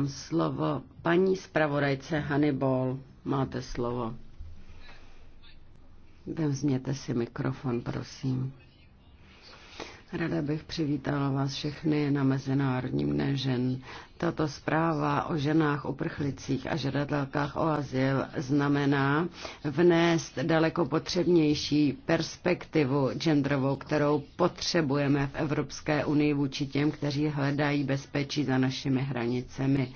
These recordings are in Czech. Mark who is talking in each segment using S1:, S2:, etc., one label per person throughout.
S1: dám slovo paní zpravodajce Hannibal. Máte slovo. Vezměte si mikrofon, prosím. Rada bych přivítala vás všechny na Mezinárodním dne žen. Tato zpráva o ženách uprchlicích a žadatelkách o azyl znamená vnést daleko potřebnější perspektivu genderovou, kterou potřebujeme v Evropské unii vůči těm, kteří hledají bezpečí za našimi hranicemi.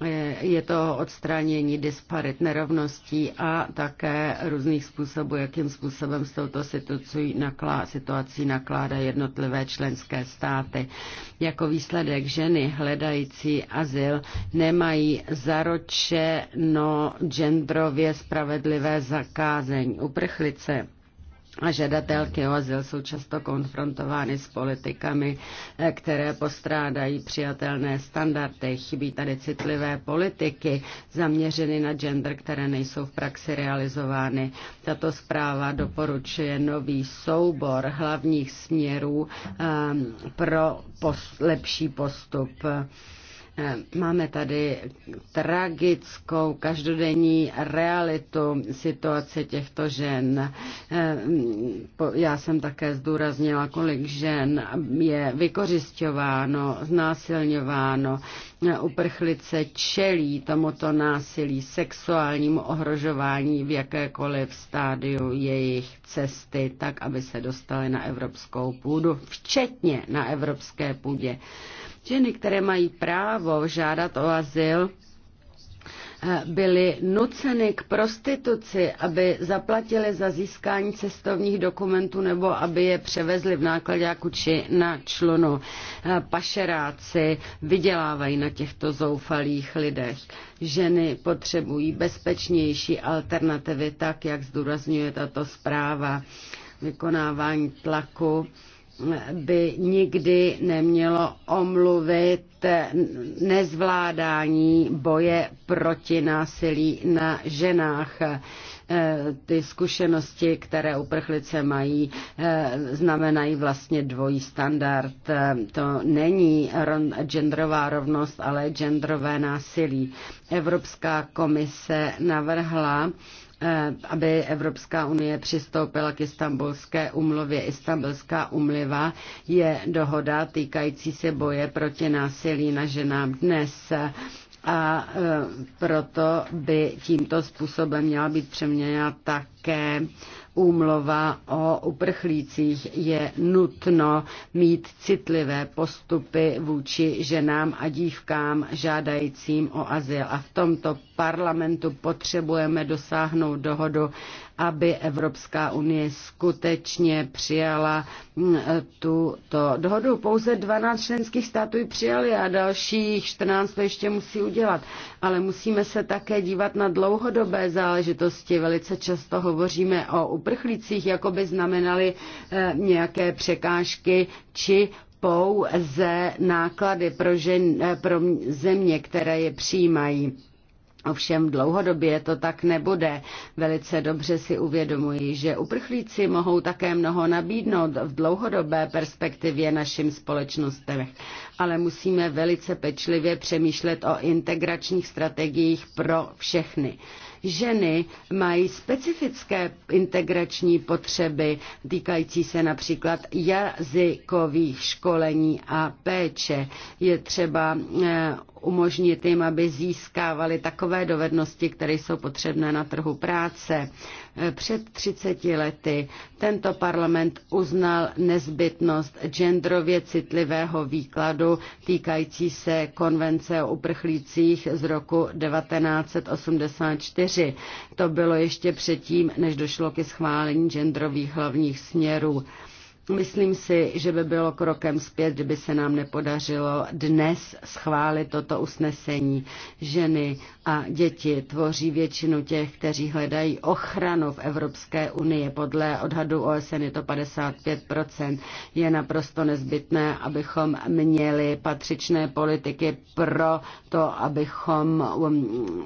S1: Eh, je to odstranění disparit nerovností a také různých způsobů, jakým způsobem s touto situací, naklá, situací jednotlivé členské státy. Jako výsledek ženy hledající azyl nemají zaročeno genderově spravedlivé zakázení. Uprchlice a žadatelky o azyl jsou často konfrontovány s politikami, eh, které postrádají přijatelné standardy. Chybí tady citlivé politiky zaměřeny na gender, které nejsou v praxi realizovány. Tato zpráva doporučuje nový soubor hlavních směrů eh, pro lepší postup. Eh, máme tady tragickou každodenní realitu situace těchto žen. Eh, já jsem také zdůraznila, kolik žen je vykořišťováno, znásilňováno. Eh, uprchlice čelí tomuto násilí, sexuálnímu ohrožování v jakékoliv stádiu jejich cesty, tak aby se dostaly na evropskou půdu, včetně na evropské půdě. Ženy, které mají právo žádat o azyl, eh, byly nuceny k prostituci, aby zaplatili za získání cestovních dokumentů nebo aby je převezli v nákladáku či na člunu. Eh, pašeráci vydělávají na těchto zoufalých lidech. Ženy potřebují bezpečnější alternativy, tak jak zdůrazňuje tato zpráva vykonávání tlaku by nikdy nemělo omluvit nezvládání boje proti násilí na ženách. E, ty zkušenosti, které uprchlice mají, e, znamenají vlastně dvojí standard. E, to není genderová rovnost, ale genderové násilí. Evropská komise navrhla Eh, aby Evropská unie přistoupila k istambulské umluvě. Istambulská umliva je dohoda týkající se boje proti násilí na ženám dnes a eh, proto by tímto způsobem měla být přeměněna také úmlova o uprchlících je nutno mít citlivé postupy vůči ženám a dívkám žádajícím o azyl. A v tomto parlamentu potřebujeme dosáhnout dohodu aby Evropská unie skutečně přijala mm, e, tuto dohodu. Pouze 12 členských států ji přijali a dalších 14 to ještě musí udělat. Ale musíme se také dívat na dlouhodobé záležitosti. Velice často hovoříme o uprchlících, jako by znamenali e, nějaké překážky či pouze náklady pro, žen, e, pro země, které je přijímají. Ovšem dlouhodobě to tak nebude. Velice dobře si uvědomuji, že uprchlíci mohou také mnoho nabídnout v dlouhodobé perspektivě našim společnostem, ale musíme velice pečlivě přemýšlet o integračních strategiích pro všechny. Ženy mají specifické integrační potřeby, týkající se například jazykových školení a péče. Je třeba eh, umožnit jim, aby získávali takové dovednosti, které jsou potřebné na trhu práce. Před 30 lety tento parlament uznal nezbytnost genderově citlivého výkladu týkající se konvence o uprchlících z roku 1984. To bylo ještě předtím, než došlo ke schválení genderových hlavních směrů. Myslím si, že by bylo krokem zpět, kdyby se nám nepodařilo dnes schválit toto usnesení. Ženy a děti tvoří většinu těch, kteří hledají ochranu v Evropské unii. Podle odhadu OSN je to 55 Je naprosto nezbytné, abychom měli patřičné politiky pro to, abychom um,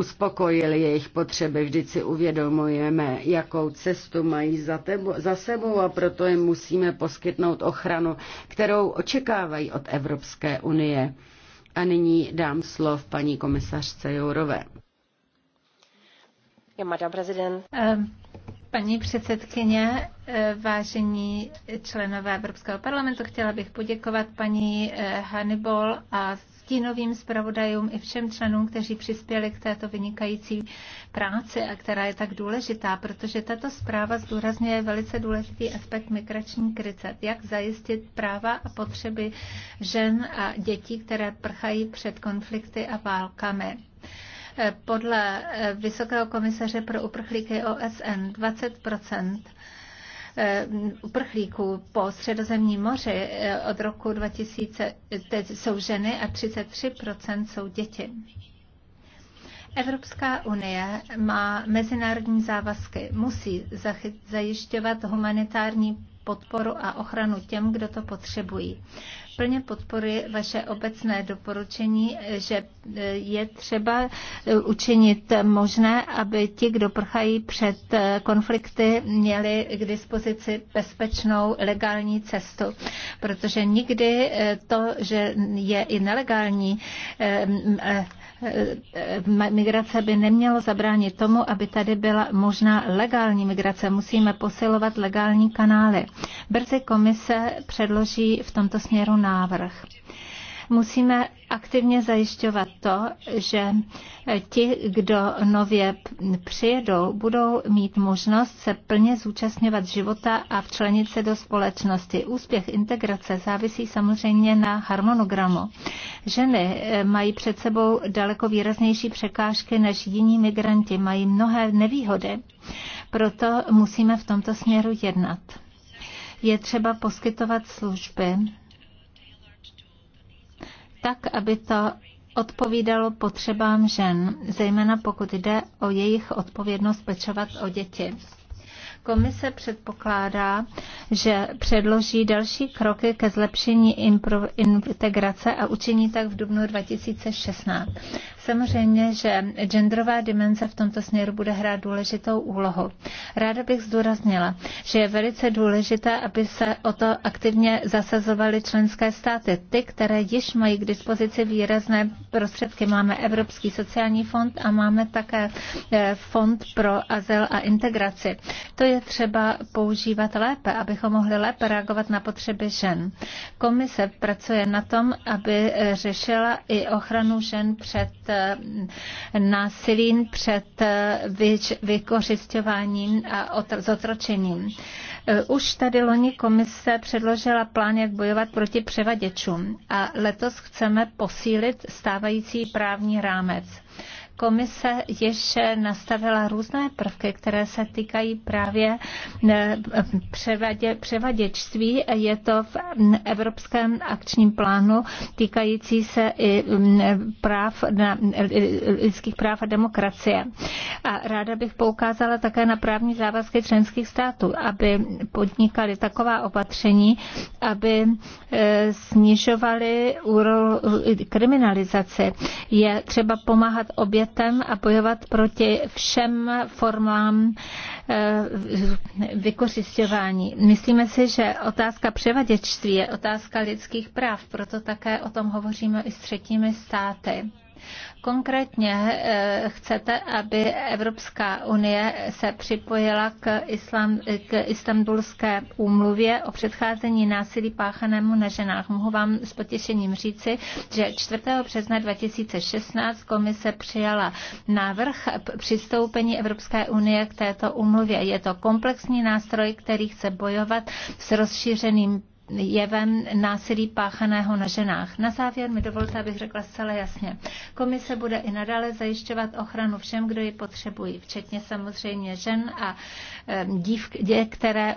S1: uspokojili jejich potřeby. Vždyť si uvědomujeme, jakou cestu mají za, tebo, za sebou a proto jim musíme poskytnout ochranu, kterou očekávají od Evropské unie. A nyní dám slov paní komisařce Jourové.
S2: Paní předsedkyně, eh, vážení členové Evropského parlamentu, chtěla bych poděkovat paní eh, Hannibal a stínovým zpravodajům i všem členům, kteří přispěli k této vynikající práci a která je tak důležitá, protože tato zpráva zdůrazňuje velice důležitý aspekt migrační krize, jak zajistit práva a potřeby žen a dětí, které prchají před konflikty a válkami. Podle Vysokého komisaře pro uprchlíky OSN 20 Eh, uprchlíků po středozemním moři eh, od roku 2000 jsou ženy a 33% jsou děti. Evropská unie má mezinárodní závazky, musí zajišťovat humanitární podporu a ochranu těm, kdo to potřebují. Plně podporuji vaše obecné doporučení, že e, je třeba e, učinit možné, aby ti, kdo prchají před e, konflikty, měli k dispozici bezpečnou legální cestu. Protože nikdy to, že je i nelegální Eh, eh, migrace by nemělo zabránit tomu, aby tady byla možná legální migrace. Musíme posilovat legální kanály. Brzy komise předloží v tomto směru návrh. Musíme aktivně zajišťovat to, že ti, kdo nově přijedou, budou mít možnost se plně zúčastňovat života a včlenit se do společnosti. Úspěch integrace závisí samozřejmě na harmonogramu. Ženy eh, mají před sebou daleko výraznější překážky než jiní migranti, mají mnohé nevýhody. Proto musíme v tomto směru jednat. Je třeba poskytovat služby, tak, aby to odpovídalo potřebám žen, zejména pokud jde o jejich odpovědnost pečovat o děti. Komise předpokládá, že předloží další kroky ke zlepšení integrace a učiní tak v dubnu 2016. Samozřejmě, že genderová dimenze v tomto směru bude hrát důležitou úlohu. Ráda bych zdůraznila, že je velice důležité, aby se o to aktivně zasazovaly členské státy. Ty, které již mají k dispozici výrazné prostředky. Máme Evropský sociální fond a máme také eh, fond pro azyl a integraci. To je třeba používat lépe, abychom mohli lépe reagovat na potřeby žen. Komise pracuje na tom, aby eh, řešila i ochranu žen před Eh, násilím, před eh, vykořišťováním a zotročením. Eh, už tady loni komise předložila plán, jak bojovat proti převaděčům a letos chceme posílit stávající právní rámec. Komise již nastavila různé prvky, které se týkají právě eh, převadě, převaděčství. Je to v mm, Evropském akčním plánu týkající se i mm, práv na, eh, lidských práv a demokracie. A ráda bych poukázala také na právní závazky členských států, aby podnikali taková opatření, aby eh, snižovali kriminalizaci. Je třeba pomáhat obětem světem a bojovat proti všem formám eh, vykořišťování. Myslíme si, že otázka převaděčství je otázka lidských práv, proto také o tom hovoříme i s třetími státy. Konkrétně eh, chcete, aby Evropská unie se připojila k, islam, k istambulské úmluvě o předcházení násilí páchanému na ženách. Mohu vám s potěšením říci, že 4. března 2016 komise přijala návrh přistoupení Evropské unie k této úmluvě. Je to komplexní nástroj, který chce bojovat s rozšířeným jevem násilí páchaného na ženách. Na závěr mi dovolte, abych řekla zcela jasně. Komise bude i nadále zajišťovat ochranu všem, kdo ji potřebují, včetně samozřejmě žen a dívk, dě, které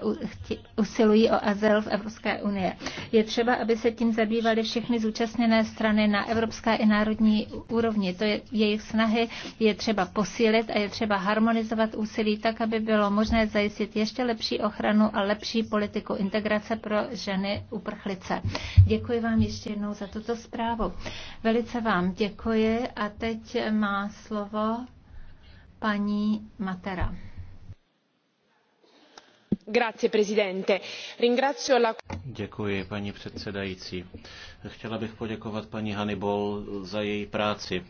S2: usilují o azyl v Evropské unie. Je třeba, aby se tím zabývaly všechny zúčastněné strany na evropské i národní úrovni. To je jejich snahy je třeba posílit a je třeba harmonizovat úsilí tak, aby bylo možné zajistit ještě lepší ochranu a lepší politiku integrace pro ženy ženy uprchlice. Děkuji vám ještě jednou za tuto zprávu. Velice vám děkuji a teď má slovo paní Matera.
S3: Děkuji, paní předsedající chtěla bych poděkovat paní hannibal za její práci.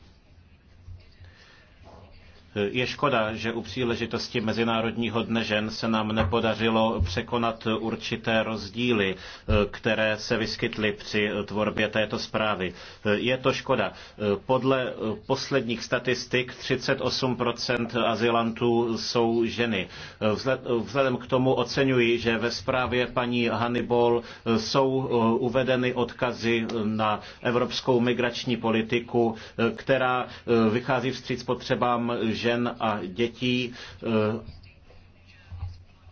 S3: Je škoda, že u příležitosti Mezinárodního dne žen se nám nepodařilo překonat určité rozdíly, eh, které se vyskytly při tvorbě této zprávy. Eh, je to škoda. Eh, podle posledních statistik 38% azylantů jsou ženy. Vzhledem k tomu oceňuji, že ve zprávě paní Hannibal jsou uvedeny odkazy na evropskou migrační politiku, která vychází vstříc potřebám žen žen a dětí eh,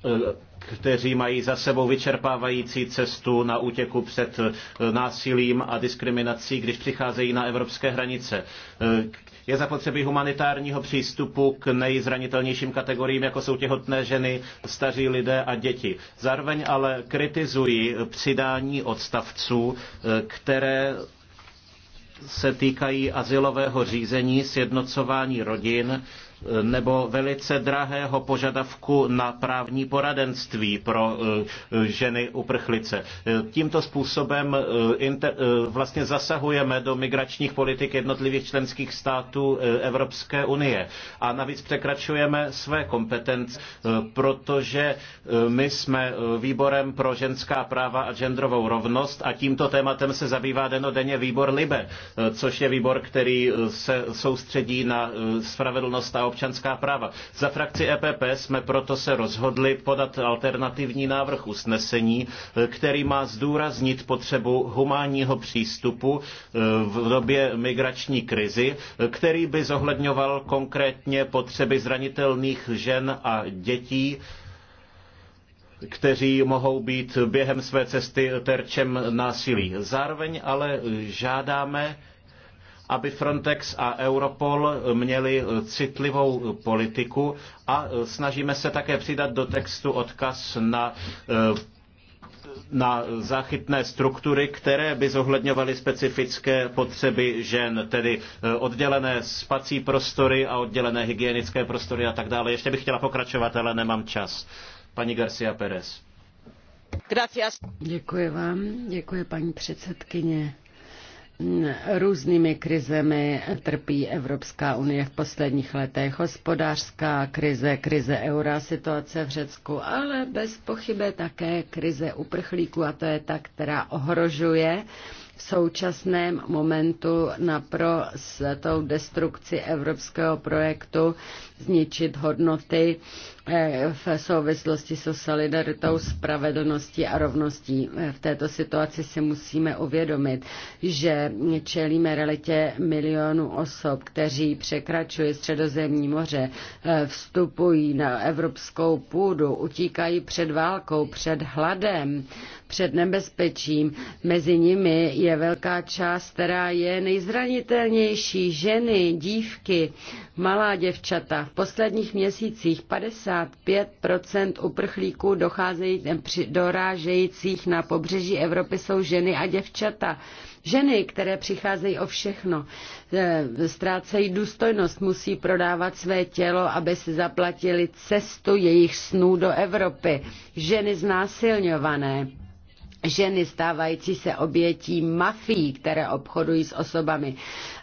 S3: eh, kteří mají za sebou vyčerpávající cestu na útěku před eh, násilím a diskriminací, když přicházejí na evropské hranice. Je zapotřebí humanitárního přístupu k nejzranitelnějším kategoriím, jako jsou těhotné ženy, staří lidé a děti. Zároveň ale kritizuji přidání odstavců, které se týkají azylového řízení, sjednocování rodin, nebo velice drahého požadavku na právní poradenství pro eh, ženy uprchlice. Tímto způsobem eh, eh, vlastně zasahujeme do migračních politik jednotlivých členských států Evropské unie. A navíc překračujeme své kompetence, protože my jsme výborem pro ženská práva a genderovou rovnost a tímto tématem se zabývá denodenně výbor LIBE, což je výbor, který se soustředí na spravedlnost a občanská práva. Za frakci EPP jsme proto se rozhodli podat alternativní návrh usnesení, eh, který má zdůraznit potřebu humánního přístupu eh, v době migrační krizi, eh, který by zohledňoval konkrétně potřeby zranitelných žen a dětí, kteří mohou být během své cesty terčem násilí. Zároveň ale žádáme aby Frontex a Europol měli eh, citlivou eh, politiku a eh, snažíme se také přidat do textu odkaz na na záchytné struktury, které by zohledňovaly specifické potřeby žen, tedy oddělené spací prostory a oddělené hygienické prostory a tak dále. Ještě bych chtěla pokračovat, ale nemám čas. Paní Garcia Pérez.
S1: Děkuji vám, děkuji paní předsedkyně. Různými krizemi trpí Evropská unie v posledních letech. Hospodářská krize, krize eura, situace v Řecku, ale bez pochyby také krize uprchlíků a to je ta, která ohrožuje v současném momentu napro s tou destrukci evropského projektu zničit hodnoty eh, v souvislosti se so solidaritou, spravedlností a rovností. Eh, v této situaci si musíme uvědomit, že čelíme realitě milionů osob, kteří překračují středozemní moře, eh, vstupují na evropskou půdu, utíkají před válkou, před hladem, před nebezpečím. Mezi nimi je velká část, která je nejzranitelnější, ženy, dívky, malá děvčata. V posledních měsících 55 uprchlíků docházejí, dorážejících na pobřeží Evropy jsou ženy a děvčata. Ženy, které přicházejí o všechno, e, ztrácejí důstojnost, musí prodávat své tělo, aby si zaplatili cestu jejich snů do Evropy. Ženy znásilňované, ženy stávající se obětí mafií, které obchodují s osobami.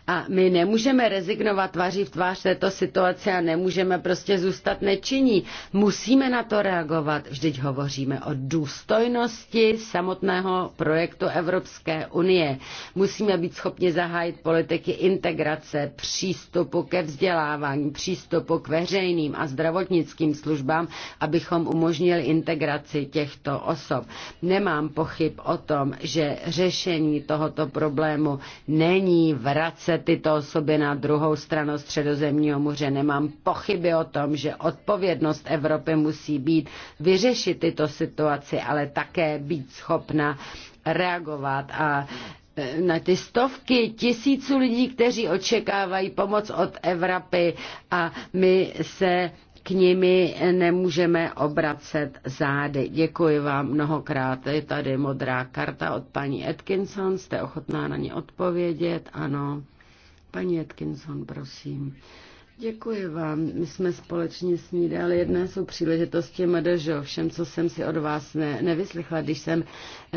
S1: A my nemůžeme rezignovat tváří v tvář této situaci a nemůžeme prostě zůstat nečinní. Musíme na to reagovat. Vždyť hovoříme o důstojnosti samotného projektu Evropské unie. Musíme být schopni zahájit politiky integrace, přístupu ke vzdělávání, přístupu k veřejným a zdravotnickým službám, abychom umožnili integraci těchto osob. Nemám pochyb o tom, že řešení tohoto problému není vracet tyto osoby na druhou stranu středozemního moře. Nemám pochyby o tom, že odpovědnost Evropy musí být vyřešit tyto situaci, ale také být schopna reagovat a e, na ty stovky tisíců lidí, kteří očekávají pomoc od Evropy a my se k nimi nemůžeme obracet zády. Děkuji vám mnohokrát. Je tady modrá karta od paní Atkinson. Jste ochotná na ní odpovědět? Ano. Paní Atkinson, prosím. Děkuji vám. My jsme společně snídali. Jedné jsou příležitosti MDŽ, všem, co jsem si od vás ne, nevyslechla, když jsem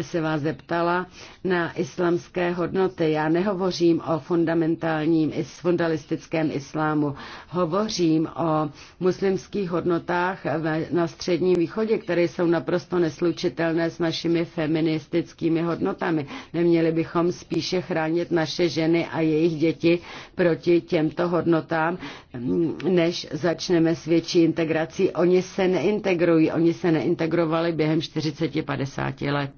S1: se vás zeptala na islamské hodnoty. Já nehovořím o fundamentálním fundalistickém islámu. Hovořím o muslimských hodnotách na středním východě, které jsou naprosto neslučitelné s našimi feministickými hodnotami. Neměli bychom spíše chránit naše ženy a jejich děti proti těmto hodnotám, než začneme s větší integrací. Oni se neintegrují, oni se neintegrovali během 40-50 let.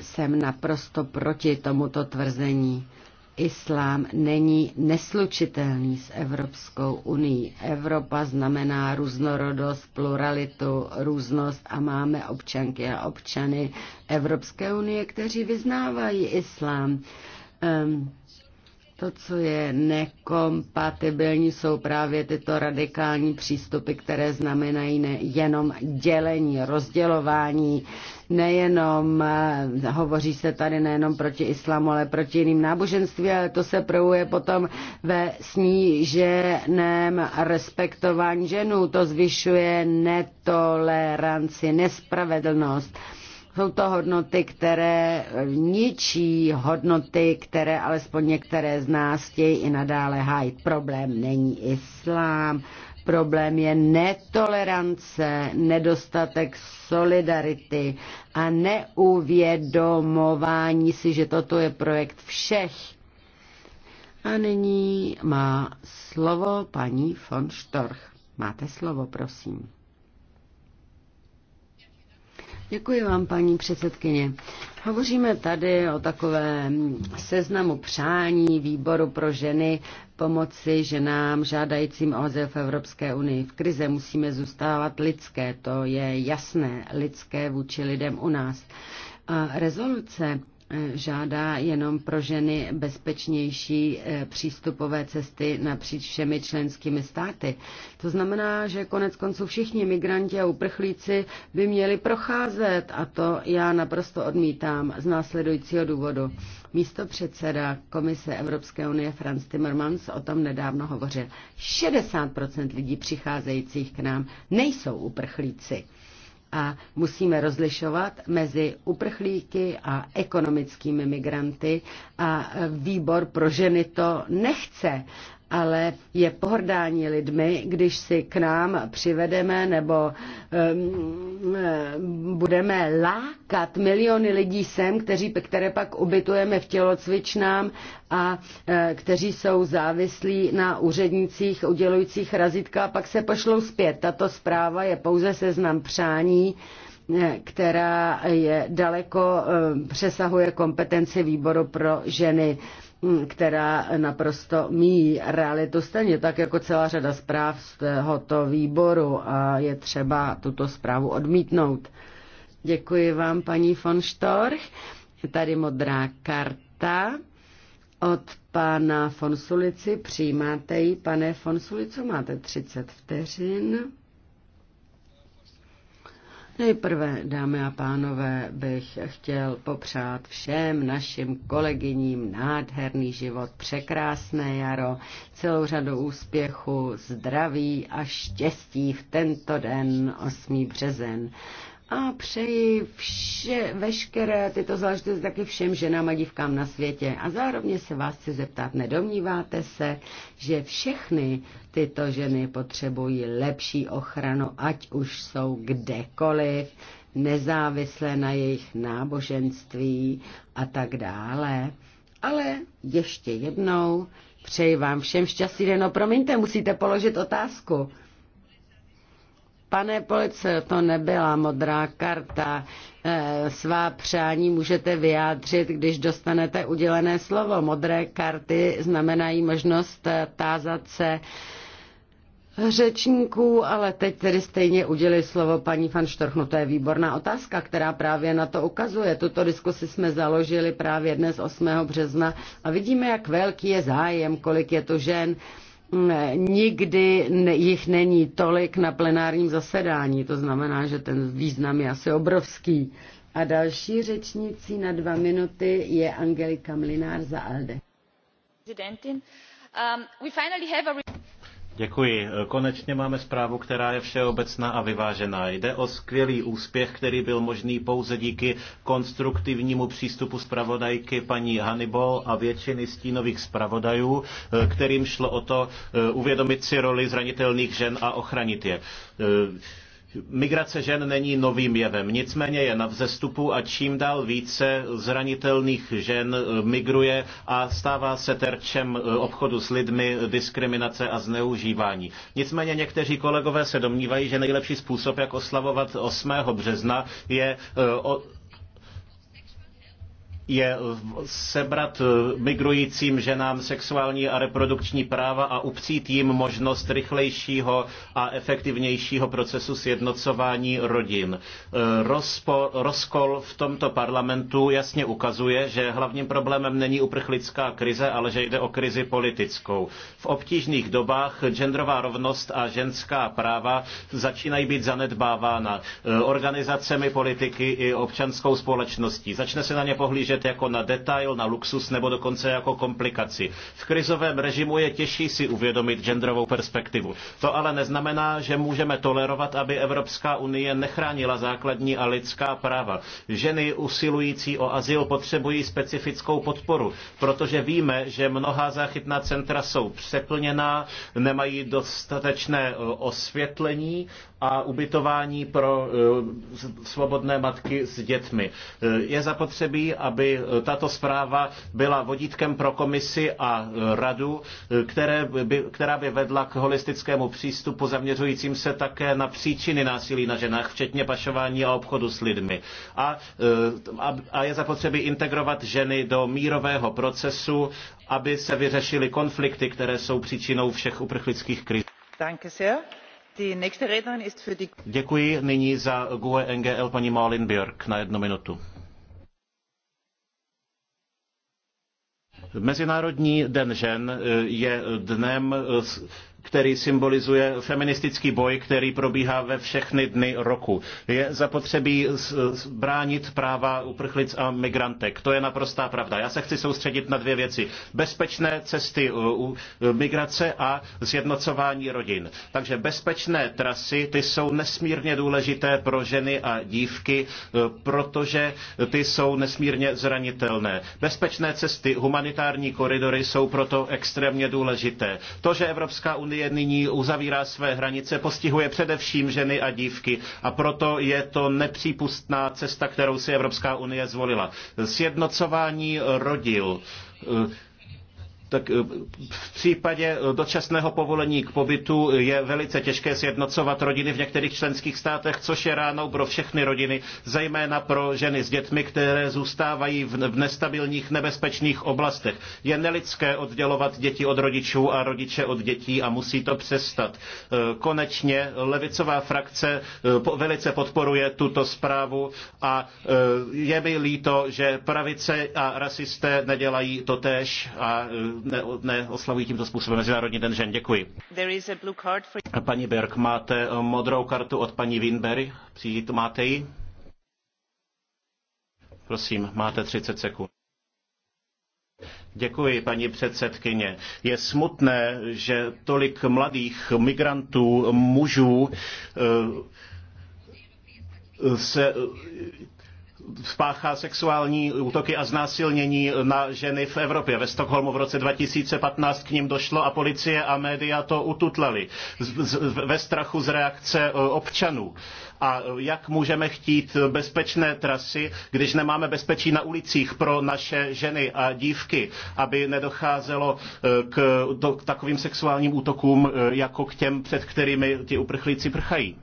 S1: jsem naprosto proti tomuto tvrzení. Islám není neslučitelný s Evropskou unii. Evropa znamená různorodost, pluralitu, různost a máme občanky a občany Evropské unie, kteří vyznávají islám. Um, to, co je nekompatibilní, jsou právě tyto radikální přístupy, které znamenají nejenom dělení, rozdělování, nejenom, eh, hovoří se tady nejenom proti islamu, ale proti jiným náboženství, ale to se projevuje potom ve sníženém respektování ženů. To zvyšuje netoleranci, nespravedlnost jsou to hodnoty, které ničí hodnoty, které alespoň některé z nás chtějí i nadále hájit. Problém není islám, problém je netolerance, nedostatek solidarity a neuvědomování si, že toto je projekt všech. A nyní má slovo paní von Storch. Máte slovo, prosím. Děkuji vám, paní předsedkyně. Hovoříme tady o takovém seznamu přání výboru pro ženy pomoci ženám žádajícím o azyl v Evropské unii. V krize musíme zůstávat lidské, to je jasné, lidské vůči lidem u nás. A rezoluce žádá jenom pro ženy bezpečnější eh, přístupové cesty napříč všemi členskými státy. To znamená, že konec konců všichni migranti a uprchlíci by měli procházet a to já naprosto odmítám z následujícího důvodu. Místo předseda Komise Evropské unie Franz Timmermans o tom nedávno hovořil. 60% lidí přicházejících k nám nejsou uprchlíci a musíme rozlišovat mezi uprchlíky a ekonomickými migranty a e, výbor pro ženy to nechce ale je pohrdání lidmi, když si k nám přivedeme nebo um, budeme lákat miliony lidí sem, kteří, které pak ubytujeme v tělocvičnám a uh, kteří jsou závislí na úřednicích udělujících razítka a pak se pošlou zpět. Tato zpráva je pouze seznam přání, e, která je daleko e, přesahuje kompetenci výboru pro ženy která naprosto míjí realitu stejně tak jako celá řada zpráv z tohoto výboru a je třeba tuto zprávu odmítnout. Děkuji vám, paní von Storch. Tady modrá karta od pana Sulici. Přijímáte ji, pane Sulico, máte 30 vteřin. Nejprve, dámy a pánové, bych chtěl popřát všem našim kolegyním nádherný život, překrásné jaro, celou řadu úspěchu, zdraví a štěstí v tento den 8. březen a přeji vše, veškeré tyto záležitosti taky všem ženám a dívkám na světě. A zároveň se vás chci zeptat, nedomníváte se, že všechny tyto ženy potřebují lepší ochranu, ať už jsou kdekoliv, nezávisle na jejich náboženství a tak dále. Ale ještě jednou přeji vám všem šťastný den. No promiňte, musíte položit otázku. Pane police, to nebyla modrá karta. Eh, svá přání můžete vyjádřit, když dostanete udělené slovo. Modré karty znamenají možnost eh, tázat se řečníků, ale teď tedy stejně udělili slovo paní van Štorchnu. To je výborná otázka, která právě na to ukazuje. Tuto diskusi jsme založili právě dnes 8. března a vidíme, jak velký je zájem, kolik je to žen, nikdy jich není tolik na plenárním zasedání, to znamená, že ten význam je asi obrovský. A další řečnicí na dva minuty je Angelika Mlinár za ALDE.
S3: Děkuji. Konečně máme zprávu, která je všeobecná a vyvážená. Jde o skvělý úspěch, který byl možný pouze díky konstruktivnímu přístupu zpravodajky paní Hannibal a většiny stínových zpravodajů, kterým šlo o to eh, uvědomit si roli zranitelných žen a ochranit je eh, Migrace žen není novým jevem, nicméně je na vzestupu a čím dál více zranitelných žen eh, migruje a stává se terčem eh, obchodu s lidmi, diskriminace a zneužívání. Nicméně někteří kolegové se domnívají, že nejlepší způsob, jak oslavovat 8. března, je eh, je sebrat eh, migrujícím ženám sexuální a reprodukční práva a upřít jim možnost rychlejšího a efektivnějšího procesu sjednocování rodin. Eh, rozpo, rozkol v tomto parlamentu jasně ukazuje, že hlavním problémem není uprchlická krize, ale že jde o krizi politickou. V obtížných dobách genderová rovnost a ženská práva začínají být zanedbávána eh, organizacemi politiky i občanskou společností. Začne se na ně pohlížet rozpočet jako na detail, na luxus nebo dokonce jako komplikaci. V krizovém režimu je těžší si uvědomit genderovou perspektivu. To ale neznamená, že můžeme tolerovat, aby Evropská unie nechránila základní a lidská práva. Ženy usilující o azyl potřebují specifickou podporu, protože víme, že mnohá záchytná centra jsou přeplněná, nemají dostatečné e, osvětlení a ubytování pro e, svobodné matky s dětmi. E, je zapotřebí, aby tato zpráva byla vodítkem pro komisi a radu, které by, která by vedla k holistickému přístupu zaměřujícím se také na příčiny násilí na ženách, včetně pašování a obchodu s lidmi. A, eh, a, a je zapotřebí integrovat ženy do mírového procesu, aby se vyřešily konflikty, které jsou příčinou všech uprchlických kriz. Děkuji nyní za GUE NGL paní Malin Björk na jednu minutu. Mezinárodní den žen eh, je dnem který symbolizuje feministický boj, který probíhá ve všechny dny roku. Je zapotřebí bránit práva uprchlic a migrantek. To je naprostá pravda. Já se chci soustředit na dvě věci. Bezpečné cesty migrace a sjednocování rodin. Takže bezpečné trasy, ty jsou nesmírně důležité pro ženy a dívky, e, protože ty jsou nesmírně zranitelné. Bezpečné cesty, humanitární koridory jsou proto extrémně důležité. To, že Evropská unie Itálie nyní uzavírá své hranice, postihuje především ženy a dívky. A proto je to nepřípustná cesta, kterou si Evropská unie zvolila. Sjednocování rodil tak eh, v případě eh, dočasného povolení k pobytu je velice těžké sjednocovat rodiny v některých členských státech, což je ránou pro všechny rodiny, zejména pro ženy s dětmi, které zůstávají v nestabilních, nebezpečných oblastech. Je nelidské oddělovat děti od rodičů a rodiče od dětí a musí to přestat. Eh, konečně levicová frakce velice podporuje tuto zprávu a je mi líto, že pravice a rasisté nedělají totéž a neoslavují tímto způsobem Mezinárodní den žen. Děkuji. For... Paní Berg, máte eh, modrou kartu od paní Winberry? Přijít máte ji? Prosím, máte 30 sekund. Děkuji, paní předsedkyně. Je smutné, že tolik mladých migrantů, mužů eh, se spáchá sexuální útoky a znásilnění na ženy v Evropě. Ve Stockholmu v roce 2015 k ním došlo a policie a média to ututlali ve strachu z reakce e, občanů. A jak můžeme chtít bezpečné trasy, když nemáme bezpečí na ulicích pro naše ženy a dívky, aby nedocházelo e, k, takovým sexuálním útokům, e, jako k těm, před kterými ti uprchlíci prchají?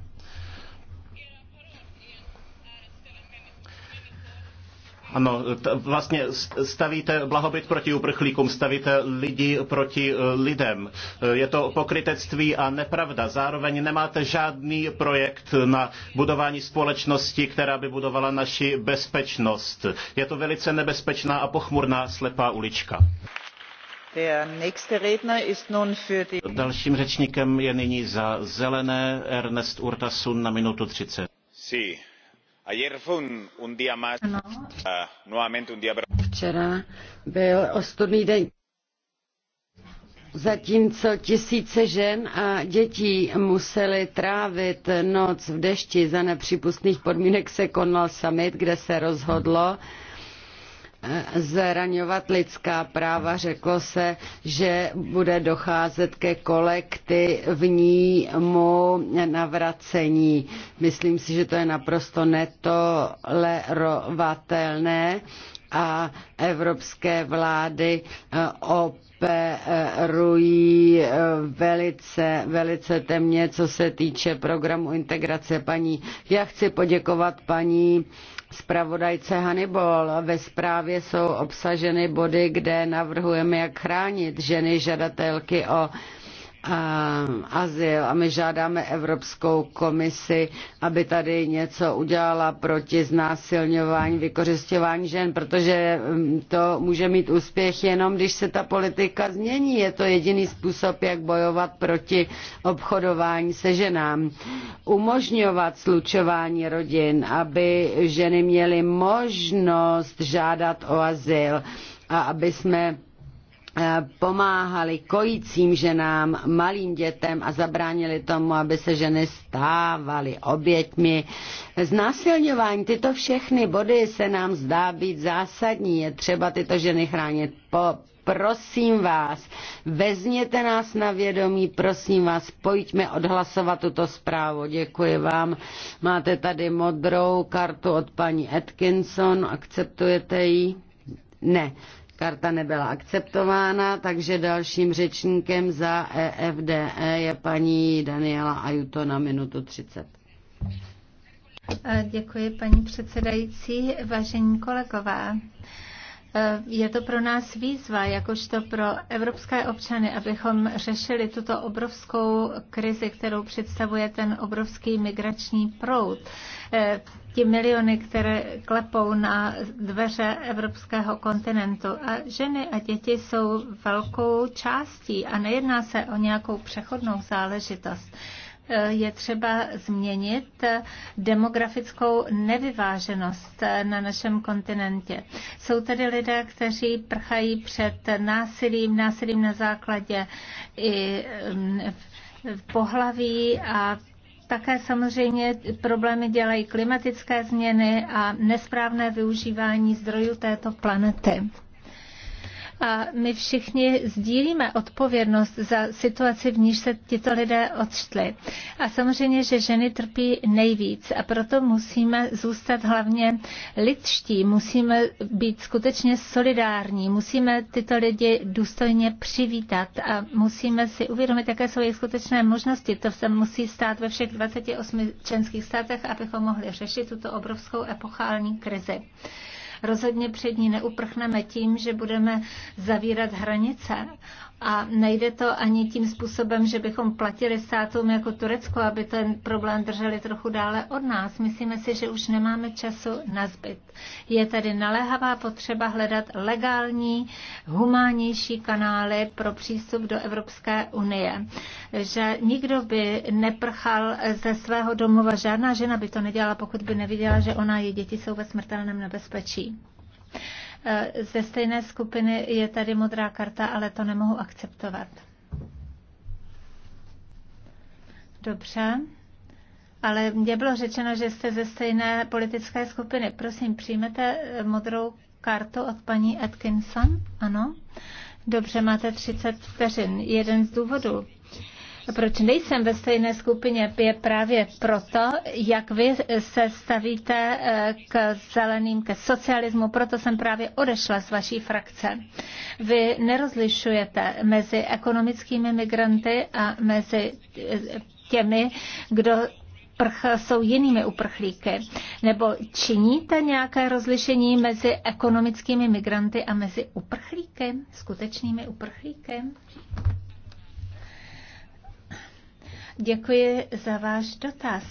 S3: Ano, vlastně stavíte blahobyt proti uprchlíkům, stavíte lidi proti eh, lidem. Eh, je to pokrytectví a nepravda. Zároveň nemáte žádný projekt na budování společnosti, která by budovala naši bezpečnost. Je to velice nebezpečná a pochmurná slepá ulička. Dalším řečníkem je nyní za zelené Ernest Urtasun na minutu 30. Sí. Ah,
S1: Včera byl ostudný den zatímco tisíce žen a dětí museli trávit noc v dešti za nepřípustných podmínek se konal summit kde se rozhodlo že zraňovat lidská práva. Řeklo se, že bude docházet ke kolektivnímu navracení. Myslím si, že to je naprosto netolerovatelné a evropské vlády eh, operují eh, velice, velice temně, co se týče programu integrace paní. Já chci poděkovat paní zpravodajce Hannibal. Ve zprávě jsou obsaženy body, kde navrhujeme, jak chránit ženy žadatelky o Eh, azyl a my žádáme Evropskou komisi, aby tady něco udělala proti znásilňování, vykořišťování žen, protože mm, to může mít úspěch jenom, když se ta politika změní. Je to jediný způsob, jak bojovat proti obchodování se ženám. Umožňovat slučování rodin, aby ženy měly možnost žádat o azyl a aby jsme Eh, pomáhali kojícím ženám, malým dětem a zabránili tomu, aby se ženy stávaly oběťmi. Znásilňování, tyto všechny body se nám zdá být zásadní. Je třeba tyto ženy chránit po Prosím vás, vezměte nás na vědomí, prosím vás, pojďme odhlasovat tuto zprávu. Děkuji vám. Máte tady modrou kartu od paní Atkinson, akceptujete ji? Ne. Karta nebyla akceptována, takže dalším řečníkem za EFDE e je paní Daniela Ajuto na minutu 30.
S2: E, děkuji, paní předsedající, vážení kolegové. E, je to pro nás výzva, jakožto pro evropské občany, abychom řešili tuto obrovskou krizi, kterou představuje ten obrovský migrační proud ti miliony, které klepou na dveře evropského kontinentu. A ženy a děti jsou velkou částí a nejedná se o nějakou přechodnou záležitost je třeba změnit demografickou nevyváženost na našem kontinentě. Jsou tedy lidé, kteří prchají před násilím, násilím na základě i mm, pohlaví a také samozřejmě problémy dělají klimatické změny a nesprávné využívání zdrojů této planety. A my všichni sdílíme odpovědnost za situaci, v níž se tito lidé odštli. A samozřejmě, že ženy trpí nejvíc a proto musíme zůstat hlavně lidští, musíme být skutečně solidární, musíme tyto lidi důstojně přivítat a musíme si uvědomit, jaké jsou jejich skutečné možnosti. To se musí stát ve všech 28 členských státech, abychom mohli řešit tuto obrovskou epochální krizi. Rozhodně před ní neuprchneme tím, že budeme zavírat hranice. A nejde to ani tím způsobem, že bychom platili státům jako Turecko, aby ten problém drželi trochu dále od nás. Myslíme si, že už nemáme času na zbyt. Je tady naléhavá potřeba hledat legální, humánnější kanály pro přístup do Evropské unie. Že nikdo by neprchal ze svého domova, žádná žena by to nedělala, pokud by neviděla, že ona a její děti jsou ve smrtelném nebezpečí. Eh, ze stejné skupiny je tady modrá karta, ale to nemohu akceptovat. Dobře. Ale mně bylo řečeno, že jste ze stejné politické skupiny. Prosím, přijmete eh, modrou kartu od paní Atkinson? Ano. Dobře, máte 30 vteřin. Jeden z důvodů, proč nejsem ve stejné skupině, je právě proto, jak vy se stavíte eh, k zeleným, ke socialismu. Proto jsem právě odešla z vaší frakce. Vy nerozlišujete mezi ekonomickými migranty a mezi eh, těmi, kdo prch, jsou jinými uprchlíky? Nebo činíte nějaké rozlišení mezi ekonomickými migranty a mezi uprchlíky, skutečnými uprchlíky? Děkuji za váš dotaz.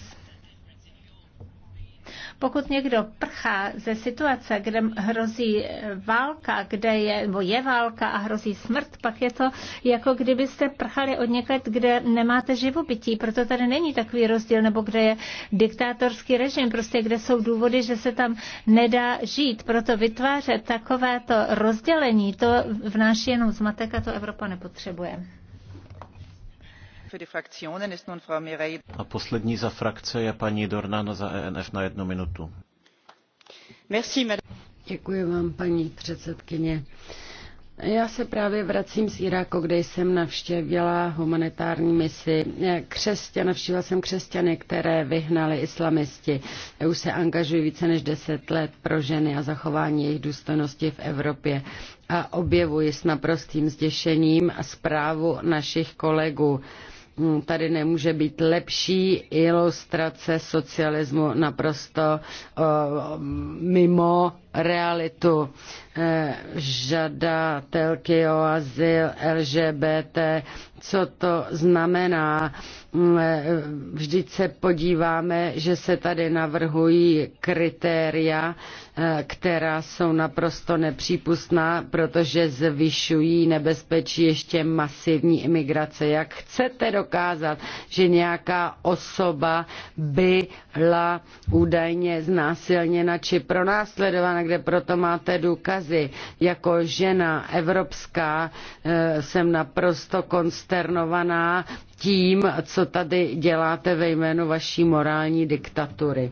S2: Pokud někdo prchá ze situace, kde hrozí válka, kde je, nebo je válka a hrozí smrt, pak je to jako kdybyste prchali od někde, kde nemáte živobytí. Proto tady není takový rozdíl, nebo kde je diktátorský režim, prostě kde jsou důvody, že se tam nedá žít. Proto vytvářet takovéto rozdělení, to vnáší jenom zmatek a to Evropa nepotřebuje.
S3: A poslední za frakce je paní Dornan za ENF na jednu minutu.
S1: Děkuji vám, paní předsedkyně. Já se právě vracím z Iráku, kde jsem navštěvila humanitární misi. Křesťan, navštívila jsem křesťany, které vyhnali islamisti. Už se angažují více než deset let pro ženy a zachování jejich důstojnosti v Evropě. A objevuji s naprostým zděšením zprávu našich kolegů tady nemůže být lepší ilustrace socialismu naprosto eh, mimo realitu eh, žadatelky o azyl LGBT, co to znamená. Mm, eh, vždyť se podíváme, že se tady navrhují kritéria, eh, která jsou naprosto nepřípustná, protože zvyšují nebezpečí ještě masivní imigrace. Jak chcete dokázat, že nějaká osoba byla údajně znásilněna či pronásledována, kde proto máte důkazy. Jako žena evropská eh, jsem naprosto konsternovaná tím, co tady děláte ve jménu vaší morální diktatury.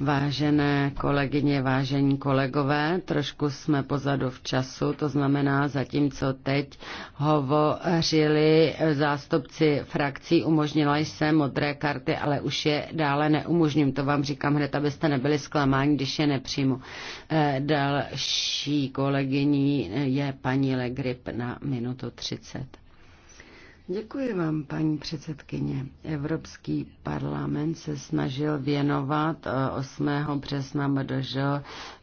S1: Vážené kolegyně, vážení kolegové, trošku jsme pozadu v času, to znamená, zatímco teď hovořili zástupci frakcí, umožnila jsem modré karty, ale už je dále neumožním. To vám říkám hned, abyste nebyli zklamáni, když je nepřijmu. Eh, další kolegyní je paní Legrip na minutu 30. Děkuji vám, paní předsedkyně. Evropský parlament se snažil věnovat 8. Eh, března MDŽ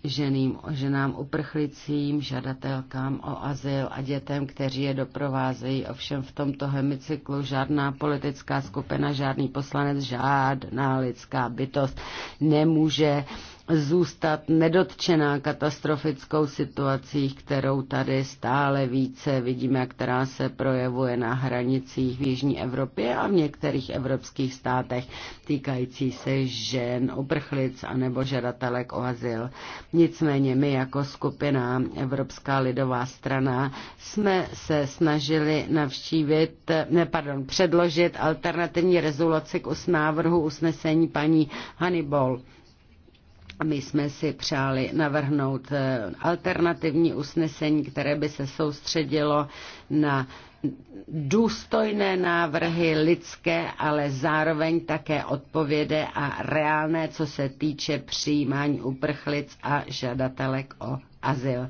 S1: ženým, ženám uprchlicím, žadatelkám o azyl a dětem, kteří je doprovázejí. Ovšem v tomto hemicyklu žádná politická skupina, žádný poslanec, žádná lidská bytost nemůže uh, zůstat nedotčená katastrofickou situací, kterou tady stále více vidíme, která se projevuje na hranicích v Jižní Evropě a v některých evropských státech týkající se žen, uprchlic anebo žadatelek o azyl. Nicméně my jako skupina Evropská lidová strana jsme se snažili navštívit, ne, pardon, předložit alternativní rezoluci k návrhu usnesení paní Hannibal a my jsme si přáli navrhnout eh, alternativní usnesení, které by se soustředilo na důstojné návrhy lidské, ale zároveň také odpovědé a reálné, co se týče přijímání uprchlic a žadatelek o azyl.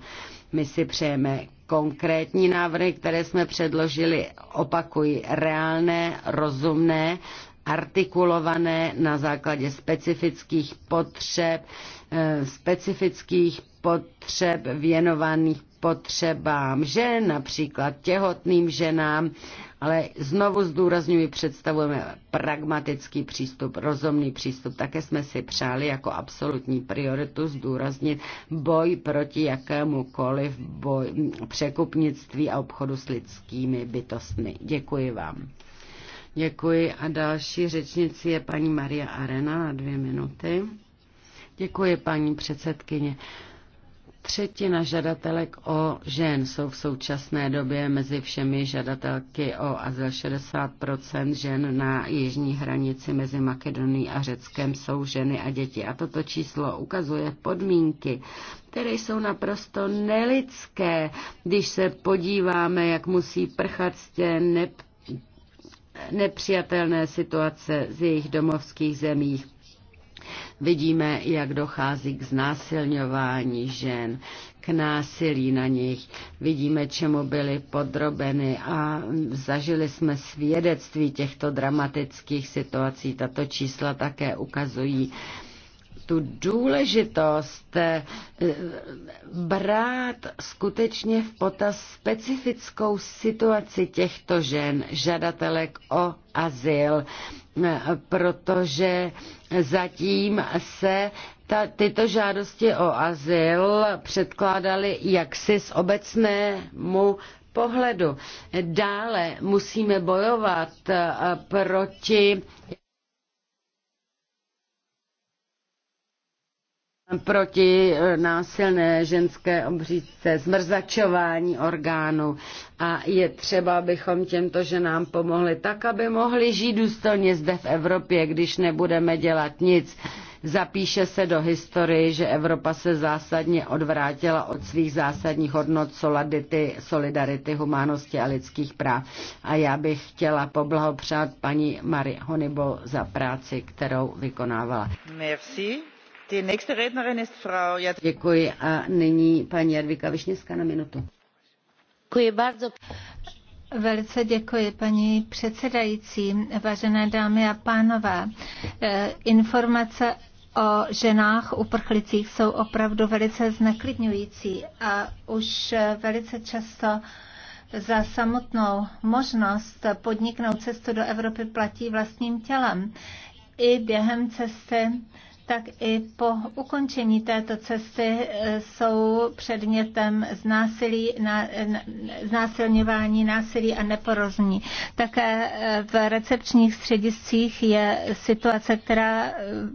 S1: My si přejeme konkrétní návrhy, které jsme předložili, opakují, reálné, rozumné artikulované na základě specifických potřeb, eh, specifických potřeb věnovaných potřebám žen, například těhotným ženám, ale znovu zdůrazňuji, představujeme pragmatický přístup, rozumný přístup. Také jsme si přáli jako absolutní prioritu zdůraznit boj proti jakémukoliv boj, překupnictví a obchodu s lidskými bytostmi. Děkuji vám. Děkuji a další řečnici je paní Maria Arena na dvě minuty. Děkuji, paní předsedkyně. Třetina žadatelek o žen jsou v současné době mezi všemi žadatelky o azyl. 60% žen na jižní hranici mezi Makedonií a Řeckem jsou ženy a děti. A toto číslo ukazuje podmínky, které jsou naprosto nelidské, když se podíváme, jak musí prchat z těch nepřijatelné situace z jejich domovských zemí Vidíme, jak dochází k znásilňování žen, k násilí na nich. Vidíme, čemu byly podrobeny a zažili jsme svědectví těchto dramatických situací. Tato čísla také ukazují, tu důležitost eh, brát skutečně v potaz specifickou situaci těchto žen, žadatelek o azyl, eh, protože zatím se ta, tyto žádosti o azyl předkládaly jaksi z obecnému pohledu. Dále musíme bojovat eh, proti proti eh, násilné ženské obřízce, zmrzačování orgánů. A je třeba, abychom těmto ženám pomohli tak, aby mohli žít důstojně zde v Evropě, když nebudeme dělat nic. Zapíše se do historie, že Evropa se zásadně odvrátila od svých zásadních hodnot solidity, solidarity, humánosti a lidských práv. A já bych chtěla poblahopřát paní Marie Honibol za práci, kterou vykonávala. Merci. Děkuji a paní Jadvika na minutu. Děkuji Velice
S2: děkuji, paní předsedající, vážené dámy a pánové. Eh, informace o ženách uprchlicích jsou opravdu velice zneklidňující a už velice často za samotnou možnost podniknout cestu do Evropy platí vlastním tělem. I během cesty tak i po ukončení této cesty e, jsou předmětem znásilí, na, znásilňování, násilí a neporozumění. Také e, v recepčních střediscích je situace, která e,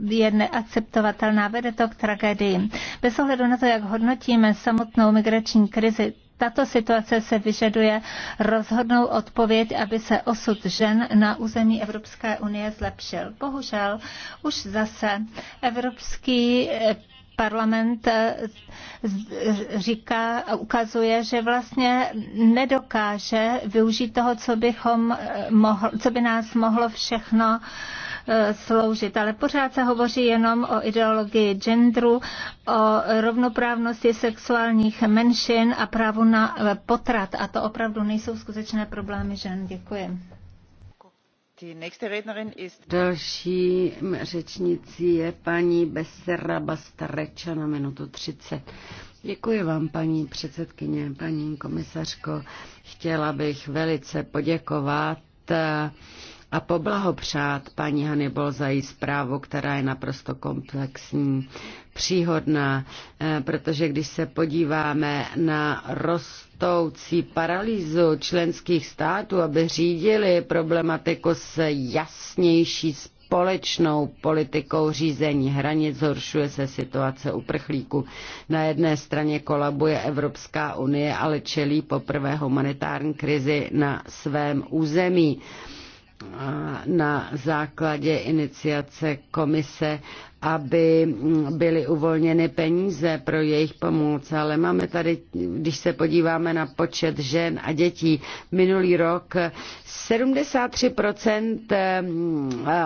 S2: je neakceptovatelná, vede to k tragédii. Bez ohledu na to, jak hodnotíme samotnou migrační krizi, tato situace se vyžaduje rozhodnou odpověď, aby se osud žen na území Evropské unie zlepšil. Bohužel už zase Evropský eh, parlament eh, říká a ukazuje, že vlastně nedokáže využít toho, co, bychom eh, mohl, co by nás mohlo všechno sloužit. Ale pořád se hovoří jenom o ideologii genderu, o rovnoprávnosti sexuálních menšin a právu na eh, potrat. A to opravdu nejsou skutečné problémy žen. Děkuji.
S1: Další řečnicí je paní Besera Bastareča na minutu 30. Děkuji vám, paní předsedkyně, paní komisařko. Chtěla bych velice poděkovat eh, a poblahopřát paní Hannibal za její zprávu, která je naprosto komplexní, příhodná, eh, protože když se podíváme na rostoucí paralýzu členských států, aby řídili problematiku s jasnější společnou politikou řízení hranic zhoršuje se situace uprchlíků. Na jedné straně kolabuje Evropská unie, ale čelí poprvé humanitární krizi na svém území na základě iniciace komise, aby byly uvolněny peníze pro jejich pomoc. Ale máme tady, když se podíváme na počet žen a dětí, minulý rok 73% eh,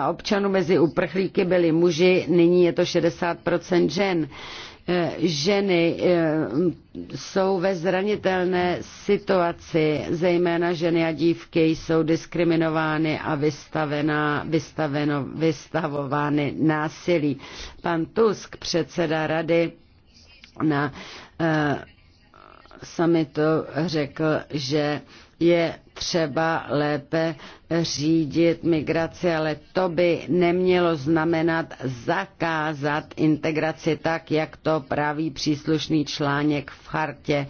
S1: občanů mezi uprchlíky byli muži, nyní je to 60% žen. Eh, ženy eh, jsou ve zranitelné situaci, zejména ženy a dívky jsou diskriminovány a vystavená, vystaveno, vystavovány násilí. Pan Tusk, předseda rady na eh, samitu, řekl, že je třeba lépe řídit migraci, ale to by nemělo znamenat zakázat integraci tak, jak to praví příslušný článek v chartě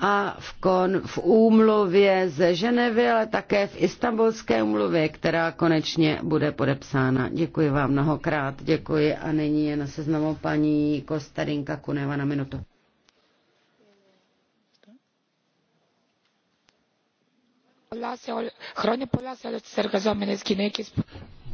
S1: a v, kon, v úmluvě ze Ženevy, ale také v istambulské úmluvě, která konečně bude podepsána. Děkuji vám mnohokrát, děkuji a nyní je na seznamu paní Kostarinka Kuneva na minutu. chronipolaceae sergazomenes guineae.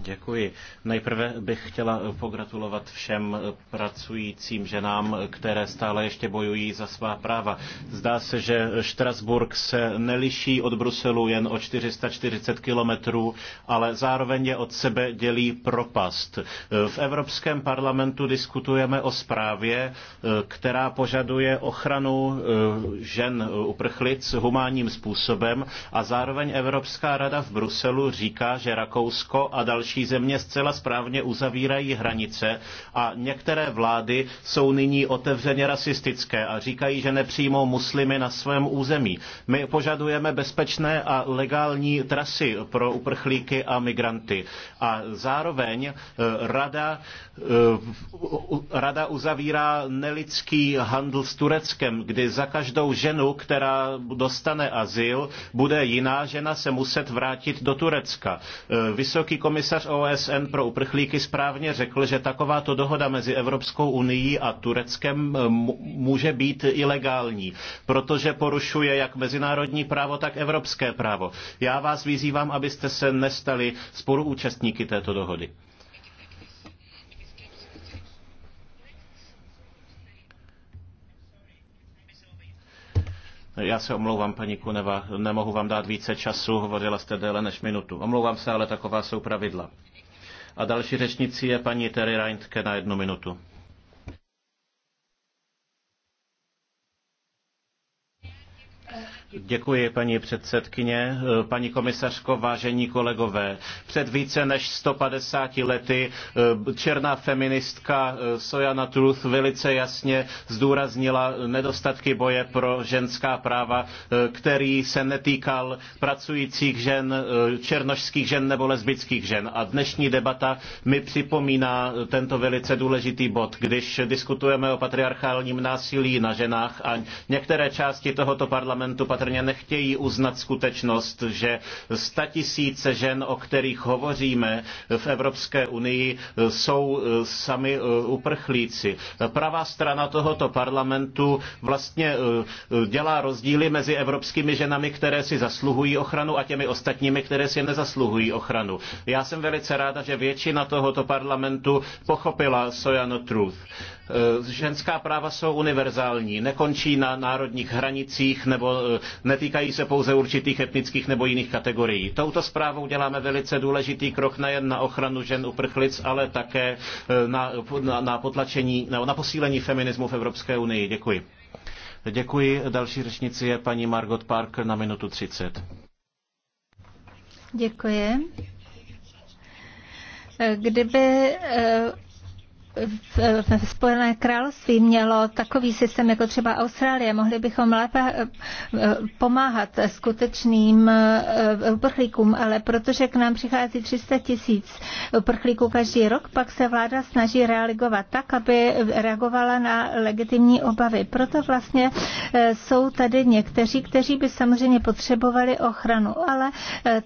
S3: Děkuji. Nejprve bych chtěla pogratulovat všem pracujícím ženám, které stále ještě bojují za svá práva. Zdá se, že Štrasburg se neliší od Bruselu jen o 440 kilometrů, ale zároveň je od sebe dělí propast. V Evropském parlamentu diskutujeme o zprávě, která požaduje ochranu eh, žen uprchlic humánním způsobem a zároveň Evropská rada v Bruselu říká, že Rakousko a další největší země zcela správně uzavírají hranice a některé vlády jsou nyní otevřeně rasistické a říkají, že nepřijmou muslimy na svém území. My požadujeme bezpečné a legální trasy pro uprchlíky a migranty. A zároveň eh, rada, eh, rada uzavírá nelidský handl s Tureckem, kdy za každou ženu, která dostane azyl, bude jiná žena se muset vrátit do Turecka. Eh, Vysoký komisař komisař OSN pro uprchlíky správně řekl, že takováto dohoda mezi Evropskou unií a Tureckem eh, může být ilegální, protože porušuje jak mezinárodní právo, tak evropské právo. Já vás vyzývám, abyste se nestali spoluúčastníky této dohody. Já se omlouvám, paní Kuneva, nemohu vám dát více času, hovořila jste déle než minutu. Omlouvám se, ale taková jsou pravidla. A další řečnicí je paní Terry Reintke na jednu minutu. Děkuji, paní předsedkyně, paní komisařko, vážení kolegové. Před více než 150 lety eh, černá feministka eh, Sojana Truth velice jasně zdůraznila nedostatky boje pro ženská práva, eh, který se netýkal pracujících žen, černošských žen nebo lesbických žen. A dnešní debata mi připomíná tento velice důležitý bod, když diskutujeme o patriarchálním násilí na ženách a některé části tohoto parlamentu patrně nechtějí uznat skutečnost, že statisíce žen, o kterých hovoříme v Evropské unii, jsou eh, sami eh, uprchlíci. Pravá strana tohoto parlamentu vlastně eh, dělá rozdíly mezi evropskými ženami, které si zasluhují ochranu a těmi ostatními, které si nezasluhují ochranu. Já jsem velice ráda, že většina tohoto parlamentu pochopila Sojano Truth. Eh, ženská práva jsou univerzální, nekončí na národních hranicích nebo eh, netýkají se pouze určitých etnických nebo jiných kategorií. Touto zprávou děláme velice důležitý krok nejen na ochranu žen uprchlic, ale také eh, na, na, na potlačení, nebo na posílení feminismu v Evropské unii. Děkuji. Děkuji. Další řečnici je paní Margot Park na minutu 30.
S2: Děkuji. Kdyby Spojené království mělo takový systém jako třeba Austrálie, mohli bychom lépe eh, eh, pomáhat skutečným eh, uprchlíkům, ale protože k nám přichází 300 tisíc uprchlíků každý rok, pak se vláda snaží reagovat tak, aby reagovala na legitimní obavy. Proto vlastně jsou tady někteří, kteří by samozřejmě potřebovali ochranu, ale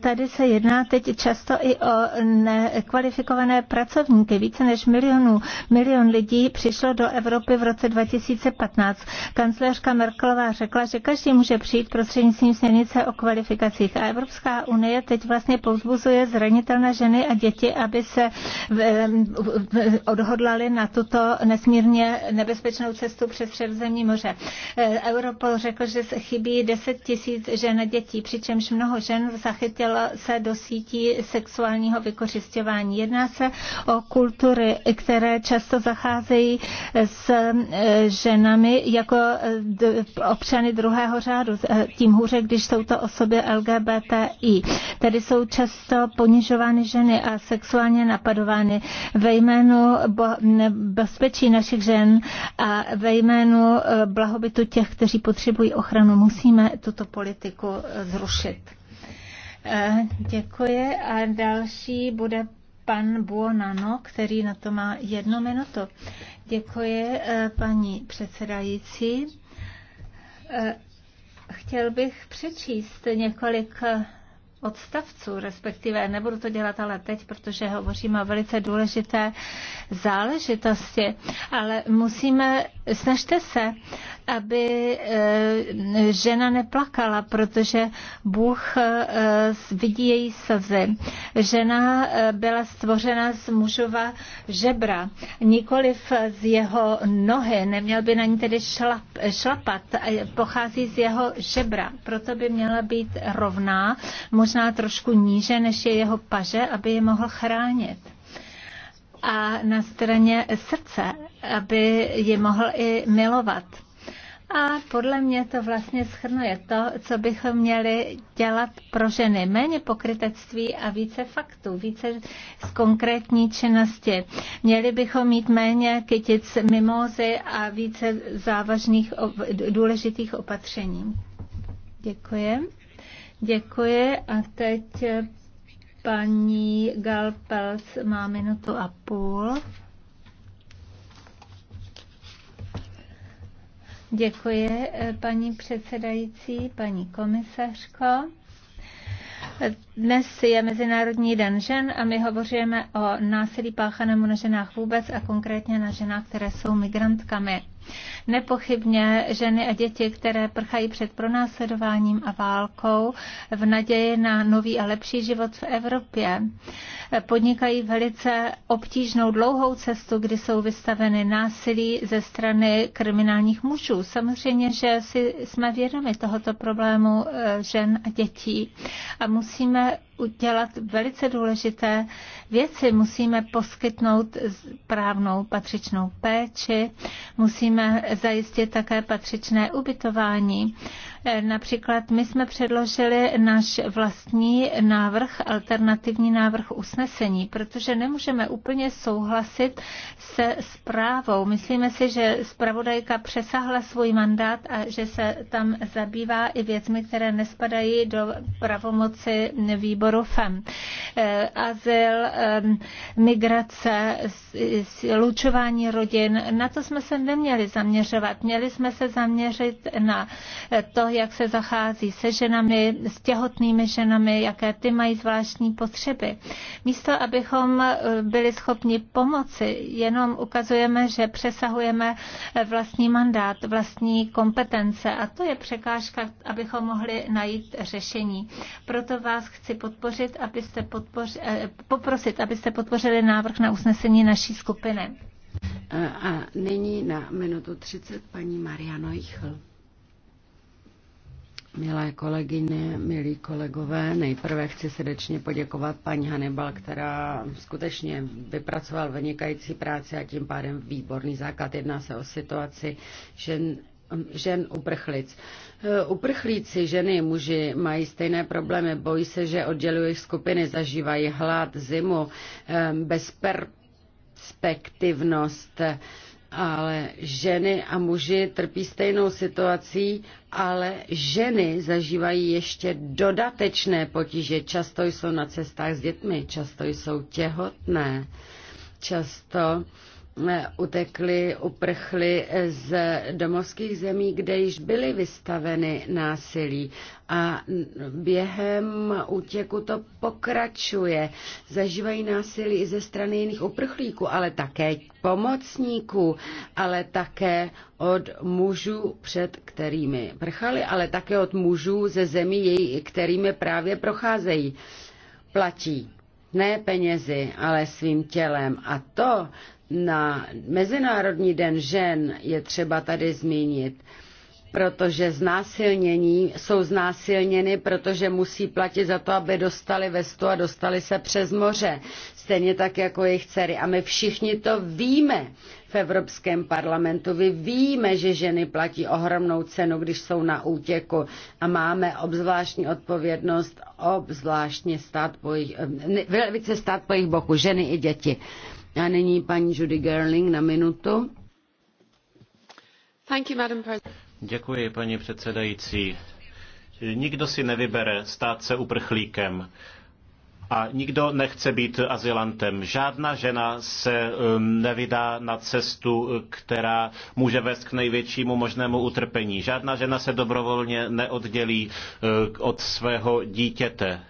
S2: tady se jedná teď často i o nekvalifikované pracovníky. Více než milionů Milion lidí přišlo do Evropy v roce 2015. Kancléřka Merkelová řekla, že každý může přijít prostřednictvím směrnice o kvalifikacích. A Evropská unie teď vlastně povzbuzuje zranitelné ženy a děti, aby se odhodlali na tuto nesmírně nebezpečnou cestu přes Středozemní moře. Europol řekl, že chybí 10 tisíc žen a dětí, přičemž mnoho žen zachytilo se do sítí sexuálního vykořišťování. Jedná se o kultury, které často zacházejí s e, ženami jako e, občany druhého řádu, e, tím hůře, když jsou to osoby LGBTI. Tady jsou často ponižovány ženy a sexuálně napadovány ve jménu bezpečí našich žen a ve jménu blahobytu těch, kteří potřebují ochranu. Musíme tuto politiku zrušit. Děkuji a další bude pan Buonano, který na to má jedno minuto. Děkuji, eh, paní předsedající. Eh, chtěl bych přečíst několik odstavců, respektive nebudu to dělat ale teď, protože hovoříme o velice důležité záležitosti, ale musíme, snažte se, aby e, žena neplakala, protože Bůh e, vidí její slzy. Žena e, byla stvořena z mužova žebra, nikoliv z jeho nohy, neměl by na ní tedy šlap, šlapat, pochází z jeho žebra, proto by měla být rovná, možná možná trošku níže, než je jeho paže, aby je mohl chránit a na straně srdce, aby je mohl i milovat. A podle mě to vlastně schrnuje to, co bychom měli dělat pro ženy. Méně pokrytectví a více faktů, více z konkrétní činnosti. Měli bychom mít méně kytic mimózy a více závažných, důležitých opatření. Děkuji. Děkuji a teď eh, paní Galpels má minutu a půl. Děkuji, eh, paní předsedající, paní komisařko. Dnes je Mezinárodní den žen a my hovoříme o násilí páchanému na ženách vůbec a konkrétně na ženách, které jsou migrantkami. Nepochybně ženy a děti, které prchají před pronásledováním a válkou v naději na nový a lepší život v Evropě, podnikají velice obtížnou dlouhou cestu, kdy jsou vystaveny násilí ze strany kriminálních mužů. Samozřejmě, že si jsme vědomi tohoto problému eh, žen a dětí a musíme udělat velice důležité věci. Musíme poskytnout právnou patřičnou péči, musíme zajistit také patřičné ubytování. Například my jsme předložili náš vlastní návrh, alternativní návrh usnesení, protože nemůžeme úplně souhlasit se zprávou. Myslíme si, že zpravodajka přesáhla svůj mandát a že se tam zabývá i věcmi, které nespadají do pravomoci výboru FEM. Eh, azyl, migrace, lučování rodin, na to jsme se neměli zaměřovat. Měli jsme se zaměřit na to, jak se zachází se ženami, s těhotnými ženami, jaké ty mají zvláštní potřeby. Místo, abychom e, byli schopni pomoci, jenom ukazujeme, že přesahujeme e, vlastní mandát, vlastní kompetence a to je překážka, abychom mohli najít řešení. Proto vás chci podpořit, abyste podpoř, e, poprosit, abyste podpořili návrh na usnesení naší
S1: skupiny. A nyní na minutu 30 paní Mariano Jichl. Milé kolegyně, milí kolegové, nejprve chci srdečně poděkovat paní Hannibal, která skutečně vypracoval vynikající práci a tím pádem výborný základ. Jedná se o situaci žen žen uprchlic. Uprchlíci, ženy, muži mají stejné problémy. Bojí se, že oddělují skupiny, zažívají hlad, zimu, eh, bezperspektivnost ale ženy a muži trpí stejnou situací, ale ženy zažívají ještě dodatečné potíže. Často jsou na cestách s dětmi, často jsou těhotné, často utekli, uprchli z domovských zemí, kde již byly vystaveny násilí. A během útěku to pokračuje. Zažívají násilí i ze strany jiných uprchlíků, ale také pomocníků, ale také od mužů, před kterými prchali, ale také od mužů ze zemí, kterými právě procházejí. Platí ne penězi, ale svým tělem. A to na Mezinárodní den žen je třeba tady zmínit, protože znásilnění jsou znásilněny, protože musí platit za to, aby dostali vestu a dostali se přes moře, stejně tak jako jejich dcery. A my všichni to víme v Evropském parlamentu. Vy víme, že ženy platí ohromnou cenu, když jsou na útěku a máme obzvláštní odpovědnost, obzvláštně stát po jejich, velice stát po jejich boku, ženy i děti. A nyní paní Judy Gerling na minutu. Thank you, Madam
S3: Děkuji, paní předsedající. Nikdo si nevybere stát se uprchlíkem. A nikdo nechce být azylantem. Žádná žena se um, nevydá na cestu, která může vést k největšímu možnému utrpení. Žádná žena se dobrovolně neoddělí uh, od svého dítěte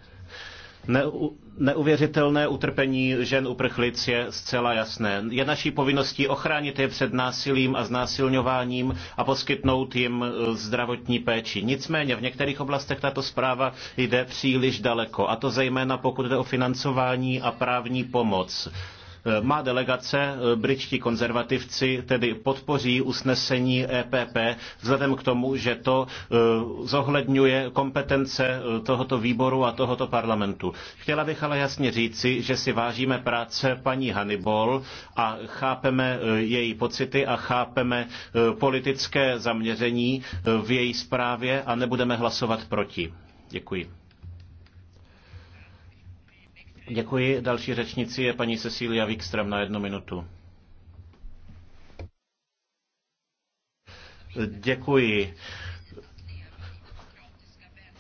S3: neuvěřitelné utrpení žen uprchlic je zcela jasné. Je naší povinností ochránit je před násilím a znásilňováním a poskytnout jim eh, zdravotní péči. Nicméně v některých oblastech tato zpráva jde příliš daleko, a to zejména pokud jde o financování a právní pomoc. Eh, má delegace, eh, britští konzervativci, tedy podpoří usnesení EPP vzhledem k tomu, že to eh, zohledňuje kompetence tohoto výboru a tohoto parlamentu. Chtěla bych ale jasně říci, že si vážíme práce paní Hannibal a chápeme její pocity a chápeme politické zaměření v její zprávě a nebudeme hlasovat proti. Děkuji. Děkuji. Další řečnici je paní Cecília Wikström na jednu minutu. Děkuji.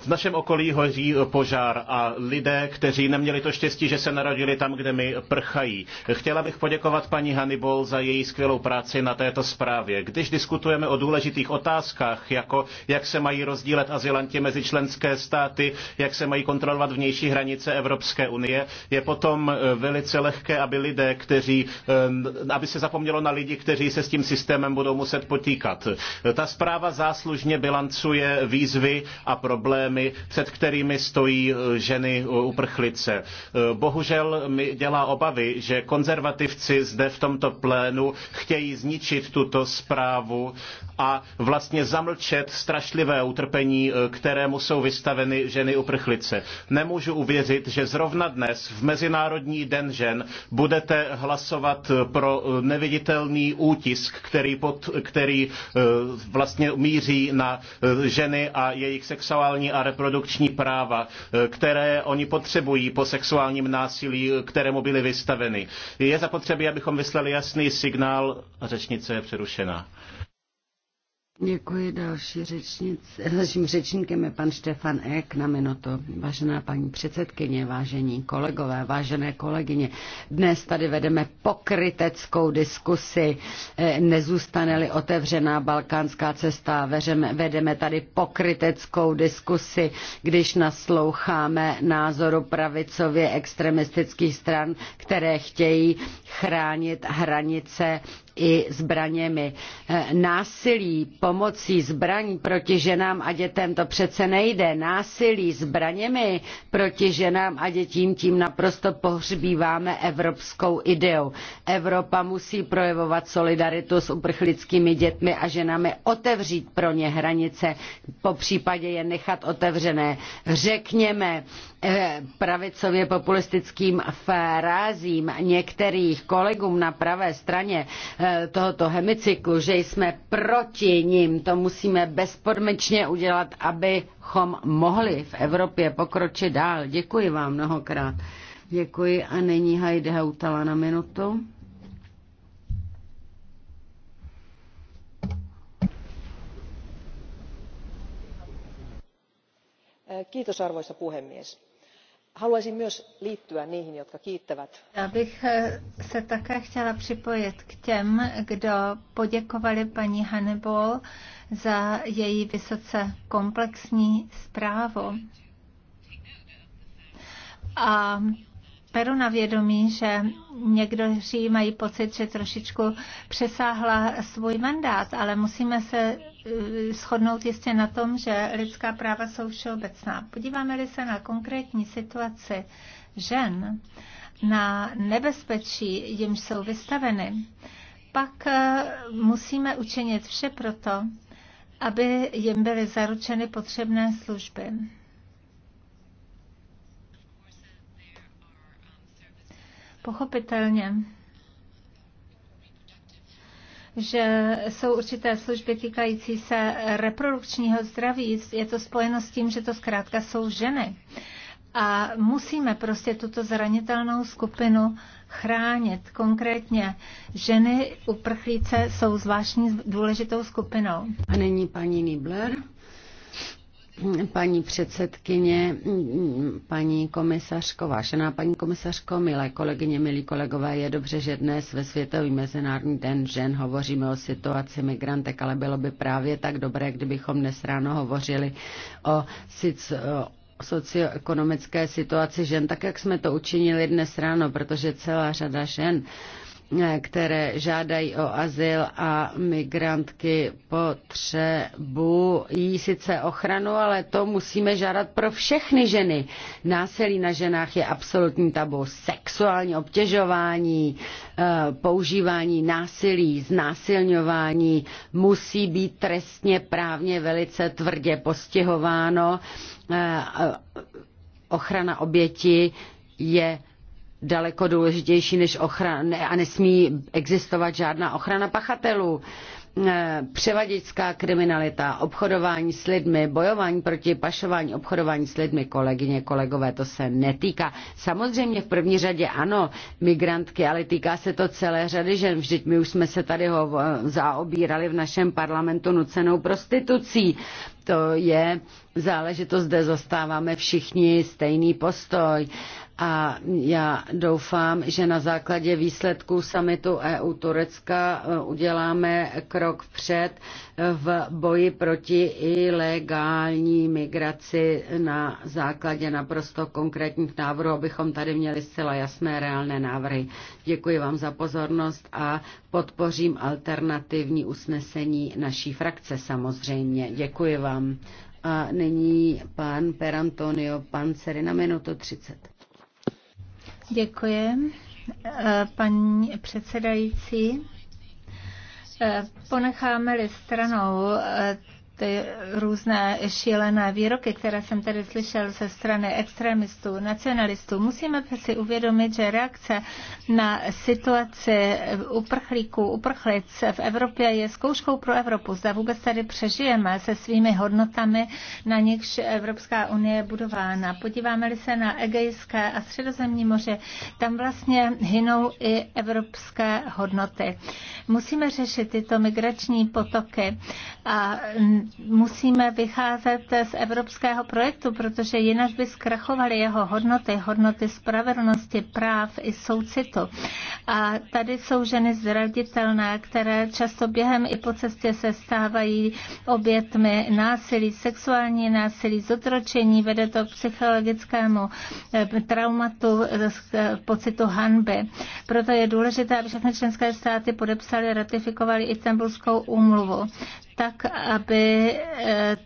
S3: V našem okolí hoří požár a lidé, kteří neměli to štěstí, že se narodili tam, kde my prchají. Chtěla bych poděkovat paní Hannibal za její skvělou práci na této zprávě. Když diskutujeme o důležitých otázkách, jako jak se mají rozdílet azylanti mezi členské státy, jak se mají kontrolovat vnější hranice Evropské unie, je potom eh, velice lehké, aby lidé, kteří, eh, aby se zapomnělo na lidi, kteří se s tím systémem budou muset potýkat. Ta zpráva záslužně bilancuje výzvy a problémy problémy, před kterými stojí eh, ženy eh, uprchlice. Eh, bohužel mi dělá obavy, že konzervativci zde v tomto plénu chtějí zničit tuto zprávu a vlastně zamlčet strašlivé utrpení, kterému jsou vystaveny ženy uprchlice. Nemůžu uvěřit, že zrovna dnes, v Mezinárodní den žen, budete hlasovat pro neviditelný útisk, který, pod, který vlastně míří na ženy a jejich sexuální a reprodukční práva, eh, které oni potřebují po sexuálním násilí, eh, kterému byly vystaveny. Je zapotřebí, abychom vyslali jasný signál. Řečnice je přerušena.
S1: Děkuji. Další řečnic, dalším řečníkem je pan Štefan Ek na minuto. Vážená paní předsedkyně, vážení kolegové, vážené kolegyně, dnes tady vedeme pokryteckou diskusi. Eh, nezůstane-li otevřená balkánská cesta, vedeme tady pokryteckou diskusi, když nasloucháme názoru pravicově extremistických stran, které chtějí chránit hranice i zbraněmi. Eh, násilí pomocí zbraní proti ženám a dětem to přece nejde. Násilí zbraněmi proti ženám a dětím tím naprosto pohřbíváme evropskou ideu. Evropa musí projevovat solidaritu s uprchlickými dětmi a ženami, otevřít pro ně hranice, po případě je nechat otevřené. Řekněme Eh, pravicově populistickým frázím některých kolegům na pravé straně eh, tohoto hemicyklu, že jsme proti nim, to musíme bezpodmečně udělat, abychom mohli v Evropě pokročit dál. Děkuji vám mnohokrát. Děkuji a nyní Heidi Hautala na minutu.
S4: arvoisa puhemies haluaisin myös liittyä niihin, jotka kiittävät.
S2: Já bych eh, se také chtěla připojit k těm, kdo poděkovali paní Hannibal za její vysoce komplexní zprávu. A beru na vědomí, že někdoří mají pocit, že trošičku přesáhla svůj mandát, ale musíme se shodnout jistě na tom, že lidská práva jsou všeobecná. Podíváme-li se na konkrétní situaci žen, na nebezpečí, jimž jsou vystaveny, pak eh, musíme učinit vše proto, aby jim byly zaručeny potřebné služby. Pochopitelně že jsou určité služby týkající se reprodukčního zdraví. Je to spojeno s tím, že to zkrátka jsou ženy. A musíme prostě tuto zranitelnou skupinu chránit. Konkrétně ženy uprchlíce jsou zvláštní důležitou skupinou. A není paní
S1: Nibler? paní předsedkyně, paní komisařko, vážená paní komisařko, milé kolegyně, milí kolegové, je dobře, že dnes ve Světový mezinárodní den žen hovoříme o situaci migrantek, ale bylo by právě tak dobré, kdybychom dnes ráno hovořili o, socioekonomické situaci žen, tak jak jsme to učinili dnes ráno, protože celá řada žen které žádají o azyl a migrantky potřebují sice ochranu, ale to musíme žádat pro všechny ženy. Násilí na ženách je absolutní tabu. Sexuální obtěžování, eh, používání násilí, znásilňování musí být trestně právně velice tvrdě postihováno. Eh, eh, ochrana oběti je daleko důležitější než ochrana a nesmí existovat žádná ochrana pachatelů. Eh, převaděčská kriminalita, obchodování s lidmi, bojování proti pašování, obchodování s lidmi, kolegyně, kolegové, to se netýká. Samozřejmě v první řadě ano, migrantky, ale týká se to celé řady žen. Vždyť my už jsme se tady ho zaobírali v našem parlamentu nucenou prostitucí to je záležitost, zde zastáváme všichni stejný postoj. A já doufám, že na základě výsledků samitu EU Turecka e, uděláme krok před e, v boji proti ilegální migraci na základě naprosto konkrétních návrhů, abychom tady měli zcela jasné reálné návrhy. Děkuji vám za pozornost a podpořím alternativní usnesení naší frakce samozřejmě. Děkuji vám. A nyní pan Perantonio Panceri na minutu 30.
S2: Děkuji, eh, paní předsedající. Eh, ponecháme-li stranou eh, ty různé šílené výroky, které jsem tady slyšel ze strany extremistů, nacionalistů. Musíme si uvědomit, že reakce na situaci uprchlíků, uprchlic v Evropě je zkouškou pro Evropu. Zda vůbec tady přežijeme se svými hodnotami, na nichž Evropská unie je budována. Podíváme-li se na Egejské a Středozemní moře, tam vlastně hynou i evropské hodnoty. Musíme řešit tyto migrační potoky a musíme vycházet z evropského projektu, protože jinak by zkrachovaly jeho hodnoty, hodnoty spravedlnosti, práv i soucitu. A tady jsou ženy zraditelné, které často během i po cestě se stávají obětmi násilí, sexuální násilí, zotročení, vede to k psychologickému eh, traumatu, eh, pocitu hanby. Proto je důležité, aby všechny členské státy podepsaly, ratifikovaly Istanbulskou úmluvu tak aby eh,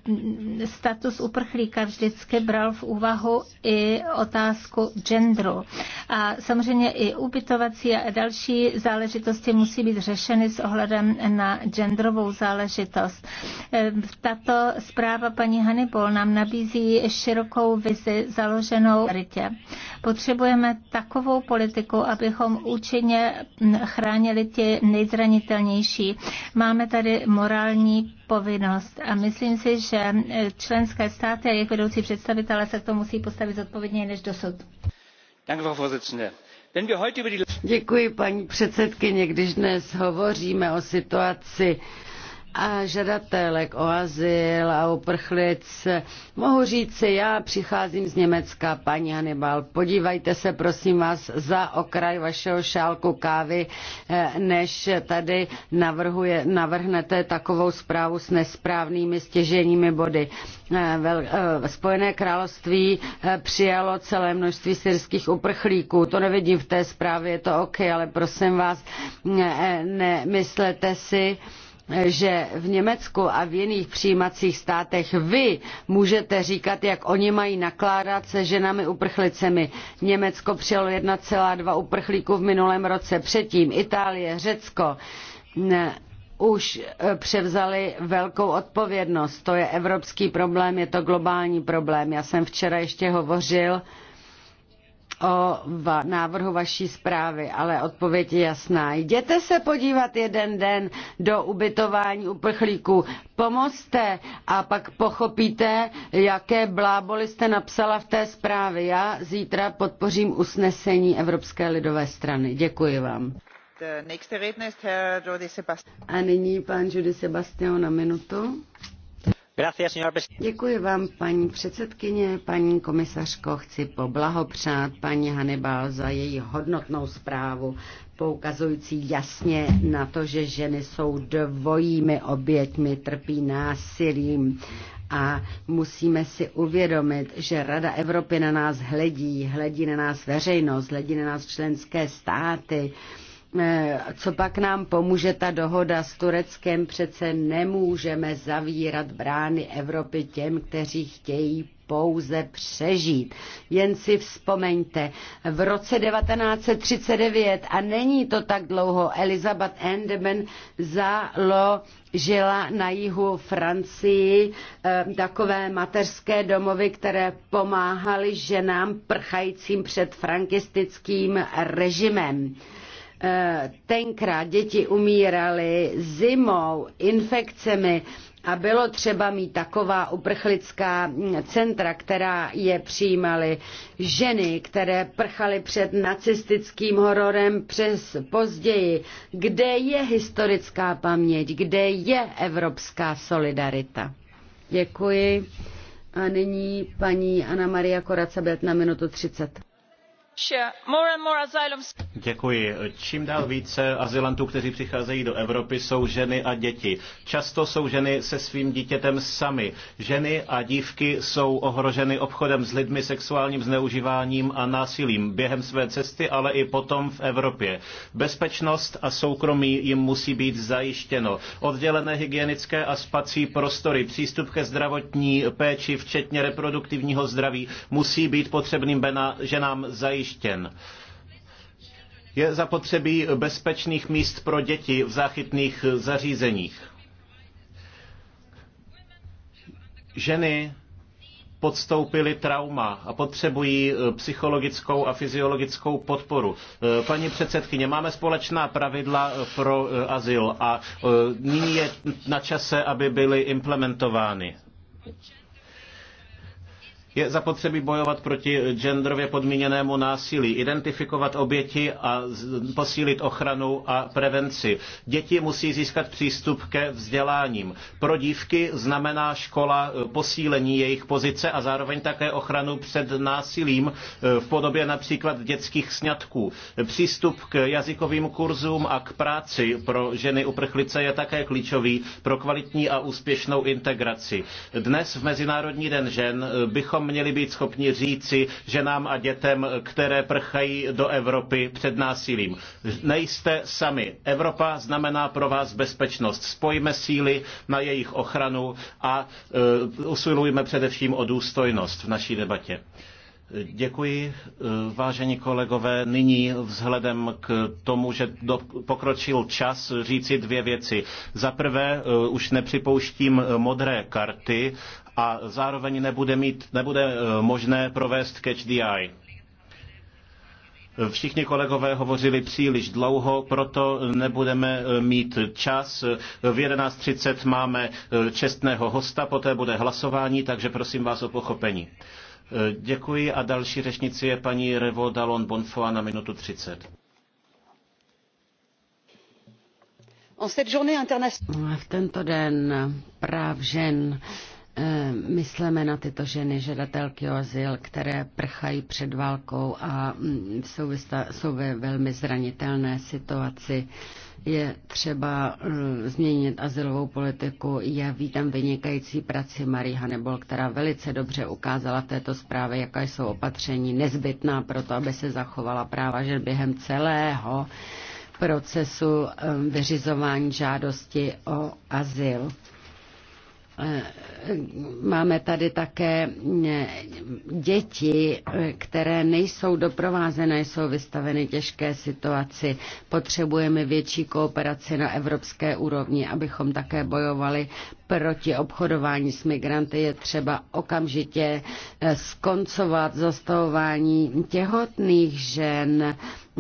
S2: status uprchlíka vždycky bral v úvahu i otázku genderu. A samozřejmě i ubytovací a další záležitosti musí být řešeny s ohledem na genderovou záležitost. Eh, tato zpráva paní Hannibal nám nabízí širokou vizi založenou rytě. Potřebujeme takovou politiku, abychom účinně chránili ti nejzranitelnější. Máme tady morální povinnost. A myslím si, že e, členské státy a jejich vedoucí představitelé se k tomu musí postavit zodpovědněji než dosud.
S1: Děkuji, paní předsedkyně. Když dnes hovoříme o situaci a žadatelek o azyl a uprchlic. Mohu říct si, já přicházím z Německa, paní Hannibal. Podívejte se, prosím vás, za okraj vašeho šálku kávy, eh, než tady navrhuje, navrhnete takovou zprávu s nesprávnými stěženími body. Eh, eh, Spojené království přijalo celé množství syrských uprchlíků. To nevidím v té zprávě, je to OK, ale prosím vás, nemyslete si, že v Německu a v jiných přijímacích státech vy můžete říkat, jak oni mají nakládat se ženami uprchlicemi. Německo přijalo two uprchlíků v minulém roce, předtím Itálie, Řecko už eh, převzali velkou odpovědnost. To je evropský problém, je to globální problém. Já jsem včera ještě hovořil o návrhu vaší zprávy, ale odpověď je jasná. Jděte se podívat jeden den do ubytování uprchlíků, pomozte a pak pochopíte, jaké bláboli jste napsala v té zprávě. Já zítra podpořím usnesení Evropské lidové strany. Děkuji vám. Uh, a nyní pan Judy Sebastian na minutu. Děkuji vám, paní předsedkyně, paní komisařko. Chci poblahopřát paní Hannibal za její hodnotnou zprávu, poukazující jasně na to, že ženy jsou dvojími oběťmi, trpí násilím a musíme si uvědomit, že Rada Evropy na nás hledí, hledí na nás veřejnost, hledí na nás členské státy, Eh, co pak nám pomůže ta dohoda s Tureckem? Přece nemůžeme zavírat brány Evropy těm, kteří chtějí pouze přežít. Jen si vzpomeňte, v roce 1939, a není to tak dlouho, Elizabeth Endeman založila na jihu Francii eh, takové mateřské domovy, které pomáhaly ženám prchajícím před frankistickým režimem. Eh, tenkrát děti umíraly zimou, infekcemi a bylo třeba mít taková uprchlická hm, centra, která je přijímaly. Ženy, které prchaly před nacistickým hororem přes později. Kde je historická paměť? Kde je evropská solidarita? Děkuji. A nyní paní Anna Maria Koraca na minutu 30.
S3: Děkuji. Čím dál více azylantů, kteří přicházejí do Evropy, jsou ženy a děti. Často jsou ženy se svým dítětem sami. Ženy a dívky jsou ohroženy obchodem s lidmi, sexuálním zneužíváním a násilím během své cesty, ale i potom v Evropě. Bezpečnost a soukromí jim musí být zajištěno. Oddělené hygienické a spací prostory, přístup ke zdravotní péči, včetně reproduktivního zdraví, musí být potřebným ženám zajištěno zajištěn. Je zapotřebí bezpečných míst pro děti v záchytných zařízeních. Ženy podstoupily trauma a potřebují eh, psychologickou a fyziologickou podporu. Eh, paní předsedkyně, máme společná pravidla eh, pro azyl a nyní je na čase, aby byly implementovány. Je zapotřebí bojovat proti genderově podmíněnému násilí, identifikovat oběti a posílit ochranu a prevenci. Děti musí získat přístup ke vzděláním. Pro dívky znamená škola eh, posílení jejich pozice a zároveň také ochranu před násilím eh, v podobě například dětských sňatků. Přístup k jazykovým kurzům a k práci pro ženy uprchlice je také klíčový pro kvalitní a úspěšnou integraci. Dnes v Mezinárodní den žen bychom bychom měli být schopni říci ženám a dětem, které prchají do Evropy před násilím. Nejste sami. Evropa znamená pro vás bezpečnost. Spojme síly na jejich ochranu a e, usilujme především o důstojnost v naší debatě. Děkuji, e, vážení kolegové. Nyní vzhledem k tomu, že do, pokročil čas říci dvě věci. Za prvé, e, už nepřipouštím modré karty a zároveň nebude, mít, nebude eh, možné provést catch the eye. Všichni kolegové hovořili příliš dlouho, proto nebudeme eh, mít čas. V 11.30 máme eh, čestného hosta, poté bude hlasování, takže prosím vás o pochopení. Děkuji a další řečnici je paní Revo Dalon Bonfoa na minutu 30.
S1: V tento den práv žen Eh, Myslíme na tyto ženy, žadatelky o azyl, které prchají před válkou a mm, jsou, vysta- jsou ve velmi zranitelné situaci. Je třeba eh, změnit azylovou politiku. Já vítám vynikající práci Marie Hanebol, která velice dobře ukázala v této zprávě, jaká jsou opatření nezbytná pro to, aby se zachovala práva že během celého procesu eh, vyřizování žádosti o azyl Máme tady také eh, děti, eh, které nejsou doprovázené, jsou vystaveny těžké situaci. Potřebujeme větší kooperaci na evropské úrovni, abychom také bojovali proti obchodování s migranty. Je třeba okamžitě eh, skoncovat zastavování těhotných žen,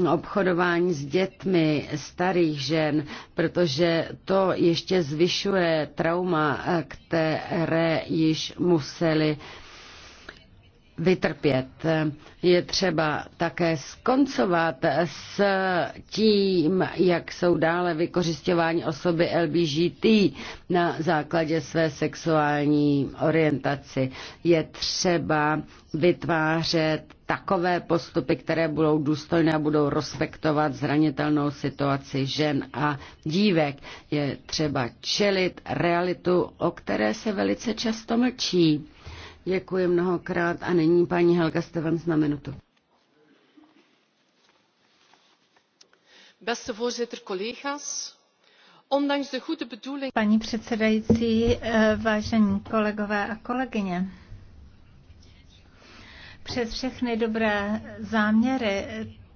S1: obchodování s dětmi starých žen, protože to ještě zvyšuje trauma, které již museli vytrpět. Je třeba také skoncovat s tím, jak jsou dále vykořišťováni osoby LBGT na základě své sexuální orientaci. Je třeba vytvářet takové postupy, které budou důstojné a budou respektovat zranitelnou situaci žen a dívek. Je třeba čelit realitu, o které se velice často mlčí. Děkuji mnohokrát a nyní paní Helga Stevens na minutu.
S2: Beste
S4: voorzitter, collega's.
S2: Ondanks de goede bedoeling... Paní předsedající, eh, vážení kolegové a kolegyně, přes všechny dobré záměry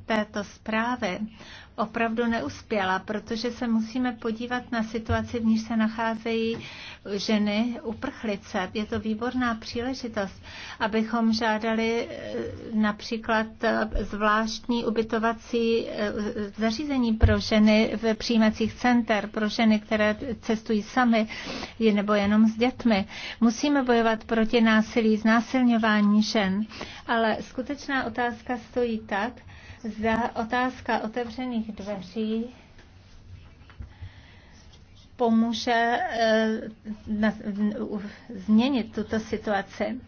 S2: této zprávy opravdu neuspěla, protože se musíme podívat na situaci, v níž se nacházejí ženy uprchlice. Je to výborná příležitost, abychom žádali eh, například eh, zvláštní ubytovací eh, zařízení pro ženy v přijímacích center, pro ženy, které cestují sami nebo jenom s dětmi. Musíme bojovat proti násilí, znásilňování žen, ale skutečná otázka stojí tak, za otázka otevřených dveří pomůže eh, změnit tuto situaci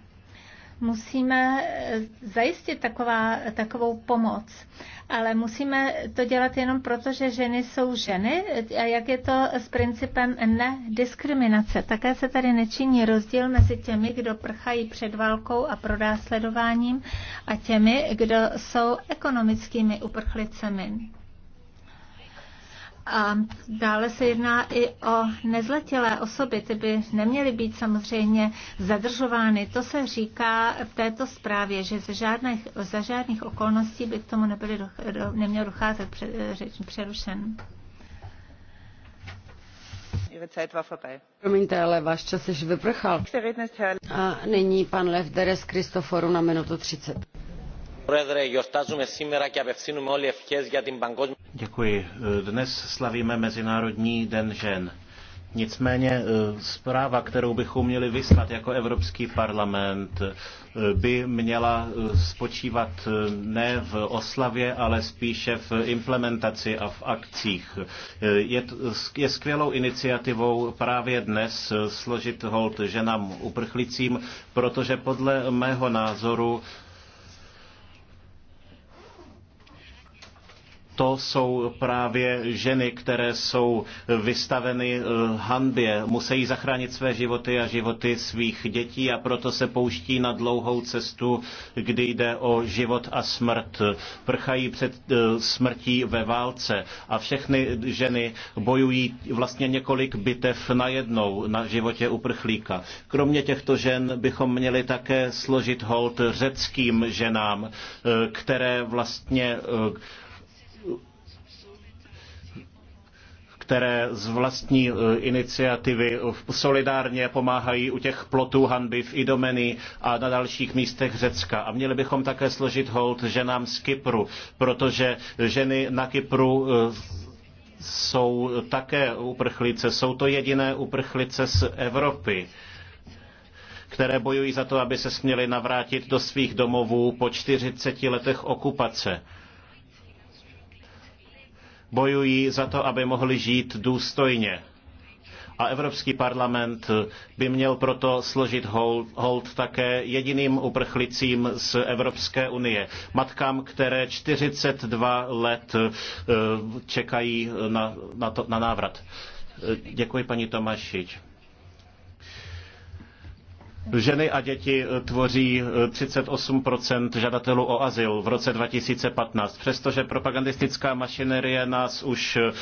S2: musíme zajistit taková, takovou pomoc. Ale musíme to dělat jenom proto, že ženy jsou ženy a jak je to s principem nediskriminace. Také se tady nečiní rozdíl mezi těmi, kdo prchají před válkou a prodá sledováním a těmi, kdo jsou ekonomickými uprchlicemi. A dále se jedná i o nezletilé osoby, ty by neměly být samozřejmě zadržovány. To se říká v této zprávě, že za žádných, za žádných okolností by k tomu nebyly, neměl docházet řeč přerušen.
S1: Promiňte, ale váš čas již vyprchal. A nyní pan Levderes Kristoforu na minutu 30.
S3: Děkuji. Dnes slavíme Mezinárodní den žen. Nicméně eh, zpráva, kterou bychom měli vyslat jako Evropský parlament, eh, by měla eh, spočívat ne v oslavě, ale spíše v implementaci a v akcích. Je, je skvělou iniciativou právě dnes složit hold ženám uprchlicím, protože podle mého názoru to jsou právě ženy, které jsou vystaveny eh, hanbě, musí zachránit své životy a životy svých dětí a proto se pouští na dlouhou cestu, kdy jde o život a smrt. Prchají před eh, smrtí ve válce a všechny ženy bojují vlastně několik bitev najednou na životě uprchlíka. Kromě těchto žen bychom měli také složit hold řeckým ženám, eh, které vlastně které z vlastní eh, iniciativy eh, solidárně pomáhají u těch plotů hanby v Idomeni a na dalších místech Řecka. A měli bychom také složit hold ženám z Kypru, protože ženy na Kypru eh, jsou také uprchlice, jsou to jediné uprchlice z Evropy které bojují za to, aby se směly navrátit do svých domovů po 40 letech okupace bojují za to, aby mohli žít důstojně. A Evropský parlament by měl proto složit hold, hold také jediným uprchlicím z Evropské unie. Matkám, které 42 let eh, čekají na, na, to, na návrat. Eh, děkuji paní Tomašič. Ženy a děti eh, tvoří 38 eh, žadatelů o azyl v roce 2015, přestože propagandistická mašinerie nás už eh,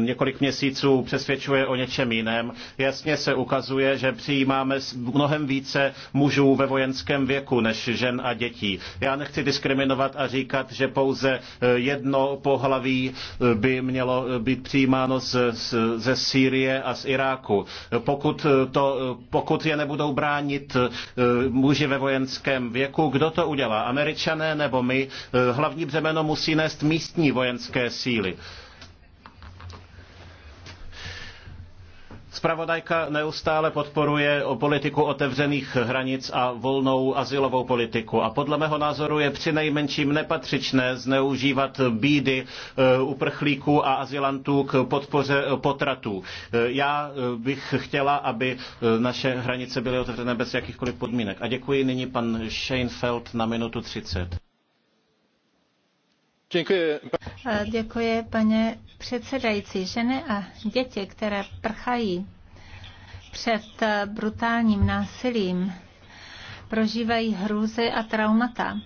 S3: několik měsíců přesvědčuje o něčem jiném. Jasně se ukazuje, že přijímáme mnohem více mužů ve vojenském věku než žen a dětí. Já nechci diskriminovat a říkat, že pouze jedno pohlaví by mělo být přijímáno z, z, ze Sýrie a z Iráku. Pokud, to, pokud je nebudou bránit, být eh, muži ve vojenském věku. Kdo to udělá? Američané nebo my? Eh, hlavní břemeno musí nést místní vojenské síly. Spravodajka neustále podporuje politiku otevřených hranic a volnou asilovou politiku. A podle mého názoru je přinejmenším nepatřičné zneužívat bídy eh, uprchlíků a azylantů k podpoře potratů. Eh, já eh, bych chtěla, aby naše hranice byly otevřené bez jakýchkoliv podmínek. A děkuji nyní pan Scheinfeld na minutu 30.
S2: Děkuji. paní předsedající. Ženy a děti, které prchají před brutálním násilím, prožívají hrůzy a traumata.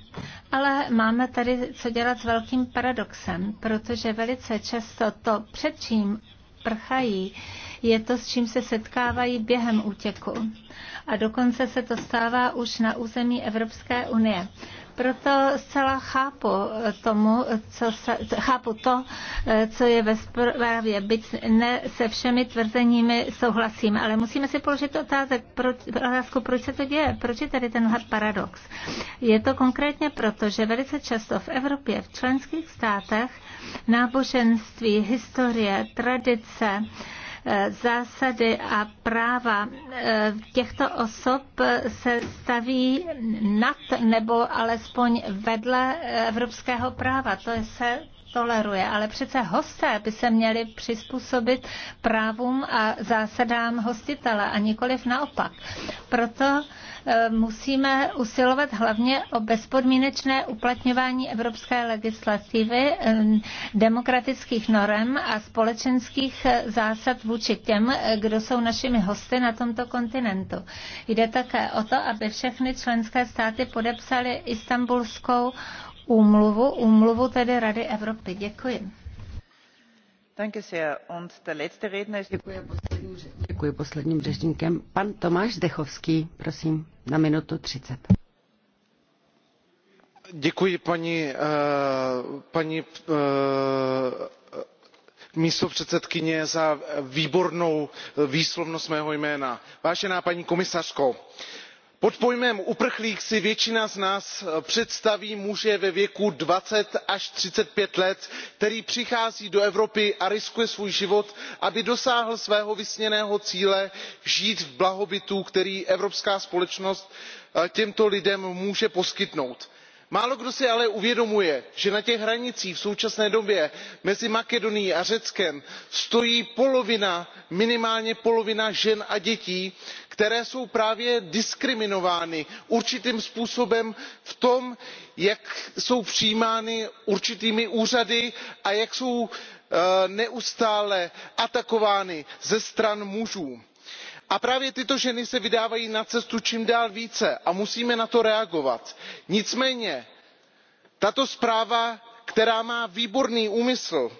S2: Ale máme tady co dělat s velkým paradoxem, protože velice často to, před čím prchají, je to, s čím se setkávají během útěku. A dokonce se to stává už na území Evropské unie. Proto zcela chápu tomu, co se, chápu to, co je ve zprávě, byť ne se všemi tvrzeními souhlasím, ale musíme si položit otázek, proč, otázku, proč se to děje, proč je tady tenhle paradox. Je to konkrétně proto, že velice často v Evropě, v členských státech, náboženství, historie, tradice, zásady a práva eh, těchto osob se staví nad nebo alespoň vedle evropského práva. To se toleruje, ale přece hosté by se měli přizpůsobit právům a zásadám hostitele a nikoliv naopak. Proto Eh, musíme usilovat hlavně o bezpodmínečné uplatňování evropské legislativy, eh, demokratických norem a společenských eh, zásad vůči těm, kdo jsou našimi hosty na tomto kontinentu. Jde také o to, aby všechny členské státy podepsaly Istanbulskou úmluvu, úmluvu tedy Rady Evropy. Děkuji.
S1: Děkuji posledním řečníkem. Pan Tomáš Zdechovský, prosím, na minutu 30.
S5: Děkuji paní, eh, paní eh, místopředsedkyně za výbornou eh, výslovnost mého jména. vážená paní komisařko pod pojmem uprchlík si většina z nás eh, představí muže ve věku twenty až thirty five let který přichází do evropy a riskuje svůj život aby dosáhl svého vysněného cíle žít v blahobytu který evropská společnost eh, těmto lidem může poskytnout. málokdo si ale uvědomuje že na těch hranicích v současné době mezi makedonií a řeckem stojí polovina minimálně polovina žen a dětí které jsou právě diskriminovány určitým způsobem v tom jak jsou přijímány určitými úřady a jak jsou eh, neustále atakovány ze stran mužů. a právě tyto ženy se vydávají na cestu čím dál více a musíme na to reagovat. nicméně tato zpráva která má výborný úmysl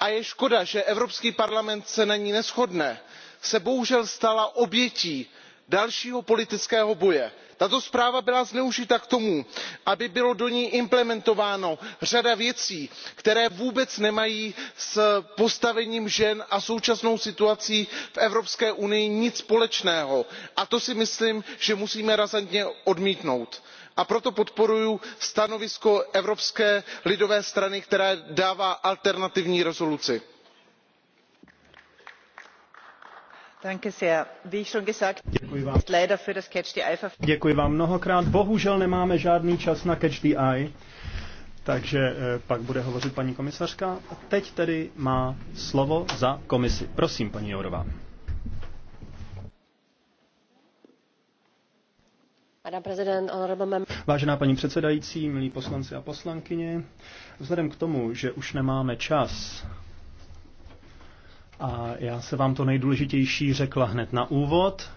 S5: a je škoda že evropský parlament se na ní neshodne se bohužel stala obětí dalšího politického boje. tato zpráva byla zneužita k tomu aby byla do ní implementována řada věcí které vůbec nemají s postavením žen a současnou situací v evropské unii nic společného a to si myslím že musíme razantně odmítnout. a proto podporuji stanovisko evropské lidové strany která dává alternativní rezoluci.
S6: Děkuji vám. mnohokrát. Bohužel nemáme žádný čas na Catch the Eye, takže eh, pak bude hovořit paní komisařka. a Teď tedy má slovo za komisi. Prosím, paní Jourová. Vážená paní předsedající, milí poslanci a poslankyně, vzhledem k tomu, že už nemáme čas a já se vám to nejdůležitější řekla hned na úvod.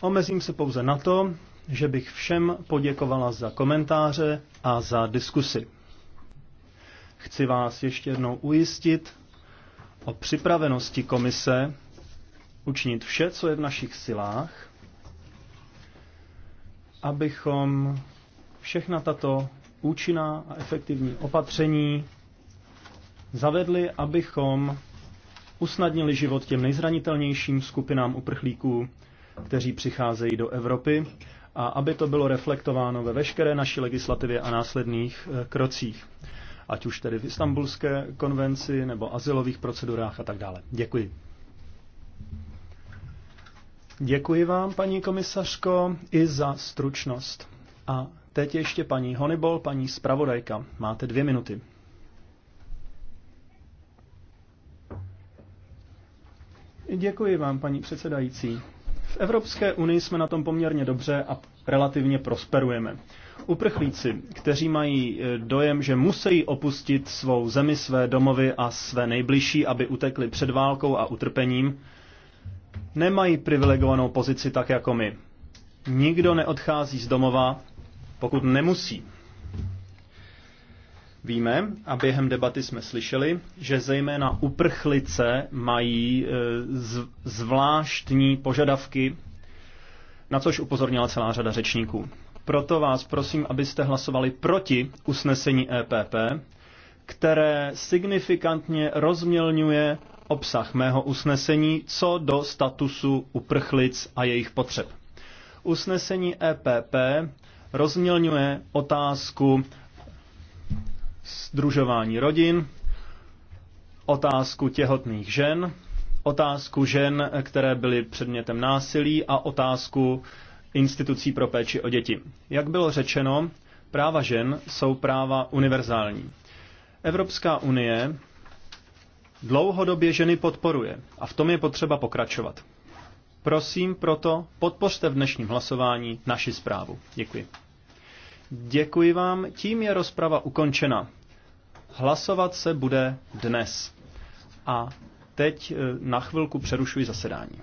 S6: Omezím se pouze na to, že bych všem poděkovala za komentáře a za diskusy. Chci vás ještě jednou ujistit o připravenosti komise učinit vše, co je v našich silách, abychom všechna tato účinná a efektivní opatření zavedli, abychom usnadnili život těm nejzranitelnějším skupinám uprchlíků, kteří přicházejí do Evropy a aby to bylo reflektováno ve veškeré naší legislativě a následných eh, krocích, ať už tedy v Istanbulské konvenci nebo asilových procedurách a tak dále. Děkuji. Děkuji vám, paní komisařko, i za stručnost. A teď ještě paní Honibol, paní zpravodajka. Máte dvě minuty. Děkuji vám, paní předsedající. V Evropské unii jsme na tom poměrně dobře a relativně prosperujeme. Uprchlíci, kteří mají eh, dojem, že musí opustit svou zemi, své domovy a své nejbližší, aby utekli před válkou a utrpením, nemají privilegovanou pozici tak jako my. Nikdo neodchází z domova, pokud nemusí. Víme a během debaty jsme slyšeli, že zejména uprchlice mají e, zvláštní požadavky, na což upozornila celá řada řečníků. Proto vás prosím, abyste hlasovali proti usnesení EPP, které signifikantně rozmělňuje obsah mého usnesení co do statusu uprchlic a jejich potřeb. Usnesení EPP rozmělňuje otázku združování rodin, otázku těhotných žen, otázku žen, které byly předmětem násilí a otázku institucí pro péči o děti. Jak bylo řečeno, práva žen jsou práva univerzální. Evropská unie dlouhodobě ženy podporuje a v tom je potřeba pokračovat. Prosím proto, podpořte v dnešním hlasování naši zprávu. Děkuji. Děkuji vám, tím je rozprava ukončena. Hlasovat se bude dnes. A teď eh, na chvilku přerušuji zasedání.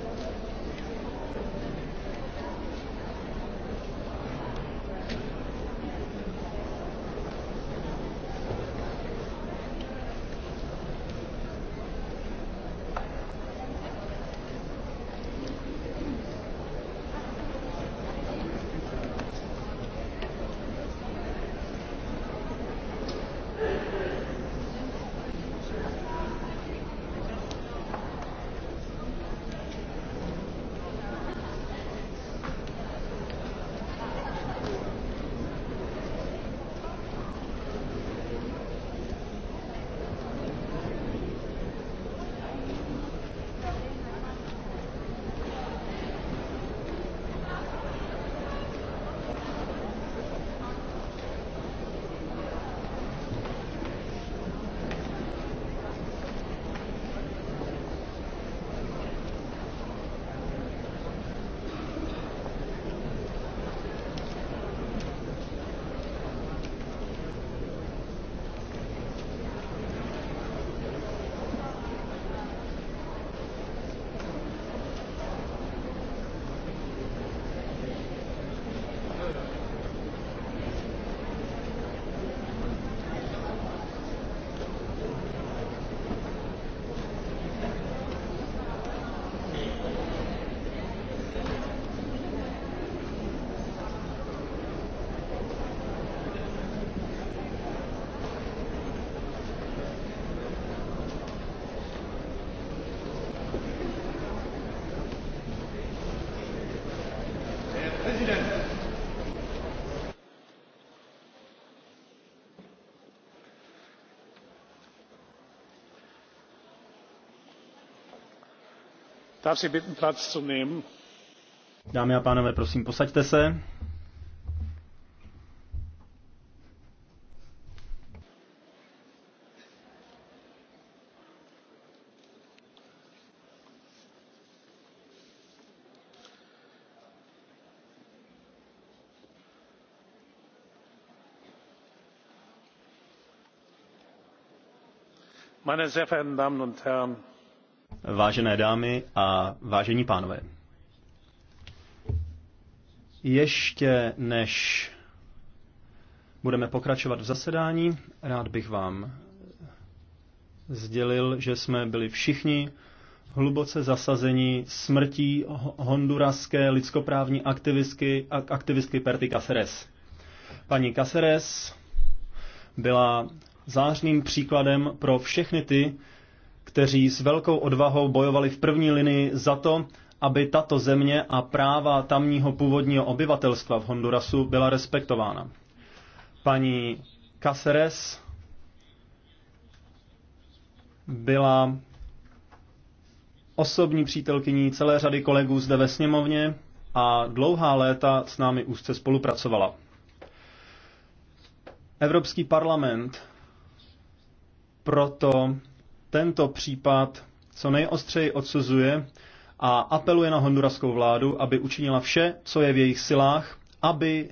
S5: Darf Sie bitten, Platz zu nehmen?
S6: Dámy a pánové, prosím, posaďte se.
S5: Meine sehr verehrten Damen und Herren,
S6: vážené dámy a vážení pánové. Ještě než budeme pokračovat v zasedání, rád bych vám sdělil, že jsme byli všichni hluboce zasazeni smrtí honduraské lidskoprávní aktivistky, aktivistky Perty Caceres. Paní Caceres byla zářným příkladem pro všechny ty, kteří s velkou odvahou bojovali v první linii za to, aby tato země a práva tamního původního obyvatelstva v Hondurasu byla respektována. Paní Caceres byla osobní přítelkyní celé řady kolegů zde ve sněmovně a dlouhá léta s námi úzce spolupracovala. Evropský parlament proto tento případ co nejostřeji odsuzuje a apeluje na honduraskou vládu, aby učinila vše, co je v jejich silách, aby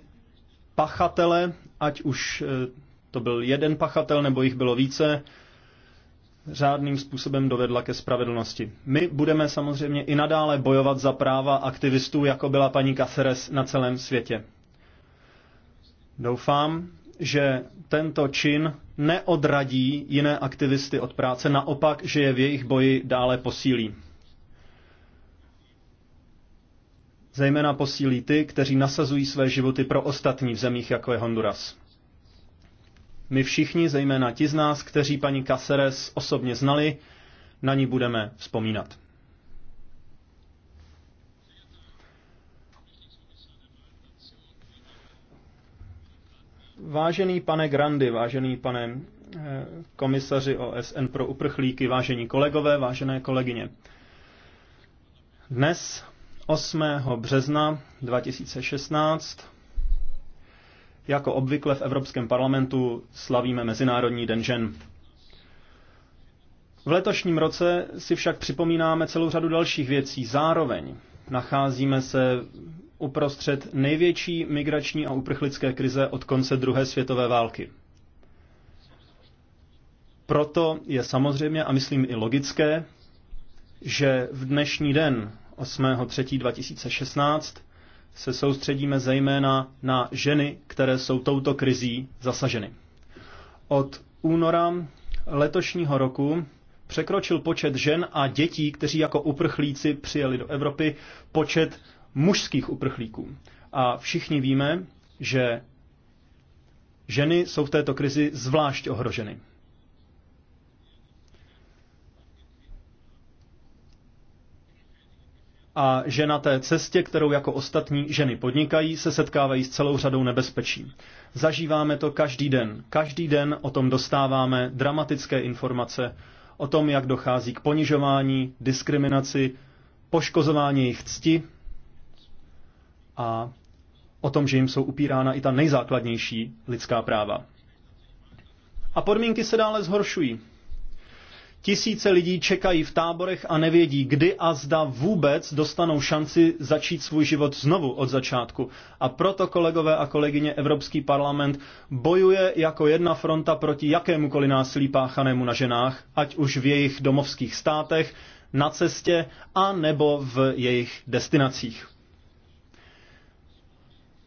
S6: pachatele, ať už eh, to byl jeden pachatel nebo jich bylo více, řádným způsobem dovedla ke spravedlnosti. My budeme samozřejmě i nadále bojovat za práva aktivistů, jako byla paní Caceres na celém světě. Doufám, že tento čin neodradí jiné aktivisty od práce, naopak, že je v jejich boji dále posílí. Zejména posílí ty, kteří nasazují své životy pro ostatní v zemích, jako je Honduras. My všichni, zejména ti z nás, kteří paní Caceres osobně znali, na ní budeme vzpomínat. Vážený pane Grandy, vážený pane eh, komisaři OSN pro uprchlíky, vážení kolegové, vážené kolegyně. Dnes, 8. března 2016, jako obvykle v Evropském parlamentu slavíme Mezinárodní den žen. V letošním roce si však připomínáme celou řadu dalších věcí. Zároveň nacházíme se uprostřed největší migrační a uprchlické krize od konce druhé světové války. Proto je samozřejmě a myslím i logické, že v dnešní den 8.3.2016 se soustředíme zejména na ženy, které jsou touto krizí zasaženy. Od února letošního roku překročil počet žen a dětí, kteří jako uprchlíci přijeli do Evropy, počet mužských uprchlíků. A všichni víme, že ženy jsou v této krizi zvlášť ohroženy. a že na té cestě, kterou jako ostatní ženy podnikají, se setkávají s celou řadou nebezpečí. Zažíváme to každý den. Každý den o tom dostáváme dramatické informace o tom, jak dochází k ponižování, diskriminaci, poškozování jejich cti a o tom, že jim jsou upírána i ta nejzákladnější lidská práva. A podmínky se dále zhoršují. Tisíce lidí čekají v táborech a nevědí, kdy a zda vůbec dostanou šanci začít svůj život znovu od začátku. A proto, kolegové a kolegyně, Evropský parlament bojuje jako jedna fronta proti jakémukoliv násilí páchanému na ženách, ať už v jejich domovských státech, na cestě a nebo v jejich destinacích.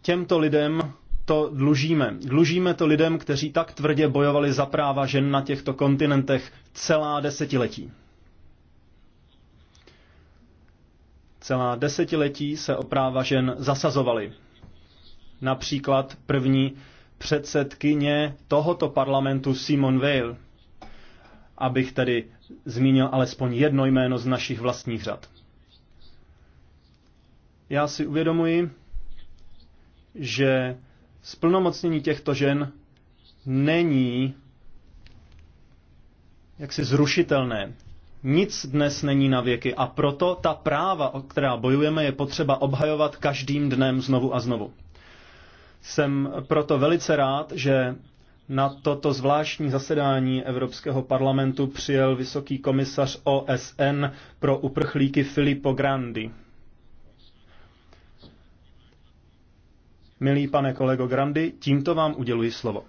S6: Těmto lidem to dlužíme. Dlužíme to lidem, kteří tak tvrdě bojovali za práva žen na těchto kontinentech celá desetiletí. Celá desetiletí se o práva žen zasazovali. Například první předsedkyně tohoto parlamentu Simon Weil, abych tedy zmínil alespoň jedno jméno z našich vlastních řad. Já si uvědomuji, že splnomocnění těchto žen není jaksi zrušitelné. Nic dnes není na věky a proto ta práva, o která bojujeme, je potřeba obhajovat každým dnem znovu a znovu. Jsem proto velice rád, že na toto zvláštní zasedání Evropského parlamentu přijel vysoký komisař OSN pro uprchlíky Filippo Grandi. Milý pane kolego Grandi, tímto vám uděluji slovo.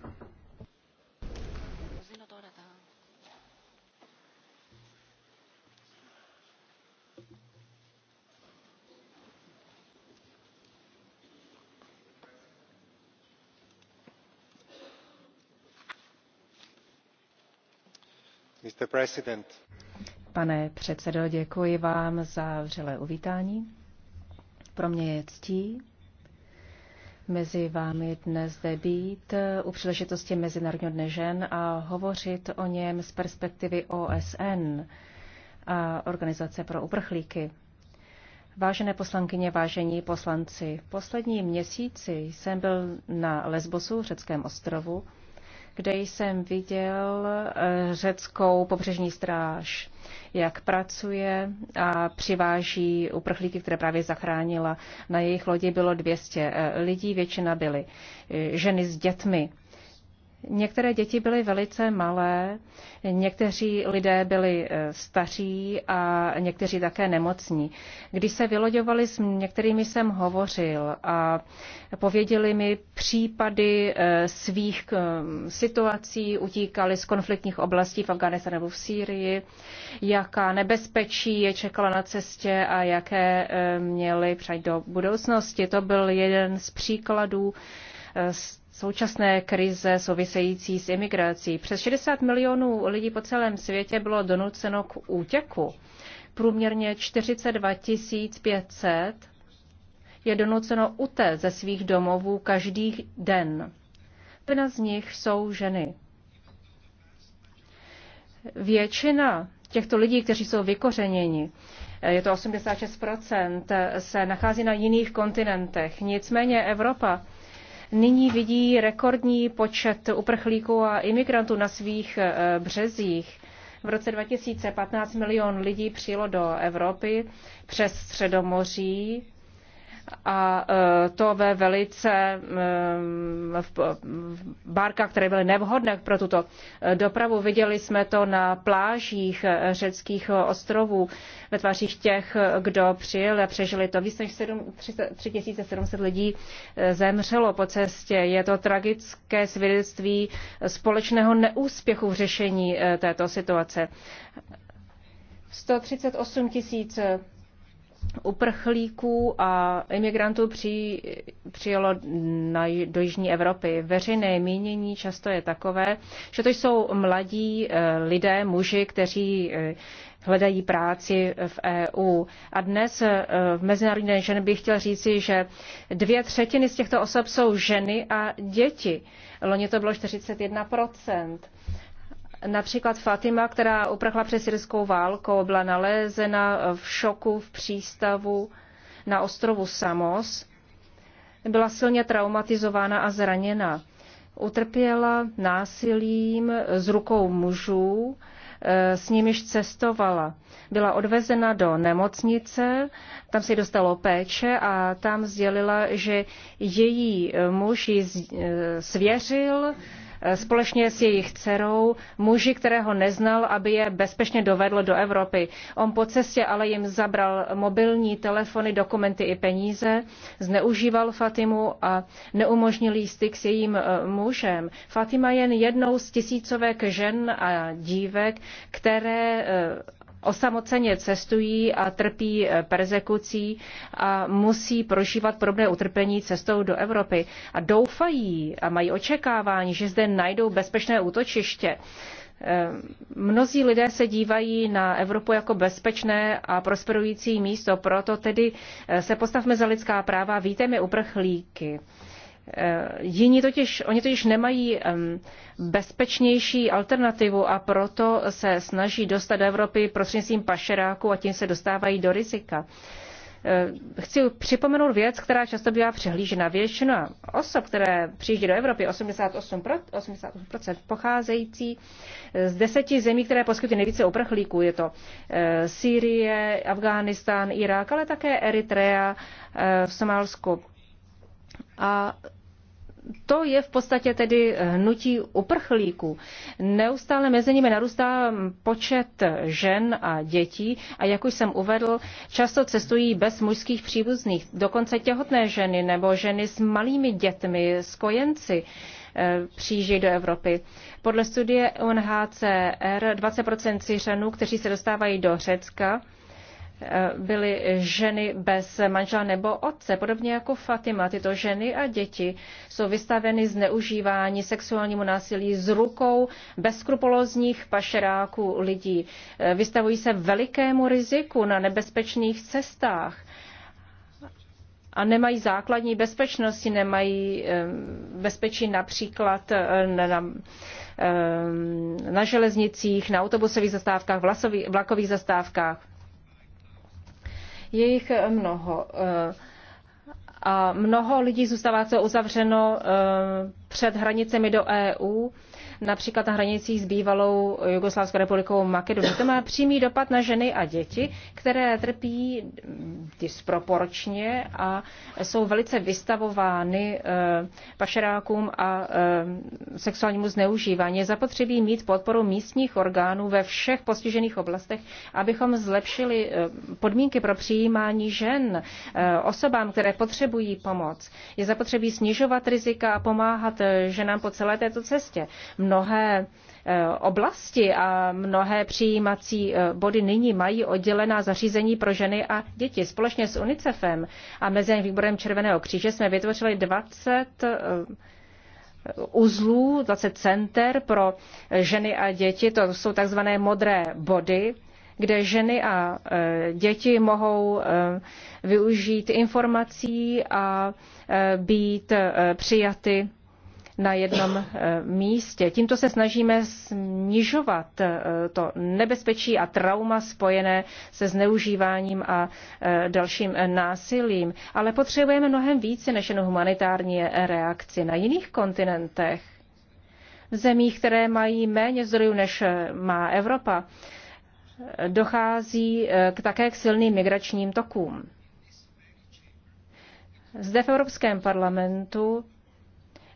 S4: Pane předsedo, děkuji vám za vřelé uvítání. Pro mě je ctí mezi vámi dnes zde být u příležitosti Mezinárodního dne žen a hovořit o něm z perspektivy OSN a Organizace pro uprchlíky. Vážené poslankyně, vážení poslanci, v poslední měsíci jsem byl na Lesbosu, řeckém ostrovu, kde jsem viděl eh, řeckou pobřežní stráž, jak pracuje a přiváží uprchlíky, které právě zachránila. Na jejich lodi bylo 200 eh, lidí, většina byly eh, ženy s dětmi. Některé děti byly velice malé, někteří lidé byli e, staří a někteří také nemocní. Když se vyloďovali, s některými jsem hovořil a pověděli mi případy e, svých e, situací, utíkali z konfliktních oblastí v Afganistánu nebo v Sýrii, jaká nebezpečí je čekala na cestě a jaké měli přejít do budoucnosti. To byl jeden z příkladů z současné krize související s imigrací. Přes 60 milionů lidí po celém světě bylo donuceno k útěku. Průměrně 42 500 je donuceno utéct ze svých domovů každý den. Pena z nich jsou ženy. Většina těchto lidí, kteří jsou vykořeněni, je to 86%, se nachází na jiných kontinentech. Nicméně Evropa nyní vidí rekordní počet uprchlíků a imigrantů na svých e, březích. V roce 2015 milion lidí přijelo do Evropy přes Středomoří a e, to ve velice e, v bárkách, které byly nevhodné pro tuto e, dopravu. Viděli jsme to na plážích řeckých ostrovů ve tvářích těch, kdo přijel a přežili to. Víc než 3700 lidí zemřelo po cestě. Je to tragické svědectví společného neúspěchu v řešení této situace. 138 tisíc 000 uprchlíků a imigrantů při, přijelo na, do Jižní Evropy. Veřejné mínění často je takové, že to jsou mladí eh, lidé, muži, kteří eh, hledají práci v EU. A dnes eh, v Mezinárodní den bych chtěl říci, že dvě třetiny z těchto osob jsou ženy a děti. Loni to bylo 41 Například Fatima, která uprchla přes syrskou válkou, byla nalezena v šoku v přístavu na ostrovu Samos. Byla silně traumatizována a zraněna. Utrpěla násilím z rukou mužů, eh, s nimiž cestovala. Byla odvezena do nemocnice, tam si dostalo péče a tam sdělila, že její muž ji eh, svěřil společně s jejich dcerou muži, kterého neznal, aby je bezpečně dovedl do Evropy. On po cestě ale jim zabral mobilní telefony, dokumenty i peníze, zneužíval Fatimu a neumožnil jí styk s jejím eh, mužem. Fatima jen jednou z tisícovek žen a dívek, které eh, osamoceně cestují a trpí eh, persekucí a musí prožívat podobné utrpení cestou do Evropy. A doufají a mají očekávání, že zde najdou bezpečné útočiště. Eh, mnozí lidé se dívají na Evropu jako bezpečné a prosperující místo, proto tedy eh, se postavme za lidská práva, vítejme uprchlíky. Eh, jiní totiž, oni totiž nemají bezpečnější alternativu a proto se snaží dostat do Evropy prostřednictvím pašeráku a tím se dostávají do rizika. Eh, chci připomenout věc, která často bývá přehlížena. Většina osob, které přijíždí do Evropy, 88%, 88% pocházející eh, z deseti zemí, které poskytují nejvíce uprchlíků. Je to Sýrie, Afghánistán, Irák, ale také Eritrea, Somálsko, a to je v podstatě tedy eh, hnutí uprchlíků. Neustále mezi nimi narůstá počet žen a dětí a jak už jsem uvedl, často cestují bez mužských příbuzných, dokonce těhotné ženy nebo ženy s malými dětmi, s kojenci eh, přijíždějí do Evropy. Podle studie UNHCR 20% Syřanů, kteří se dostávají do Řecka, Eh, byly ženy bez manžela nebo otce. Podobně jako Fatima, tyto ženy a děti jsou vystaveny zneužívání sexuálnímu násilí z rukou bezkrupulózních pašeráků lidí. Eh, vystavují se velikému riziku na nebezpečných cestách a nemají základní bezpečnosti, nemají eh, bezpečí například na, na železnicích, na autobusových zastávkách, vlakových zastávkách je jich eh, mnoho. Eh, a mnoho lidí zůstává co uzavřeno eh, před hranicemi do EU například na hranicích s bývalou Jugoslávskou republikou Makedonii. To má přímý dopad na ženy a děti, které trpí disproporčně a jsou velice vystavovány eh, pašerákům a eh, sexuálnímu zneužívání. Je zapotřebí mít podporu místních orgánů ve všech postižených oblastech, abychom zlepšili eh, podmínky pro přijímání žen osobám, které potřebují pomoc. Je zapotřebí snižovat rizika a pomáhat ženám po celé této cestě mnohé eh, oblasti a mnohé přijímací eh, body nyní mají oddělená zařízení pro ženy a děti. Společně s UNICEFem a Mezinárodním výborem Červeného kříže jsme vytvořili 20 eh, uzlů, 20 center pro ženy a děti. To jsou takzvané modré body, kde ženy a děti mohou využít informací a být přijaty na jednom eh, místě. Tímto se snažíme snižovat eh, to nebezpečí a trauma spojené se zneužíváním a eh, dalším násilím. Ale potřebujeme mnohem více než jen humanitární reakci na jiných kontinentech, v zemích, které mají méně zdrojů než má Evropa dochází k také k silným migračním tokům. Zde v Evropském parlamentu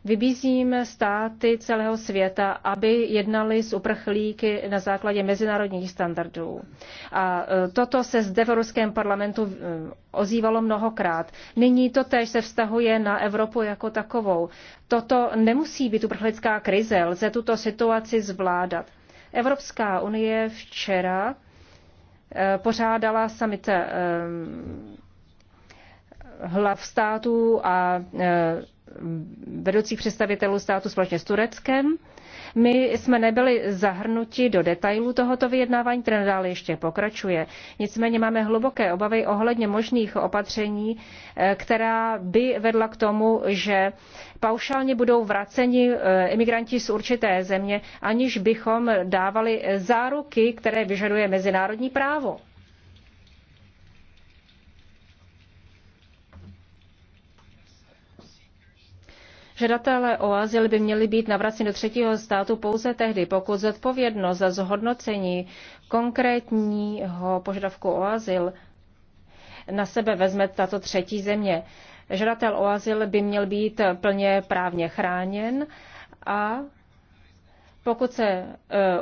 S4: Vybízíme státy celého světa, aby jednali s uprchlíky na základě mezinárodních standardů. A e, toto se zde v Ruském parlamentu e, ozývalo mnohokrát. Nyní to též se vztahuje na Evropu jako takovou. Toto nemusí být uprchlická krize, lze tuto situaci zvládat. Evropská unie včera e, pořádala summit hlav států a vedoucích představitelů státu společně s Tureckem. My jsme nebyli zahrnuti do detailů tohoto vyjednávání, které nadále ještě pokračuje. Nicméně máme hluboké obavy ohledně možných opatření, eh, která by vedla k tomu, že paušálně budou vraceni eh, imigranti z určité země, aniž bychom dávali záruky, které vyžaduje mezinárodní právo. Žadatelé o azyl by měli být navraceni do třetího státu pouze tehdy, pokud zodpovědnost za zhodnocení konkrétního požadavku o azyl na sebe vezme tato třetí země. Žadatel o azyl by měl být plně právně chráněn a pokud se e,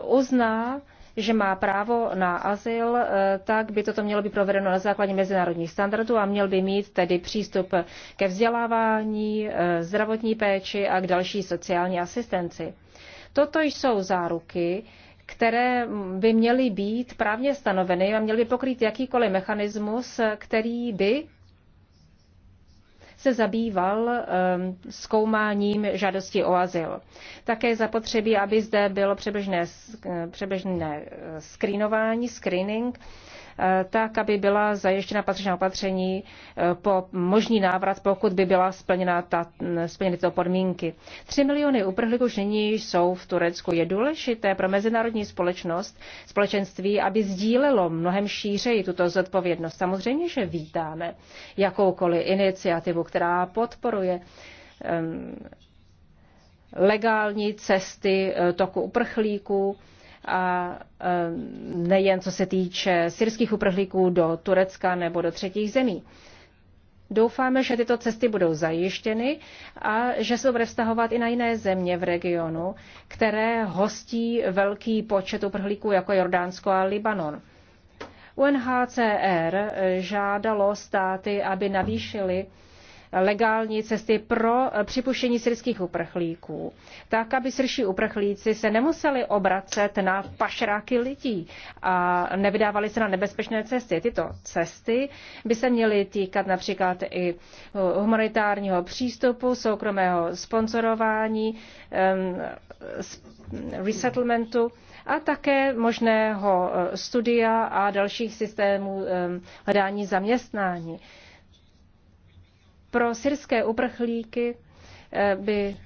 S4: uzná, že má právo na azyl, eh, tak by toto mělo být provedeno na základě mezinárodních standardů a měl by mít tedy přístup ke vzdělávání, eh, zdravotní péči a k další sociální asistenci. Toto jsou záruky, které by měly být právně stanoveny a měly by pokrýt jakýkoliv mechanismus, který by se zabýval ehm, zkoumáním žádosti o azyl. Také zapotřebí, aby zde bylo přeběžné, eh, přeběžné eh, screenování, screening, Eh, tak aby byla zajištěna patřičná opatření eh, po možný návrat, pokud by byla splněna ta, mm, splněny tyto podmínky. Tři miliony uprchlíků už nyní jsou v Turecku. Je důležité pro mezinárodní společnost, společenství, aby sdílelo mnohem šířeji tuto zodpovědnost. Samozřejmě, že vítáme jakoukoliv iniciativu, která podporuje um, legální cesty eh, toku uprchlíků, a e, nejen co se týče syrských uprchlíků do Turecka nebo do třetích zemí. Doufáme, že tyto cesty budou zajištěny a že se bude vztahovat i na jiné země v regionu, které hostí velký počet uprchlíků jako Jordánsko a Libanon. UNHCR žádalo státy, aby navýšili legální cesty pro eh, připuštění syrských uprchlíků, tak aby syrští uprchlíci se nemuseli obracet na pašráky lidí a nevydávali se na nebezpečné cesty. Tyto cesty by se měly týkat například i eh, humanitárního přístupu, soukromého sponzorování, resettlementu a také možného eh, studia a dalších systémů hledání zaměstnání. Pro syrské uprchlíky eh, by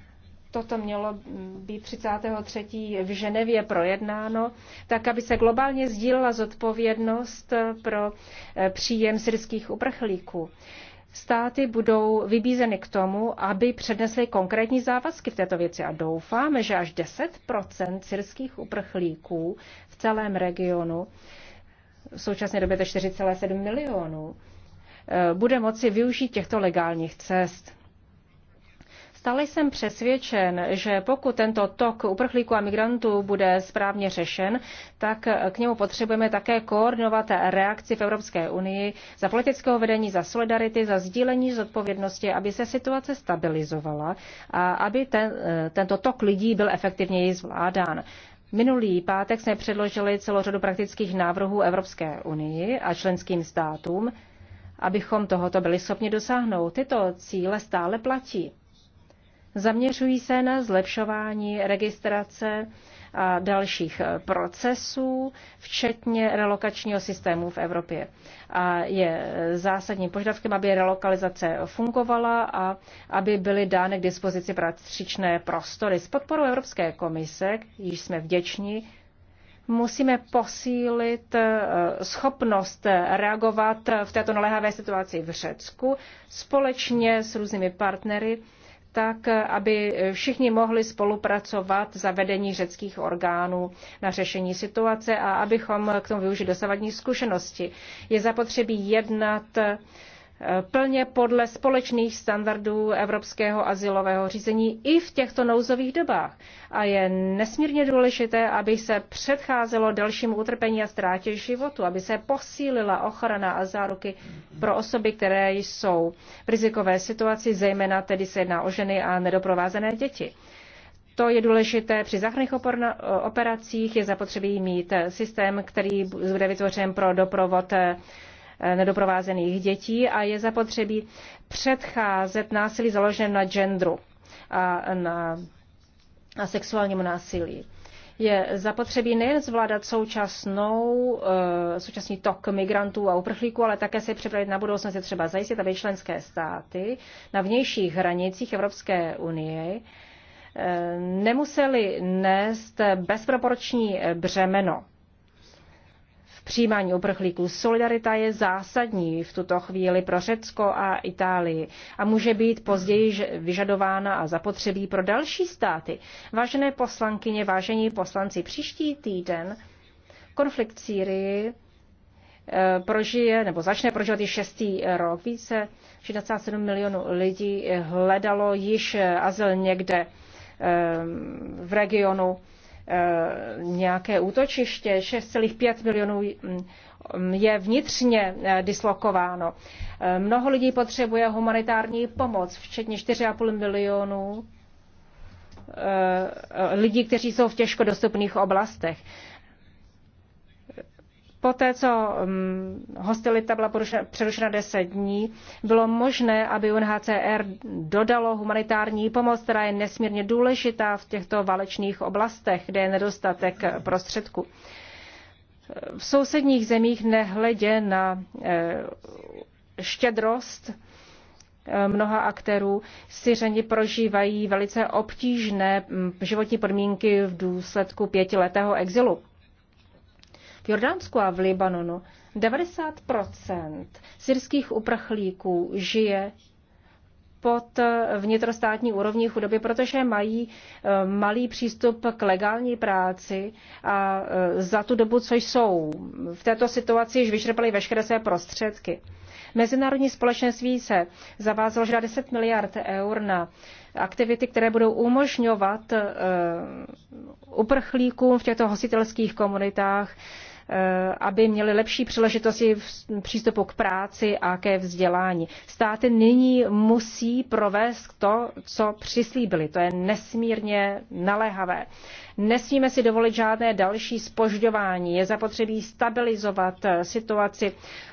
S4: toto mělo být 33. v Ženevě projednáno, tak aby se globálně sdílela zodpovědnost pro eh, příjem syrských uprchlíků. Státy budou vybízeny k tomu, aby přednesly konkrétní závazky v této věci a doufáme, že až 10 syrských uprchlíků v celém regionu, v současné době to 4,7 milionů, Eh, bude moci využít těchto legálních cest. Stále jsem přesvědčen, že pokud tento tok uprchlíků a migrantů bude správně řešen, tak k němu potřebujeme také koordinovat reakci v Evropské unii za politického vedení, za solidarity, za sdílení zodpovědnosti, aby se situace stabilizovala a aby ten, eh, tento tok lidí byl efektivněji zvládán. Minulý pátek jsme předložili celou řadu praktických návrhů Evropské unii a členským státům, abychom tohoto byli schopni dosáhnout. Tyto cíle stále platí. Zaměřují se na zlepšování registrace a dalších procesů, včetně relokačního systému v Evropě. A je zásadním požadavkem, aby relokalizace fungovala a aby byly dány k dispozici patřičné prostory. S podporou Evropské komise, již jsme vděční, musíme posílit eh, schopnost reagovat v této naléhavé situaci v Řecku společně s různými partnery, tak eh, aby všichni mohli spolupracovat za vedení řeckých orgánů na řešení situace a abychom k tomu využili dosavadní zkušenosti. Je zapotřebí jednat eh, plně podle společných standardů evropského asilového řízení i v těchto nouzových dobách. A je nesmírně důležité, aby se předcházelo dalšímu utrpení a ztrátě životu, aby se posílila ochrana a záruky pro osoby, které jsou v rizikové situaci, zejména tedy se jedná o ženy a nedoprovázené děti. To je důležité při záchranných operacích, je zapotřebí mít systém, který bude vytvořen pro doprovod eh, Eh, nedoprovázených dětí a je zapotřebí předcházet násilí založeném na genderu a na a sexuálnímu násilí. Je zapotřebí nejen zvládat současnou, eh, současný tok migrantů a uprchlíků, ale také se připravit na budoucnost. Je třeba zajistit, aby členské státy na vnějších hranicích Evropské unie eh, nemuseli nést bezproporční břemeno přijímání uprchlíků. Solidarita je zásadní v tuto chvíli pro Řecko a Itálii a může být později vyžadována a zapotřebí pro další státy. Vážené poslankyně, vážení poslanci, příští týden konflikt Sýrii eh, prožije nebo začne prožívat i šestý rok. Více 67 milionů lidí hledalo již azyl někde eh, v regionu Eh, nějaké útočiště, 6,5 milionů hm, je vnitřně eh, dislokováno. Eh, mnoho lidí potřebuje humanitární pomoc, včetně 4,5 milionů lidí, kteří jsou v těžko dostupných oblastech. Poté, co mm, hostilita byla přerušena 10 dní, bylo možné, aby UNHCR dodalo humanitární pomoc, která je nesmírně důležitá v těchto válečných oblastech, kde je nedostatek prostředků. V sousedních zemích nehledě na eh, štědrost eh, mnoha aktérů, Syřeni prožívají velice obtížné mm, životní podmínky v důsledku pětiletého exilu v Jordánsku a v Libanonu 90 syrských uprchlíků žije pod vnitrostátní úrovní chudoby, protože mají eh, malý přístup k legální práci a eh, za tu dobu, co jsou v této situaci, již vyčerpali veškeré své prostředky. Mezinárodní společenství se zavázalo, že 10 miliard eur na aktivity, které budou umožňovat eh, uprchlíkům v těchto hostitelských komunitách Eh, aby měli lepší příležitosti v přístupu k práci a ke vzdělání. Státy nyní musí provést to, co přislíbili. To je nesmírně naléhavé. Nesmíme si dovolit žádné další spožďování. Je zapotřebí stabilizovat eh, situaci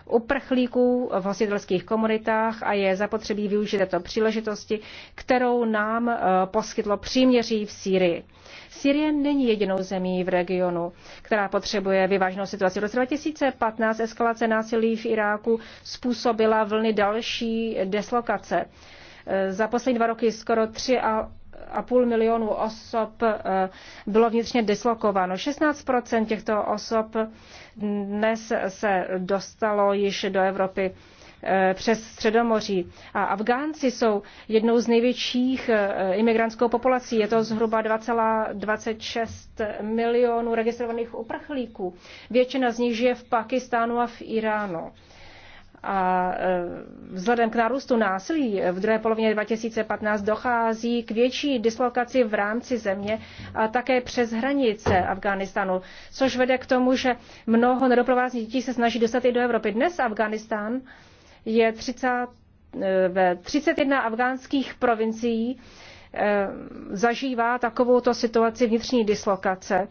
S4: uprchlíků v hostitelských komunitách a je zapotřebí využít této příležitosti, kterou nám eh, poskytlo příměří v Sýrii. Syrie není jedinou zemí v regionu, která potřebuje vyváženou situaci. V roce 2015 eskalace násilí v Iráku způsobila vlny další deslokace. Za poslední dva roky skoro tři a a půl milionu osob eh, bylo vnitřně dislokováno. 16 těchto osob dnes se dostalo již do Evropy. Eh, přes Středomoří. A Afgánci jsou jednou z největších eh, imigrantskou populací. Je to zhruba 2,26 milionů registrovaných uprchlíků. Většina z nich žije v Pakistánu a v Iránu. A eh, vzhledem k nárůstu násilí v druhé polovině 2015 dochází k větší dislokaci v rámci země a také přes hranice Afghánistánu, což vede k tomu, že mnoho nedoprovázných dětí se snaží dostat i do Evropy. Dnes Afghánistán je 30, eh, ve 31 afgánských provincií eh, zažívá takovouto situaci vnitřní dislokace.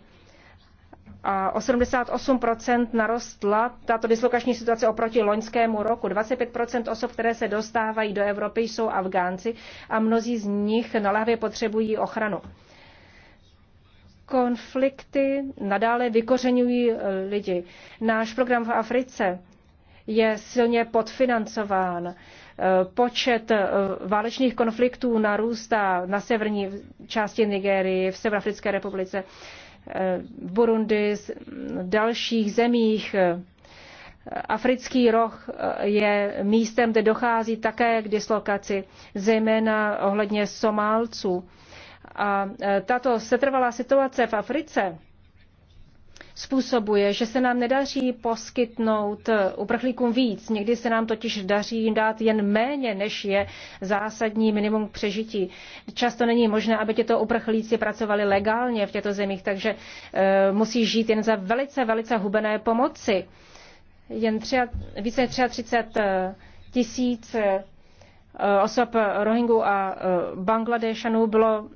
S4: A 88% narostla tato dislokační situace oproti loňskému roku. 25% osob, které se dostávají do Evropy, jsou Afgánci a mnozí z nich naléhavě potřebují ochranu. Konflikty nadále vykořenují eh, lidi. Náš program v Africe je silně podfinancován. Eh, počet eh, válečných konfliktů narůstá na severní části Nigérie, v Severoafrické republice, eh, v Burundi, dalších zemích. Africký roh je místem, kde dochází také k dislokaci, zejména ohledně Somálců. A tato setrvalá situace v Africe způsobuje, že se nám nedaří poskytnout uprchlíkům víc. Někdy se nám totiž daří jim dát jen méně, než je zásadní minimum k přežití. Často není možné, aby těto uprchlíci pracovali legálně v těchto zemích, takže eh, musí žít jen za velice, velice hubené pomoci. Jen tři, více než 33 eh, tisíc eh, osob Rohingů a Bangladešanů bylo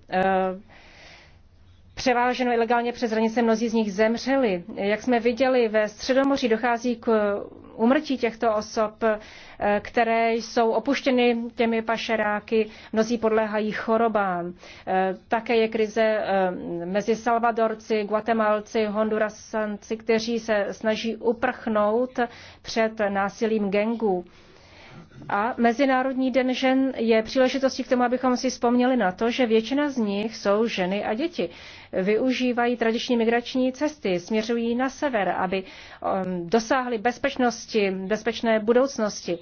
S4: převáženo ilegálně přes hranice, mnozí z nich zemřeli. Jak jsme viděli, ve Středomoří dochází k umrtí těchto osob, eh, které jsou opuštěny těmi pašeráky, mnozí podléhají chorobám. Eh, také je krize eh, mezi Salvadorci, Guatemalci, Hondurasanci, kteří se snaží uprchnout před násilím gengů. A Mezinárodní den žen je příležitostí k tomu, abychom si vzpomněli na to, že většina z nich jsou ženy a děti. Využívají tradiční migrační cesty, směřují na sever, aby um, dosáhly bezpečnosti, bezpečné budoucnosti.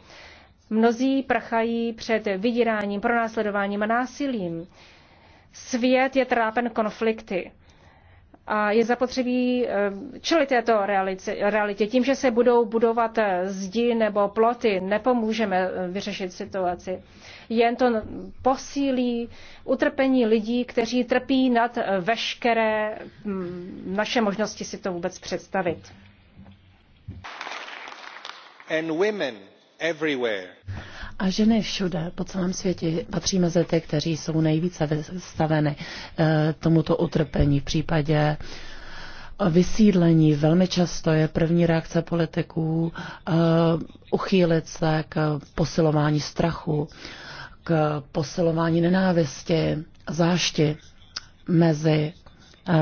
S4: Mnozí prchají před vydíráním, pronásledováním a násilím. Svět je trápen konflikty a je zapotřebí eh, čelit této realitě. Tím, že se budou budovat eh, zdi nebo ploty, nepomůžeme eh, vyřešit situaci. Jen to posílí utrpení lidí, kteří trpí nad veškeré mm, naše možnosti si
S7: to vůbec představit.
S6: And women everywhere.
S7: A ženy všude po celém světě patří mezi ty, kteří jsou nejvíce vystaveny eh, tomuto utrpení v případě eh, vysídlení velmi často je první reakce politiků eh, uchýlit se k posilování strachu, k posilování nenávisti, zášti mezi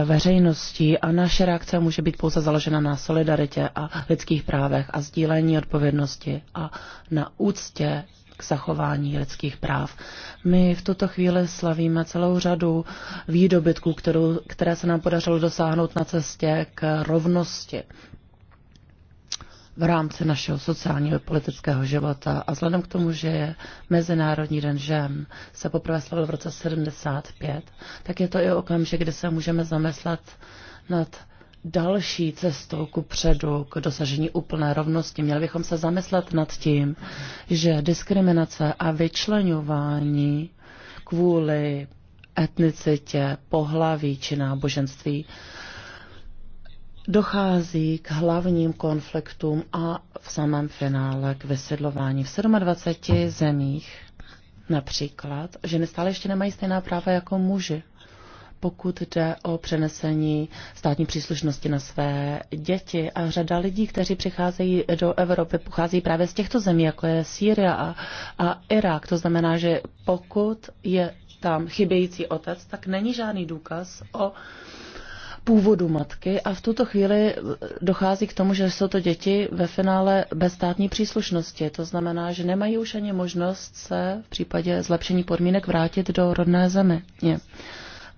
S7: veřejností a naše reakce může být pouze založena na solidaritě a lidských právech a sdílení odpovědnosti a na úctě k zachování lidských práv. My v tuto chvíli slavíme celou řadu výdobytků, kterou, které se nám podařilo dosáhnout na cestě k rovnosti v rámci našeho sociálního a politického života. A vzhledem k tomu, že je Mezinárodní den žen se poprvé slavil v roce 75, tak je to i okamžik, kdy se můžeme zamyslet nad další cestou ku předu k dosažení úplné rovnosti. Měli bychom se zamyslet nad tím, že diskriminace a vyčlenování kvůli etnicitě, pohlaví či náboženství dochází k hlavním konfliktům a v samém finále k vysedlování V 27 zemích například ženy stále ještě nemají stejná práva jako muži pokud jde o přenesení státní příslušnosti na své děti. A řada lidí, kteří přicházejí do Evropy, pochází právě z těchto zemí, jako je Sýria a, a Irák. To znamená, že pokud je tam chybějící otec, tak není žádný důkaz o původu matky a v tuto chvíli dochází k tomu, že jsou to děti ve finále bez státní příslušnosti. To znamená, že nemají už ani možnost se v případě zlepšení podmínek vrátit do rodné země. Je.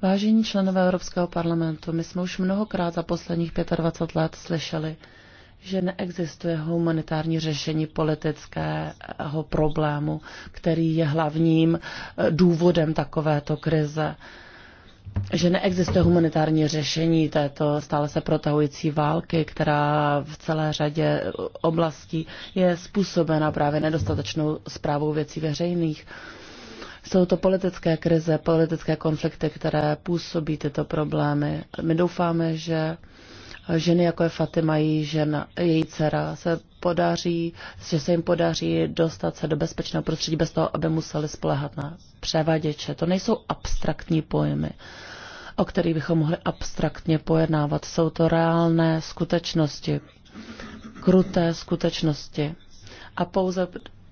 S7: Vážení členové Evropského parlamentu, my jsme už mnohokrát za posledních 25 let slyšeli, že neexistuje humanitární řešení politického problému, který je hlavním eh, důvodem takovéto krize. Že neexistuje humanitární řešení této stále se protahující války, která v celé řadě oblastí je způsobena právě nedostatečnou zprávou věcí veřejných. Jsou to politické krize, politické konflikty, které působí tyto problémy. My doufáme, že ženy, jako je Fatima, její, žena, její dcera, se podaří, že se jim podaří dostat se do bezpečného prostředí bez toho, aby museli spolehat na převaděče. To nejsou abstraktní pojmy, o kterých bychom mohli abstraktně pojednávat. Jsou to reálné skutečnosti, kruté skutečnosti. A pouze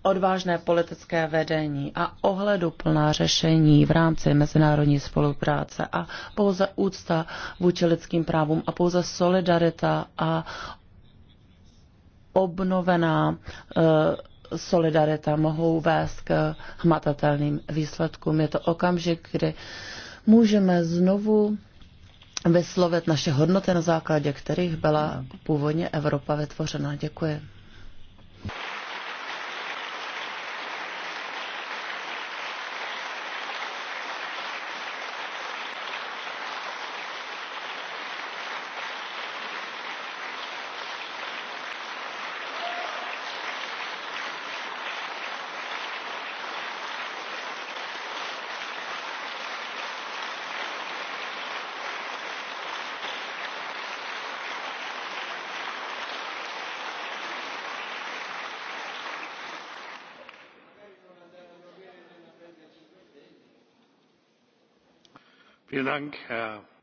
S7: odvážné politické vedení a ohleduplná řešení v rámci mezinárodní spolupráce a pouze úcta vůči lidským právům a pouze solidarita a obnovená eh, solidarita mohou vést k hmatatelným výsledkům. Je to okamžik, kdy můžeme znovu vyslovit naše hodnoty, na základě kterých byla původně Evropa vytvořena. Děkuji.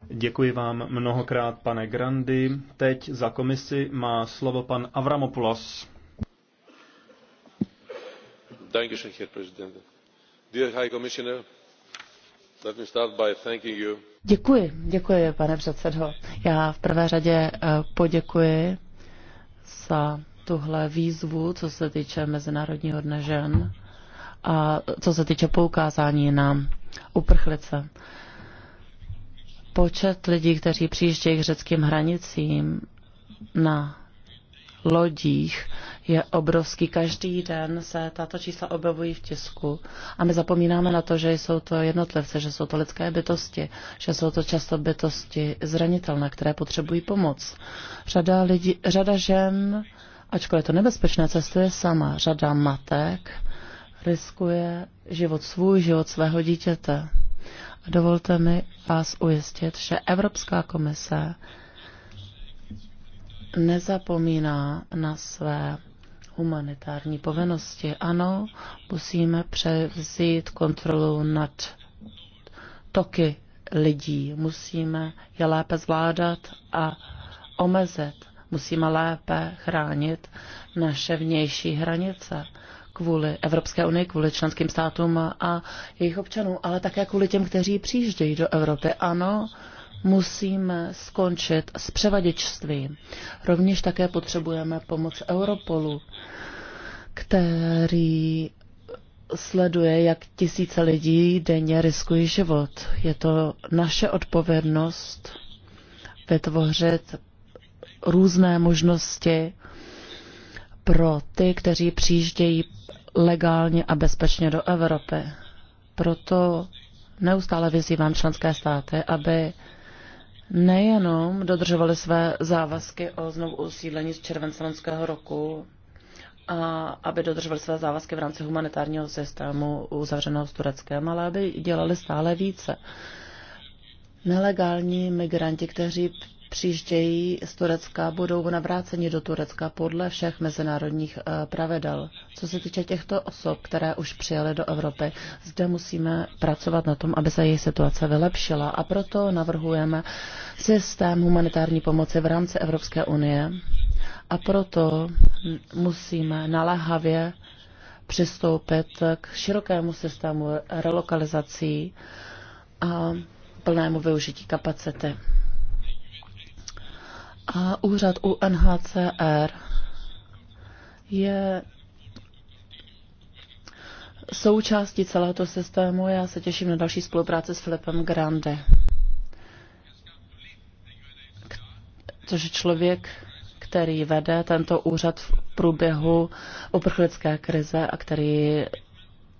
S6: Děkuji vám mnohokrát, pane Grandy. Teď za komisi má slovo pan Avramopoulos.
S7: Děkuji, děkuji, pane předsedo. Já v prvé řadě eh, poděkuji za tuhle výzvu, co se týče Mezinárodního dne žen a co se týče poukázání na uprchlice. Počet lidí, kteří přijíždějí k řeckým hranicím na lodích je obrovský. Každý den se tato čísla objevují v tisku a my zapomínáme na to, že jsou to jednotlivce, že jsou to lidské bytosti, že jsou to často bytosti zranitelné, které potřebují pomoc. Řada, lidí, řada žen, ačkoliv je to nebezpečné, cestuje sama. Řada matek riskuje život svůj, život svého dítěte. Dovolte mi vás ujistit, že Evropská komise nezapomíná na své humanitární povinnosti. Ano, musíme převzít kontrolu nad toky lidí. Musíme je lépe zvládat a omezit. Musíme lépe chránit naše vnější hranice kvůli Evropské unii, kvůli členským státům a jejich občanům, ale také kvůli těm, kteří přijíždějí do Evropy. Ano, musíme skončit s převaděčstvím. Rovněž také potřebujeme pomoc Europolu, který sleduje, jak tisíce lidí denně riskují život. Je to naše odpovědnost vytvořit různé možnosti pro ty, kteří přijíždějí legálně a bezpečně do Evropy. Proto neustále vyzývám členské státy, aby nejenom dodržovali své závazky o znovu usídlení z července loňského roku, a aby dodržovali své závazky v rámci humanitárního systému uzavřeného s Tureckem, ale aby dělali stále více. Nelegální migranti, kteří přijíždějí z Turecka, budou navráceni do Turecka podle všech mezinárodních eh, pravidel. Co se týče těchto osob, které už přijeli do Evropy, zde musíme pracovat na tom, aby se jejich situace vylepšila. A proto navrhujeme systém humanitární pomoci v rámci Evropské unie. A proto musíme naléhavě přistoupit k širokému systému relokalizací a plnému využití kapacity. A úřad UNHCR je součástí celého toho systému. Já se těším na další spolupráci s Filipem Grande, což je člověk, který vede tento úřad v průběhu uprchlické krize a který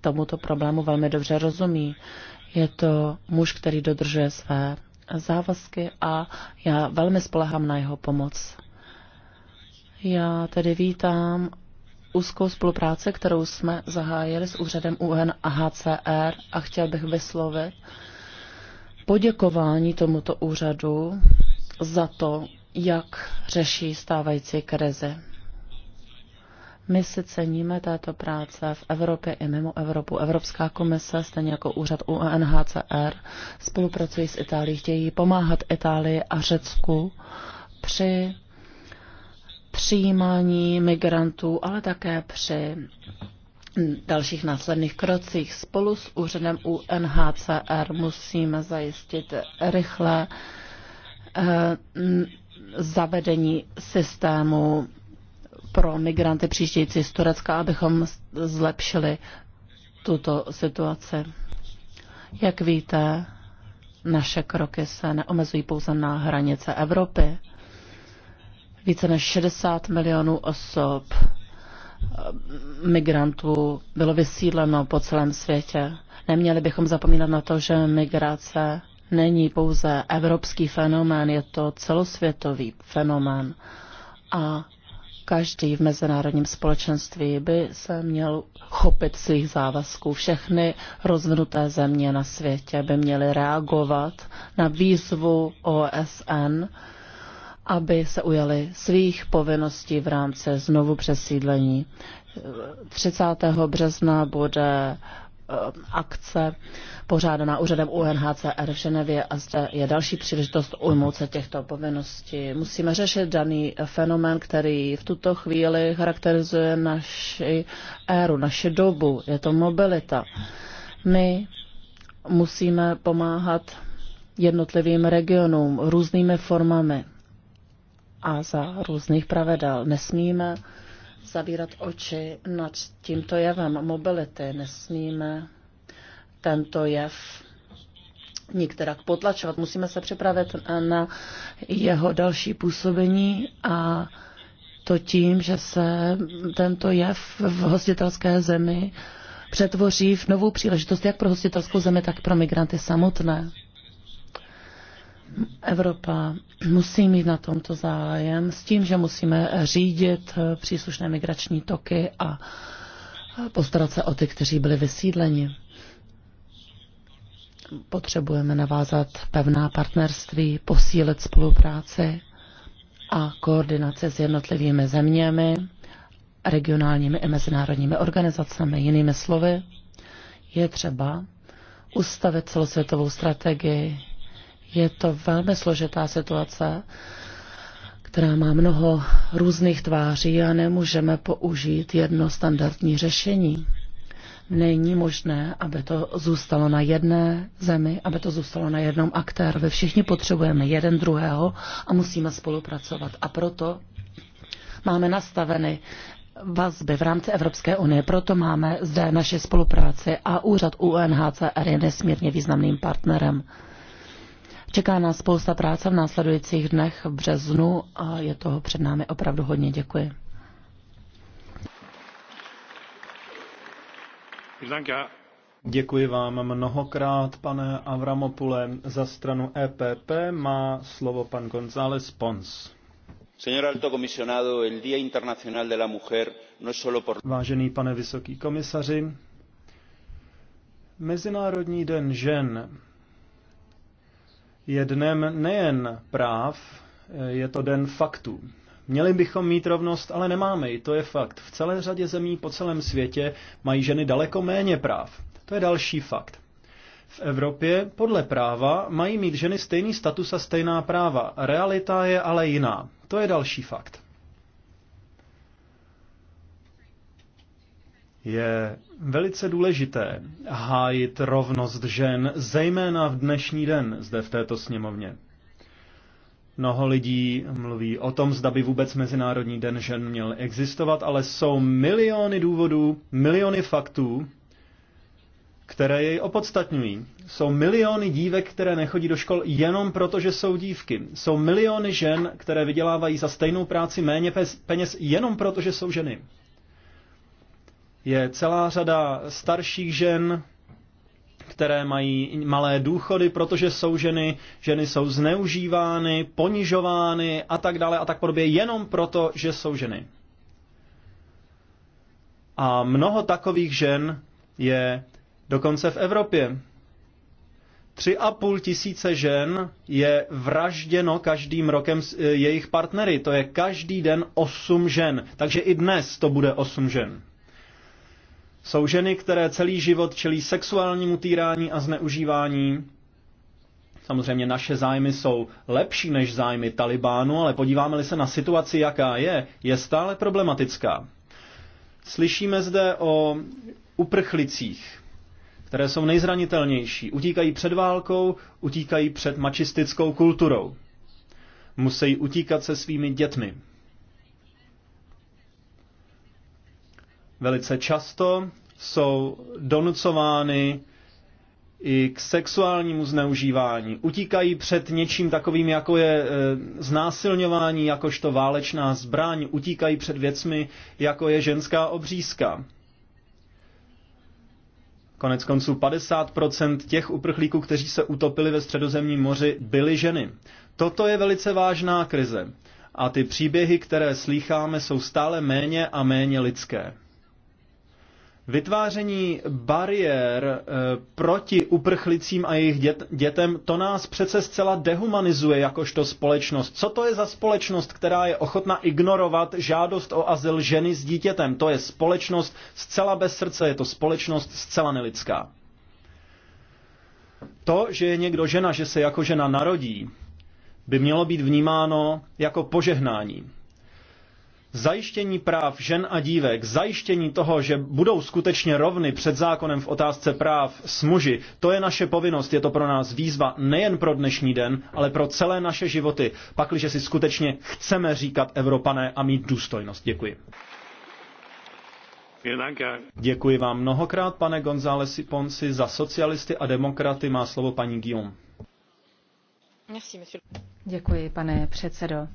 S7: tomuto problému velmi dobře rozumí. Je to muž, který dodržuje své závazky a já velmi spolehám na jeho pomoc. Já tedy vítám úzkou spolupráci, kterou jsme zahájili s úřadem UNHCR a chtěl bych vyslovit poděkování tomuto úřadu za to, jak řeší stávající krizi. My si ceníme této práce v Evropě i mimo Evropu. Evropská komise, stejně jako úřad UNHCR, spolupracují s Itálií, chtějí pomáhat Itálii a Řecku při přijímání migrantů, ale také při dalších následných krocích. Spolu s úřadem UNHCR musíme zajistit rychlé eh, zavedení systému pro migranty přijíždějící z Turecka, abychom zlepšili tuto situaci. Jak víte, naše kroky se neomezují pouze na hranice Evropy. Více než 60 milionů osob eh, migrantů bylo vysídleno po celém světě. Neměli bychom zapomínat na to, že migrace není pouze evropský fenomén, je to celosvětový fenomén. A Každý v mezinárodním společenství by se měl chopit svých závazků. Všechny rozvinuté země na světě by měly reagovat na výzvu OSN, aby se ujali svých povinností v rámci znovu přesídlení. 30. března bude Eh, akce pořádaná úřadem UNHCR v Ženevě a zde je další příležitost ujmout se těchto povinností. Musíme řešit daný fenomén, který v tuto chvíli charakterizuje naši éru, naši dobu. Je to mobilita. My musíme pomáhat jednotlivým regionům různými formami a za různých pravidel. Nesmíme zavírat oči nad tímto jevem mobility. Nesmíme tento jev nikterak potlačovat. Musíme se připravit na jeho další působení a to tím, že se tento jev v hostitelské zemi přetvoří v novou příležitost jak pro hostitelskou zemi, tak pro migranty samotné. Evropa musí mít na tomto zájem s tím, že musíme řídit příslušné migrační toky a postarat se o ty, kteří byli vysídleni. Potřebujeme navázat pevná partnerství, posílit spolupráci a koordinaci s jednotlivými zeměmi, regionálními i mezinárodními organizacemi. Jinými slovy, je třeba ustavit celosvětovou strategii je to velmi složitá situace, která má mnoho různých tváří a nemůžeme použít jedno standardní řešení. Není možné, aby to zůstalo na jedné zemi, aby to zůstalo na jednom Ve Všichni potřebujeme jeden druhého a musíme spolupracovat. A proto máme nastaveny vazby v rámci Evropské unie. Proto máme zde naše spolupráci a úřad UNHCR je nesmírně významným partnerem. Čeká nás spousta práce v následujících dnech v březnu a je toho před námi opravdu hodně. Děkuji.
S6: Děkuji vám mnohokrát, pane Avramopule. Za stranu EPP má slovo pan González Pons. Vážený pane vysoký komisaři, Mezinárodní den žen je dnem nejen práv, je to den faktů. Měli bychom mít rovnost, ale nemáme ji, to je fakt. V celé řadě zemí po celém světě mají ženy daleko méně práv. To je další fakt. V Evropě podle práva mají mít ženy stejný status a stejná práva. Realita je ale jiná. To je další fakt. Je velice důležité hájit rovnost žen, zejména v dnešní den zde v této sněmovně. Mnoho lidí mluví o tom, zda by vůbec Mezinárodní den žen měl existovat, ale jsou miliony důvodů, miliony faktů, které jej opodstatňují. Jsou miliony dívek, které nechodí do škol jenom proto, že jsou dívky. Jsou miliony žen, které vydělávají za stejnou práci méně peněz jenom proto, že jsou ženy je celá řada starších žen, které mají malé důchody, protože jsou ženy, ženy jsou zneužívány, ponižovány a tak dále a tak podobně, jenom proto, že jsou ženy. A mnoho takových žen je dokonce v Evropě. Tři a půl tisíce žen je vražděno každým rokem eh, jejich partnery. To je každý den osm žen. Takže i dnes to bude osm žen. Jsou ženy, které celý život čelí sexuálnímu týrání a zneužívání. Samozřejmě naše zájmy jsou lepší než zájmy Talibánu, ale podíváme-li se na situaci, jaká je, je stále problematická. Slyšíme zde o uprchlicích, které jsou nejzranitelnější. Utíkají před válkou, utíkají před mačistickou kulturou. Musí utíkat se svými dětmi. Velice často jsou donucovány i k sexuálnímu zneužívání. Utíkají před něčím takovým, jako je e, znásilňování, jakožto válečná zbraň. Utíkají před věcmi, jako je ženská obřízka. Konec konců 50% těch uprchlíků, kteří se utopili ve středozemním moři, byly ženy. Toto je velice vážná krize. A ty příběhy, které slýcháme, jsou stále méně a méně lidské. Vytváření bariér eh, proti uprchlicím a jejich dětem, to nás přece zcela dehumanizuje jakožto společnost. Co to je za společnost, která je ochotna ignorovat žádost o azyl ženy s dítětem? To je společnost zcela bez srdce, je to společnost zcela nelidská. To, že je někdo žena, že se jako žena narodí, by mělo být vnímáno jako požehnání zajištění práv žen a dívek, zajištění toho, že budou skutečně rovny před zákonem v otázce práv s muži, to je naše povinnost, je to pro nás výzva nejen pro dnešní den, ale pro celé naše životy, pakliže si skutečně chceme říkat Evropané a mít důstojnost. Děkuji. Děkuji vám mnohokrát, pane Gonzálesi Ponsi. Za socialisty a demokraty má slovo paní Guillaume.
S4: Děkuji, pane předsedo.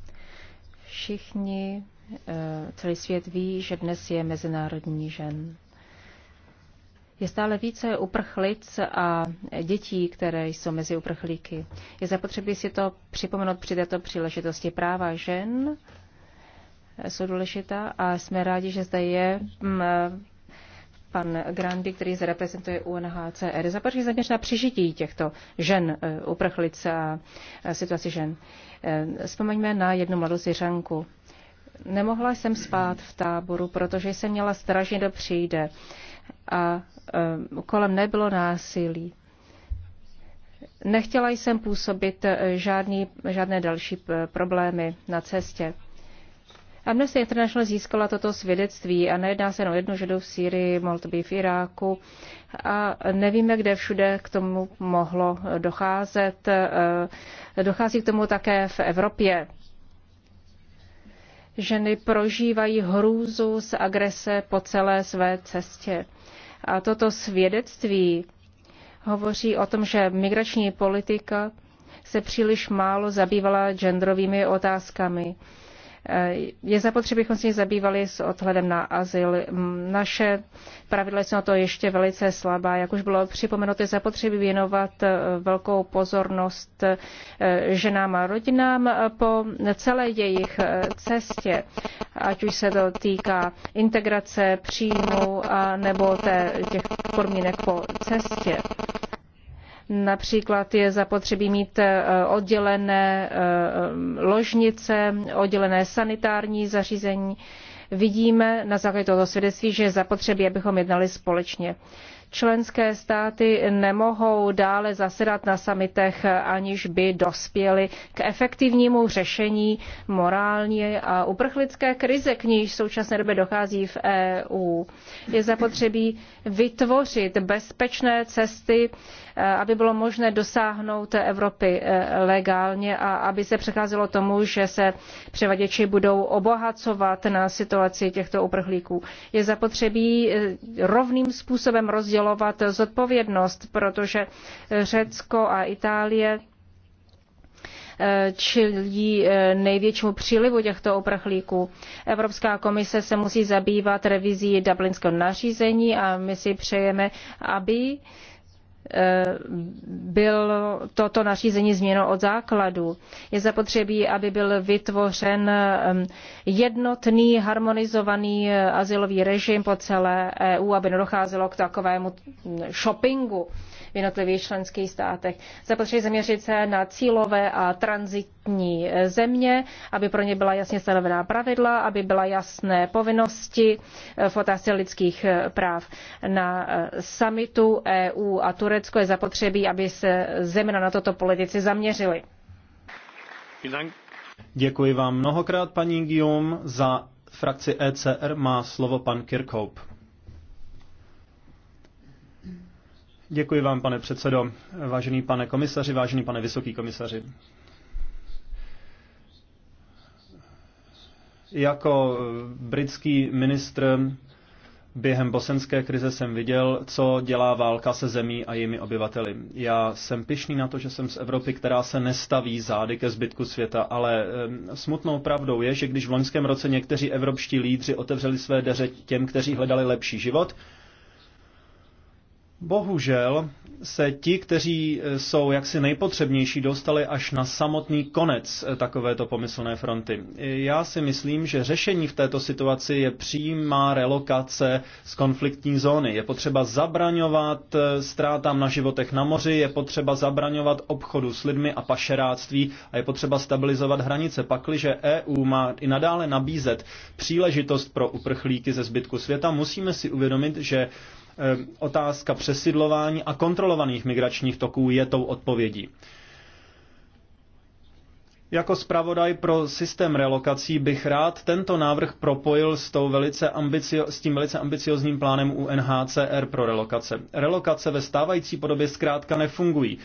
S4: Všichni Eh, celý svět ví, že dnes je Mezinárodní žen. Je stále více uprchlic a dětí, které jsou mezi uprchlíky. Je zapotřebí si to připomenout při této příležitosti. Práva žen eh, jsou důležitá a jsme rádi, že zde je mm, eh, pan Grandi, který zde reprezentuje UNHCR. Za prvé zaměř na přežití těchto žen, uprchlic a situaci žen. Vzpomeňme na jednu mladou Syřanku, Nemohla jsem spát v táboru, protože jsem měla strašně do přijde a eh, kolem nebylo násilí. Nechtěla jsem působit eh, žádný, žádné další eh, problémy na cestě. Amnesty International získala toto svědectví a nejedná se o jednu židu v Sýrii, mohl to být v Iráku a nevíme, kde všude k tomu mohlo docházet. Dochází k tomu také v Evropě. Ženy prožívají hrůzu z agrese po celé své cestě. A toto svědectví hovoří o tom, že migrační politika se příliš málo zabývala genderovými otázkami. Je zapotřebí, bychom se ní zabývali s odhledem na azyl. Naše pravidla jsou na to ještě velice slabá. Jak už bylo připomenuto, je zapotřebí věnovat e, velkou pozornost e, ženám a rodinám e, po celé jejich cestě, ať už se to týká integrace, příjmu a nebo té, těch podmínek po cestě. Například je zapotřebí mít e, oddělené e, ložnice, oddělené sanitární zařízení. Vidíme na základě tohoto svědectví, že je zapotřebí, abychom jednali společně. Členské státy nemohou dále zasedat na samitech, aniž by dospěly k efektivnímu řešení morální a uprchlické krize, k níž v současné době dochází v EU. Je zapotřebí vytvořit bezpečné cesty Eh, aby bylo možné dosáhnout Evropy eh, legálně a aby se přecházelo tomu, že se převaděči budou obohacovat na situaci těchto uprchlíků. Je zapotřebí eh, rovným způsobem rozdělovat zodpovědnost, protože Řecko a Itálie čelí největšímu přílivu těchto uprchlíků. Evropská komise se musí zabývat revizí Dublinského nařízení a my si přejeme, aby Eh, bylo toto nařízení změno od základu. Je zapotřebí, aby byl vytvořen eh, jednotný, harmonizovaný eh, azylový režim po celé EU, aby nedocházelo k takovému hm, shoppingu jednotlivých členských státech. Zapotřebí zaměřit se na cílové a transitní země, aby pro ně byla jasně stanovená pravidla, aby byla jasné povinnosti eh, v otázce lidských eh, práv. Na eh, samitu EU a Turecko je zapotřebí, aby se země na toto politici zaměřili.
S6: Děkuji vám mnohokrát, paní Guillaume. Za frakci ECR má slovo pan Kirkhope. Děkuji vám, pane předsedo, vážený pane komisaři, vážený pane vysoký komisaři. Jako britský ministr během bosenské krize jsem viděl, co dělá válka se zemí a jejími obyvateli. Já jsem pišný na to, že jsem z Evropy, která se nestaví zády ke zbytku světa, ale eh, smutnou pravdou je, že když v loňském roce někteří evropští lídři otevřeli své deře těm, kteří hledali lepší život, Bohužel se ti, kteří eh, jsou jaksi nejpotřebnější, dostali až na samotný konec eh, takovéto pomyslné fronty. Eh, já si myslím, že řešení v této situaci je přímá relokace z konfliktní zóny. Je potřeba zabraňovat ztrátám na životech na moři, je potřeba zabraňovat obchodu s lidmi a pašeráctví a je potřeba stabilizovat hranice. Pakliže EU má i nadále nabízet příležitost pro uprchlíky ze zbytku světa, musíme si uvědomit, že Ehm, otázka přesidlování a kontrolovaných migračních toků je tou odpovědí. Jako zpravodaj pro systém relokací bych rád tento návrh propojil s, tou velice ambicio, s tím velice ambiciozním plánem UNHCR pro relokace. Relokace ve stávající podobě zkrátka nefungují.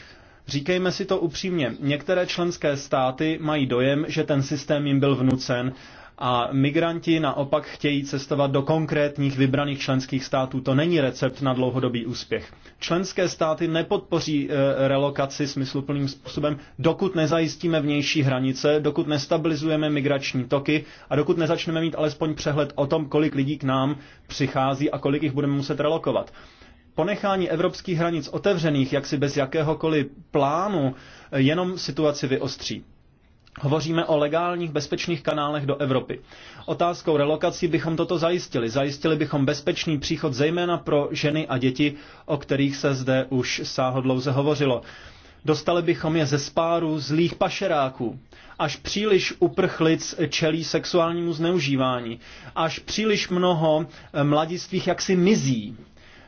S6: Říkejme si to upřímně, některé členské státy mají dojem, že ten systém jim byl vnucen a migranti naopak chtějí cestovat do konkrétních vybraných členských států. To není recept na dlouhodobý úspěch. Členské státy nepodpoří e, relokaci smysluplným způsobem, dokud nezajistíme vnější hranice, dokud nestabilizujeme migrační toky a dokud nezačneme mít alespoň přehled o tom, kolik lidí k nám přichází a kolik jich budeme muset relokovat ponechání evropských hranic otevřených, jaksi bez jakéhokoliv plánu, jenom situaci vyostří. Hovoříme o legálních bezpečných kanálech do Evropy. Otázkou relokací bychom toto zajistili. Zajistili bychom bezpečný příchod zejména pro ženy a děti, o kterých se zde už sáhodlouze hovořilo. Dostali bychom je ze spáru zlých pašeráků. Až příliš uprchlic čelí sexuálnímu zneužívání. Až příliš mnoho mladistvých jaksi mizí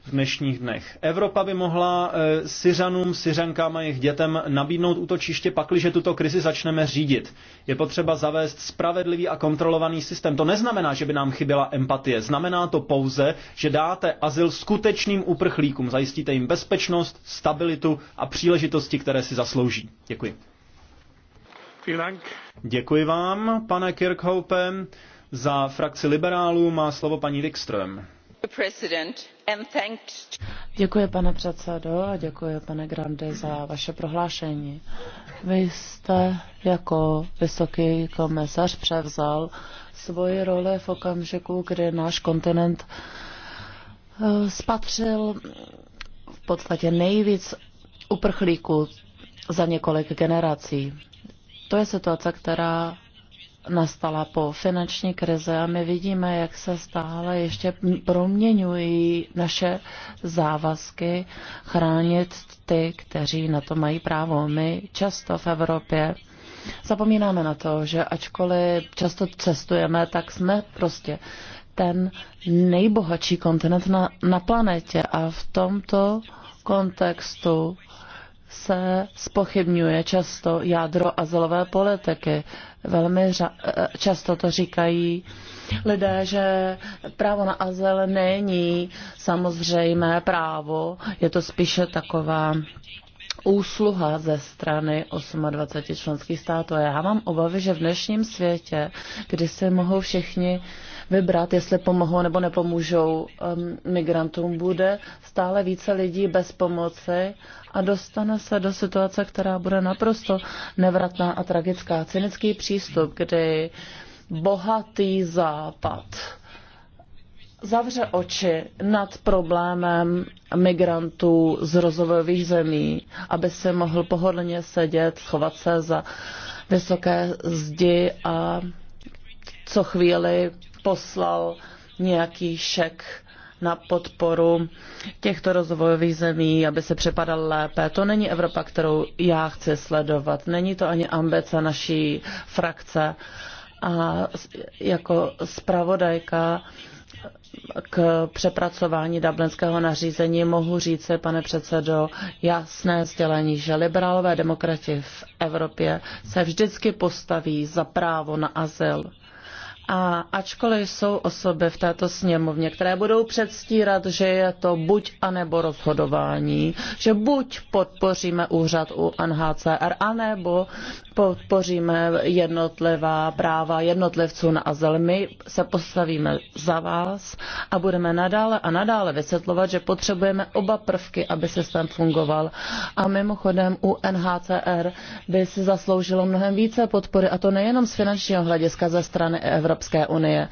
S6: v dnešních dnech. Evropa by mohla eh, Syřanům, Syřankám a jejich dětem nabídnout útočiště, pakliže tuto krizi začneme řídit. Je potřeba zavést spravedlivý a kontrolovaný systém. To neznamená, že by nám chyběla empatie. Znamená to pouze, že dáte azyl skutečným uprchlíkům. Zajistíte jim bezpečnost, stabilitu a příležitosti, které si zaslouží. Děkuji. Děkuji vám, pane Kirkhope. Za frakci liberálů má slovo paní Wikström.
S7: Děkuji, pane předsedající a děkuji, pane Grande, za vaše prohlášení. Vy jste jako vysoký komisař převzal svoji roli v okamžiku, kdy náš kontinent eh, spatřil v podstatě nejvíc uprchlíků za několik generací. To je situace, která nastala po finanční krize a my vidíme, jak se stále ještě proměňují naše závazky chránit ty, kteří na to mají právo. My často v Evropě zapomínáme na to, že ačkoliv často cestujeme, tak jsme prostě ten nejbohatší kontinent na, na planetě a v tomto kontextu se spochybňuje často jádro azylové politiky velmi eh, často to říkají lidé, že právo na azyl není samozřejmé právo, je to spíše taková úsluha ze strany 28 členských států. A já mám obavy, že v dnešním světě, kdy se mohou všichni vybrat, jestli pomohou nebo nepomůžou um, migrantům. Bude stále více lidí bez pomoci a dostane se do situace, která bude naprosto nevratná a tragická. Cynický přístup, kdy bohatý západ zavře oči nad problémem migrantů z rozvojových zemí, aby se mohl pohodlně sedět, schovat se za vysoké zdi a co chvíli poslal nějaký šek na podporu těchto rozvojových zemí, aby se přepadal lépe. To není Evropa, kterou já chci sledovat. Není to ani ambice naší frakce. A jako zpravodajka k přepracování dublinského nařízení mohu říct, pane předsedo, jasné sdělení, že liberálové demokrati v Evropě se vždycky postaví za právo na azyl a ačkoliv jsou osoby v této sněmovně, které budou předstírat, že je to buď anebo rozhodování, že buď podpoříme úřad u NHCR, anebo podpoříme jednotlivá práva jednotlivců na azyl. My se postavíme za vás a budeme nadále a nadále vysvětlovat, že potřebujeme oba prvky, aby systém fungoval. A mimochodem u NHCR by si zasloužilo mnohem více podpory, a to nejenom z finančního hlediska ze strany Evropské unie.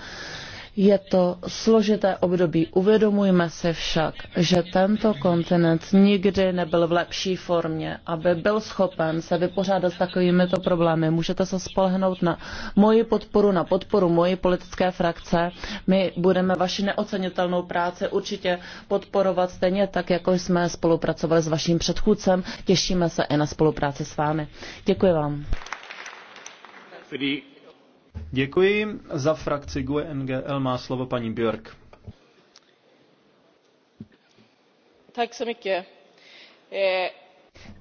S7: Je to složité období. Uvědomujme si však, že tento kontinent nikdy nebyl v lepší formě, aby byl schopen se vypořádat s takovýmito problémy. Můžete se spolehnout na moji podporu, na podporu moji politické frakce. My budeme vaši neocenitelnou práci určitě podporovat stejně tak, jako jsme spolupracovali s vaším předchůdcem. Těšíme se i na spolupráci s vámi. Děkuji vám.
S6: Děkuji. Za frakci GUE NGL má slovo paní Björk.
S4: Tak se eh.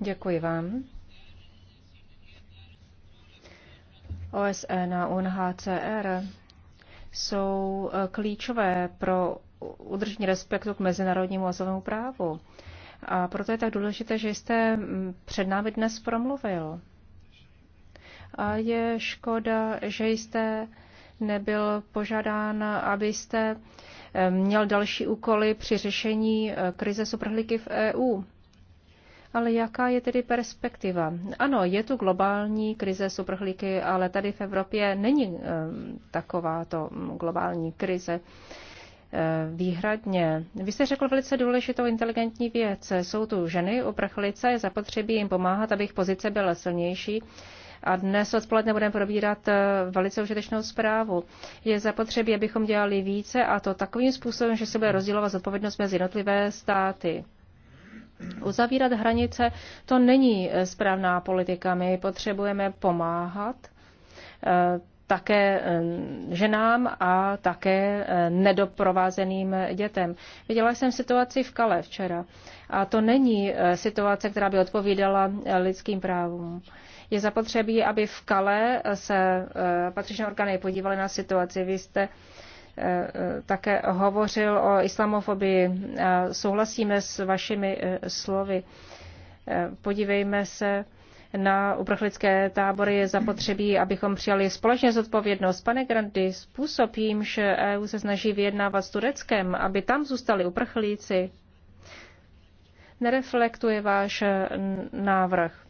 S4: Děkuji vám. OSN e a UNHCR jsou eh, klíčové pro udržení respektu k mezinárodnímu azovému právu. A proto je tak důležité, že jste mm, před námi dnes promluvil. A je škoda, že jste nebyl požadán, abyste eh, měl další úkoly při řešení eh, krize superhliky v EU. Ale jaká je tedy perspektiva? Ano, je tu globální krize superhlíky, ale tady v Evropě není eh, takováto globální krize výhradně. Vy jste řekl velice důležitou inteligentní věc. Jsou tu ženy uprchlice, je zapotřebí jim pomáhat, aby jejich pozice byla silnější. A dnes odpoledne budeme probírat eh, velice užitečnou zprávu. Je zapotřebí, abychom dělali více a to takovým způsobem, že se bude rozdělovat zodpovědnost mezi jednotlivé státy. Uzavírat hranice to není eh, správná politika. My potřebujeme pomáhat eh, také ženám a také nedoprovázeným dětem. Viděla jsem situaci v Kale včera a to není situace, která by odpovídala lidským právům. Je zapotřebí, aby v Kale se eh, patřičné orgány podívaly na situaci. Vy jste eh, eh, také hovořil o islamofobii. Souhlasíme s vašimi slovy. Podívejme se na uprchlické tábory je zapotřebí, abychom přijali společně zodpovědnost. Pane Grandy, způsob, jímž EU se snaží vyjednávat s Tureckem, aby tam zůstali uprchlíci, nereflektuje váš návrh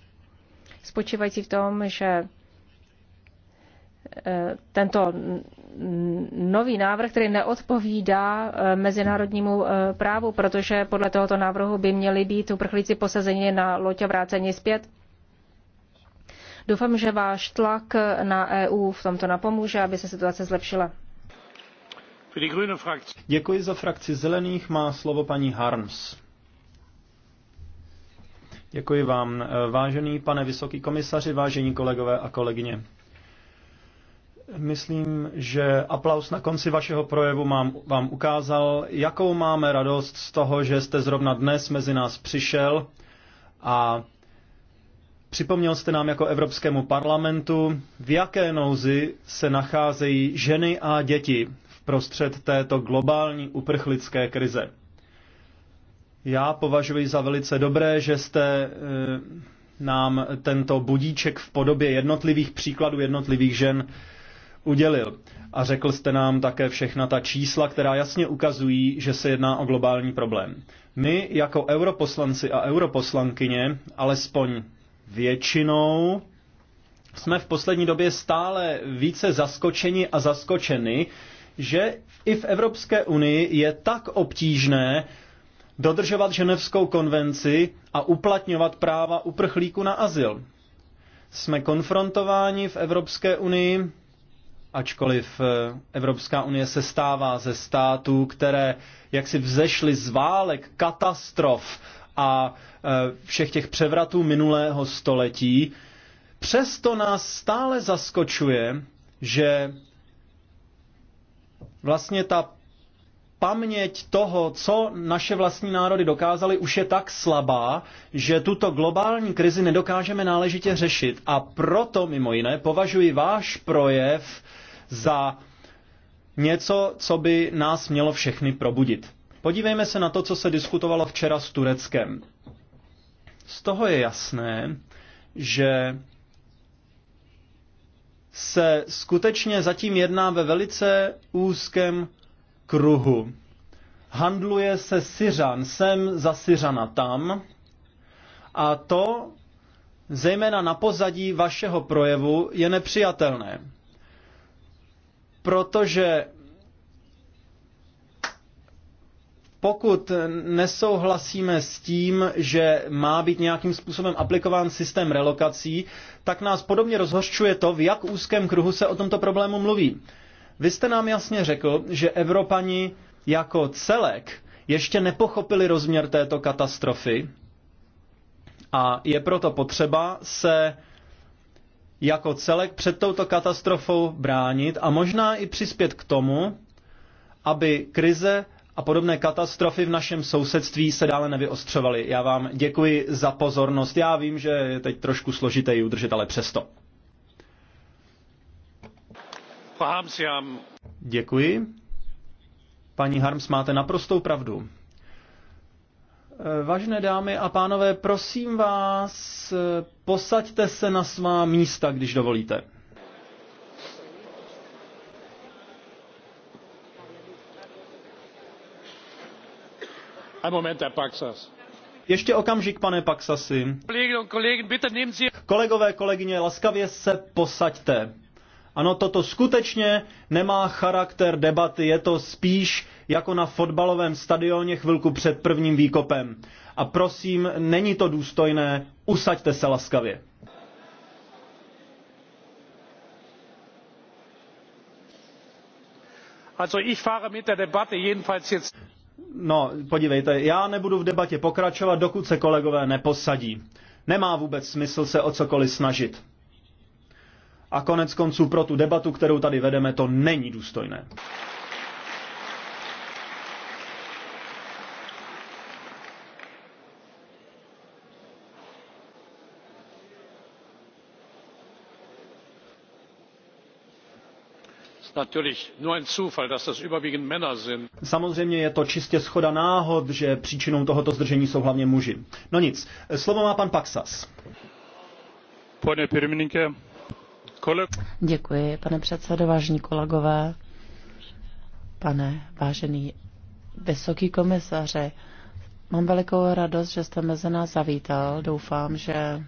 S4: spočívající v tom, že eh, tento nový návrh, který neodpovídá eh, mezinárodnímu eh, právu, protože podle tohoto návrhu by měli být uprchlíci posazeni na loď a vráceni zpět. Doufám, že váš tlak na EU v tomto napomůže, aby se situace zlepšila.
S6: Děkuji za frakci zelených. Má slovo paní Harms. Děkuji vám. Vážený pane vysoký komisaři, vážení kolegové a kolegyně. Myslím, že aplaus na konci vašeho projevu mám, vám ukázal, jakou máme radost z toho, že jste zrovna dnes mezi nás přišel a Připomněl jste nám jako Evropskému parlamentu, v jaké nouzi se nacházejí ženy a děti v prostřed této globální uprchlické krize. Já považuji za velice dobré, že jste e, nám tento budíček v podobě jednotlivých příkladů jednotlivých žen udělil. A řekl jste nám také všechna ta čísla, která jasně ukazují, že se jedná o globální problém. My jako europoslanci a europoslankyně, alespoň většinou, jsme v poslední době stále více zaskočeni a zaskočeny, že i v Evropské unii je tak obtížné dodržovat ženevskou konvenci a uplatňovat práva uprchlíků na azyl. Jsme konfrontováni v Evropské unii, ačkoliv eh, Evropská unie se stává ze států, které jaksi vzešly z válek, katastrof a eh, všech těch převratů minulého století, přesto nás stále zaskočuje, že vlastně ta paměť toho, co naše vlastní národy dokázaly, už je tak slabá, že tuto globální krizi nedokážeme náležitě řešit. A proto, mimo jiné, považuji váš projev za něco, co by nás mělo všechny probudit. Podívejme se na to, co se diskutovalo včera s Tureckem. Z toho je jasné, že se skutečně zatím jedná ve velice úzkém kruhu. Handluje se Syřan sem za Syřana tam a to zejména na pozadí vašeho projevu je nepřijatelné. Protože pokud nesouhlasíme s tím, že má být nějakým způsobem aplikován systém relokací, tak nás podobně rozhořčuje to, v jak úzkém kruhu se o tomto problému mluví. Vy jste nám jasně řekl, že Evropani jako celek ještě nepochopili rozměr této katastrofy a je proto potřeba se jako celek před touto katastrofou bránit a možná i přispět k tomu, aby krize a podobné katastrofy v našem sousedství se dále nevyostřovaly. Já vám děkuji za pozornost. Já vím, že je teď trošku složité ji udržet, ale přesto. Děkuji. Paní Harms, máte naprostou pravdu. Vážené dámy a pánové, prosím vás, posaďte se na svá místa, když dovolíte.
S5: Moment, Herr Paxas.
S6: Ještě okamžik, pane
S5: Paxasi. Kolegové,
S6: kolegyně, laskavě se posaďte. Ano, toto skutečně nemá charakter debaty, je to spíš jako na fotbalovém stadioně chvilku před prvním výkopem. A prosím, není to důstojné, usaďte se laskavě.
S5: Also ich fahre mit der Debatte jedenfalls jetzt.
S6: No, podívejte, já nebudu v debatě pokračovat, dokud se kolegové neposadí. Nemá vůbec smysl se o cokoliv snažit a konec konců pro tu debatu, kterou tady vedeme, to není důstojné. Samozřejmě je to čistě schoda náhod, že příčinou tohoto zdržení jsou hlavně muži. No nic, slovo má pan Paksas. Pane
S7: Děkuji, pane předsedo, vážení kolegové, pane vážený vysoký komisaře. Mám velikou radost, že jste mezi nás zavítal. Doufám, že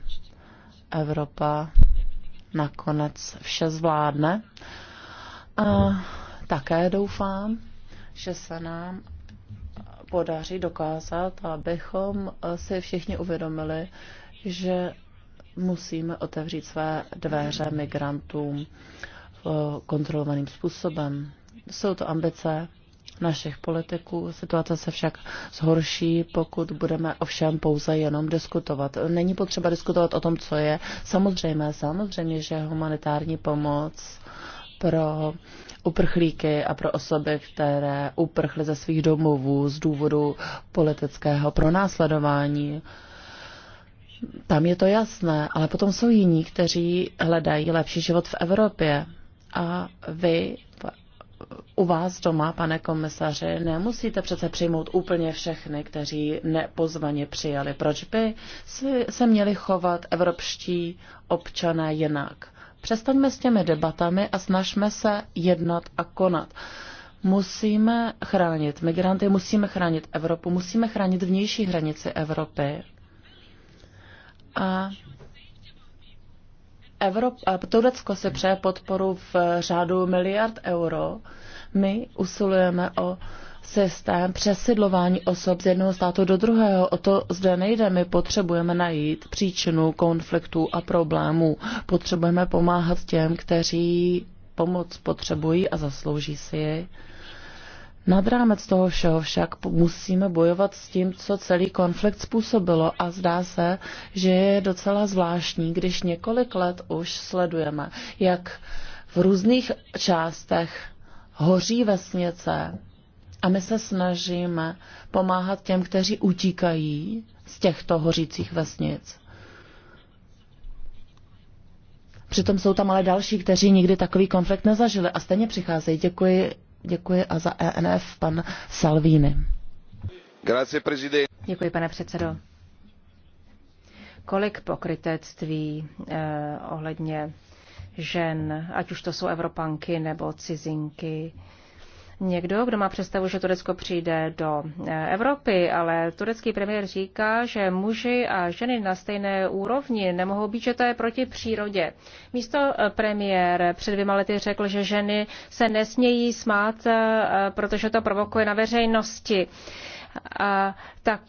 S7: Evropa nakonec vše zvládne. A také doufám, že se nám podaří dokázat, abychom si všichni uvědomili, že musíme otevřít své dveře migrantům eh, kontrolovaným způsobem. Jsou to ambice našich politiků. Situace se však zhorší, pokud budeme ovšem pouze jenom diskutovat. Není potřeba diskutovat o tom, co je. Samozřejmě, samozřejmě, že humanitární pomoc pro uprchlíky a pro osoby, které uprchly ze svých domovů z důvodu politického pronásledování, tam je to jasné, ale potom jsou jiní, kteří hledají lepší život v Evropě. A vy u vás doma, pane komisaři, nemusíte přece přijmout úplně všechny, kteří nepozvaně přijali. Proč by si, se měli chovat evropští občané jinak? Přestaňme s těmi debatami a snažme se jednat a konat. Musíme chránit migranty, musíme chránit Evropu, musíme chránit vnější hranici Evropy. A Evropa, Turecko si přeje podporu v řádu miliard euro. My usilujeme o systém přesidlování osob z jednoho státu do druhého. O to zde nejde. My potřebujeme najít příčinu konfliktů a problémů. Potřebujeme pomáhat těm, kteří pomoc potřebují a zaslouží si ji. Nad rámec toho všeho však musíme bojovat s tím, co celý konflikt způsobilo a zdá se, že je docela zvláštní, když několik let už sledujeme, jak v různých částech hoří vesnice a my se snažíme pomáhat těm, kteří utíkají z těchto hořících vesnic. Přitom jsou tam ale další, kteří nikdy takový konflikt nezažili a stejně přicházejí. Děkuji Děkuji a za ENF pan Salvini.
S5: Grazie, prezident.
S7: Děkuji, pane předsedo. Kolik pokrytectví eh,
S4: ohledně žen, ať už to jsou Evropanky nebo cizinky, eh, někdo, kdo má představu, že Turecko přijde do eh, Evropy, ale turecký premiér říká, že muži a ženy na stejné úrovni nemohou být, že to je proti přírodě. Místo eh, premiér před dvěma lety řekl, že ženy se nesmějí smát, eh, protože to provokuje na veřejnosti. A tak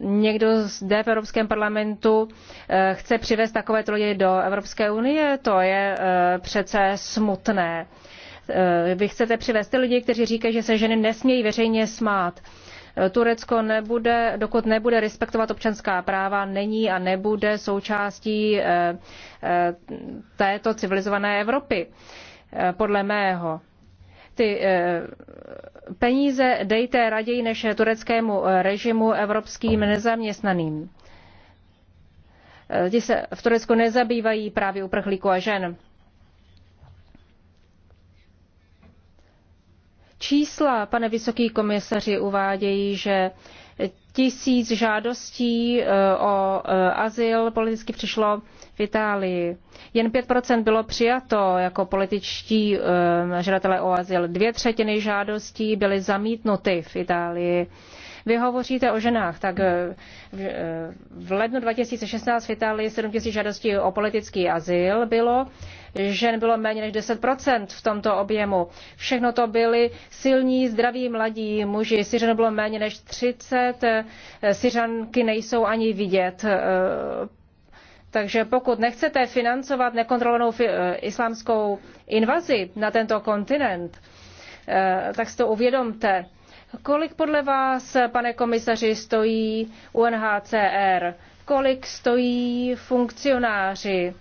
S4: někdo zde v Evropském parlamentu chce přivést takovéto lidi do Evropské unie, to je přece smutné. Eh, vy chcete přivést ty lidi, kteří říkají, že se ženy nesmějí veřejně smát. Eh, Turecko nebude, dokud nebude respektovat občanská práva, není a nebude součástí eh, této civilizované Evropy, podle mého. Ty peníze dejte raději než tureckému režimu evropským nezaměstnaným. Ti se v Turecku nezabývají právě uprchlíků a žen Čísla, pane vysoký komisaři, uvádějí, že tisíc žádostí eh, o eh, azyl politicky přišlo v Itálii. Jen 5% bylo přijato jako političtí eh, žadatelé o azyl. Dvě třetiny žádostí byly zamítnuty v Itálii. Vy hovoříte o ženách, tak eh, eh, v lednu 2016 v Itálii 7 000 žádostí o politický azyl bylo. Žen bylo méně než 10% v tomto objemu. Všechno to byli silní, zdraví mladí muži. Syřanů bylo méně než 30. Eh, Syřanky nejsou ani vidět. Takže pokud nechcete financovat nekontrolovanou islámskou invazi na tento kontinent, tak si to uvědomte. Kolik podle vás, pane komisaři, stojí UNHCR? Kolik stojí funkcionáři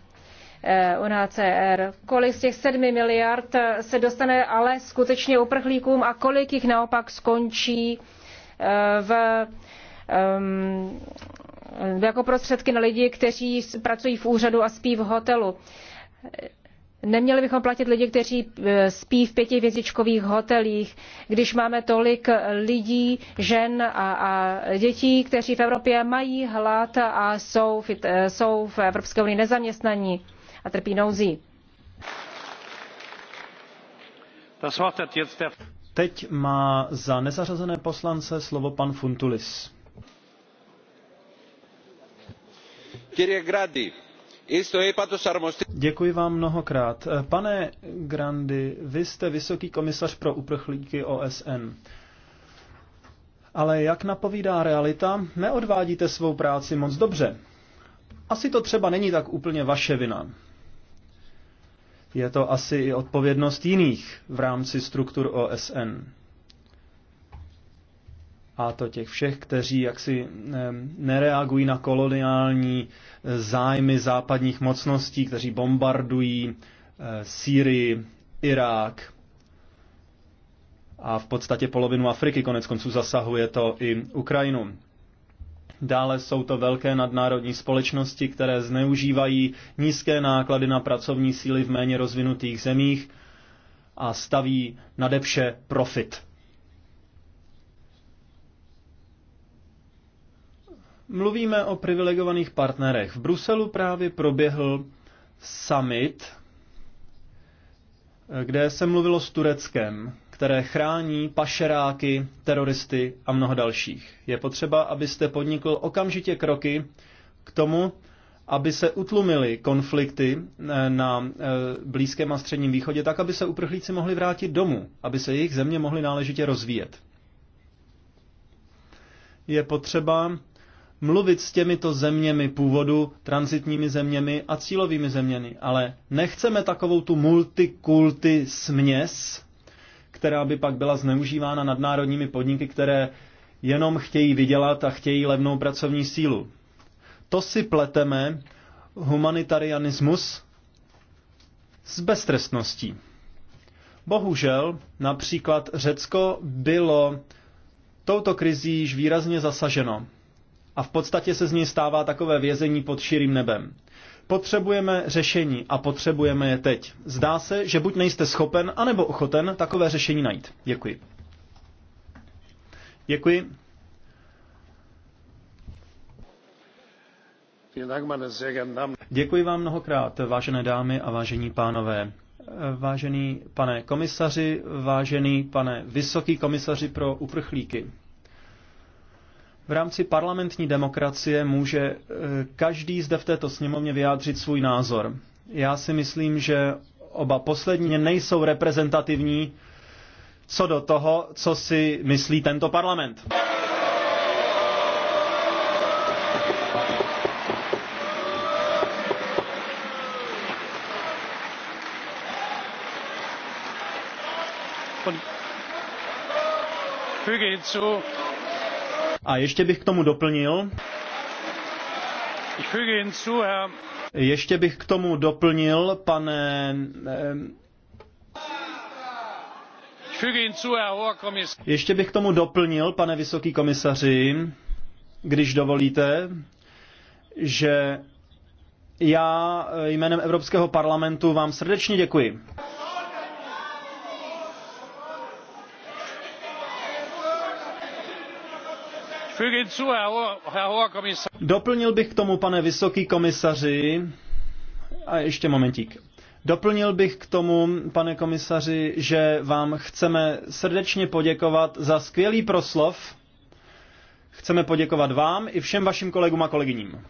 S4: eh, UNHCR? Kolik z těch sedmi miliard se dostane ale skutečně uprchlíkům a kolik jich naopak skončí eh, v, ehm, jako prostředky na lidi, kteří pracují v úřadu a spí v hotelu? Neměli bychom platit lidi, kteří e, spí v pětivězičkových hotelích, když máme tolik lidí, žen a, a dětí, kteří v Evropě mají hlad a jsou, e, jsou v Evropské unii nezaměstnaní a trpí nouzí.
S6: Teď má za nezařazené poslance slovo pan Funtulis.
S5: Kyrie Grady,
S6: Děkuji vám mnohokrát. Pane Grandi, vy jste vysoký komisař pro uprchlíky OSN. Ale jak napovídá realita, neodvádíte svou práci moc dobře. Asi to třeba není tak úplně vaše vina. Je to asi i odpovědnost jiných v rámci struktur OSN a to těch všech, kteří jaksi nereagují na koloniální eh, zájmy západních mocností, kteří bombardují eh, Sýrii, Irák a v podstatě polovinu Afriky, konec konců zasahuje to i Ukrajinu. Dále jsou to velké nadnárodní společnosti, které zneužívají nízké náklady na pracovní síly v méně rozvinutých zemích a staví nadepše profit. Mluvíme o privilegovaných partnerech. V Bruselu právě proběhl summit, kde se mluvilo s Tureckem, které chrání pašeráky, teroristy a mnoho dalších. Je potřeba, abyste podnikl okamžitě kroky k tomu, aby se utlumily konflikty eh, na eh, Blízkém a Středním východě, tak aby se uprchlíci mohli vrátit domů, aby se jejich země mohly náležitě rozvíjet. Je potřeba mluvit s těmito zeměmi původu, transitními zeměmi a cílovými zeměmi, ale nechceme takovou tu multikulty směs, která by pak byla zneužívána nadnárodními podniky, které jenom chtějí vydělat a chtějí levnou pracovní sílu. To si pleteme humanitarianismus s beztrestností. Bohužel například Řecko bylo touto krizí již výrazně zasaženo a v podstatě se z něj stává takové vězení pod širým nebem. Potřebujeme řešení a potřebujeme je teď. Zdá se, že buď nejste schopen, anebo ochoten takové řešení najít. Děkuji. Děkuji. Děkuji vám mnohokrát, vážené dámy a vážení pánové. Vážený pane komisaři, vážený pane vysoký komisaři pro uprchlíky. V rámci parlamentní demokracie může eh, každý zde v této sněmovně vyjádřit svůj názor. Já si myslím, že oba poslední nejsou reprezentativní co do toho, co si myslí tento parlament.
S5: Füge hinzu,
S6: a ještě bych k tomu doplnil, ještě bych k tomu doplnil, pane... Eh, ještě bych k tomu doplnil, pane vysoký komisaři, když dovolíte, že já jménem Evropského parlamentu vám srdečně děkuji. Doplnil bych k tomu, pane vysoký komisaři, a ještě momentík. Doplnil bych k tomu, pane komisaři, že vám chceme srdečně poděkovat za skvělý proslov. Chceme poděkovat vám i všem vašim kolegům a kolegyním.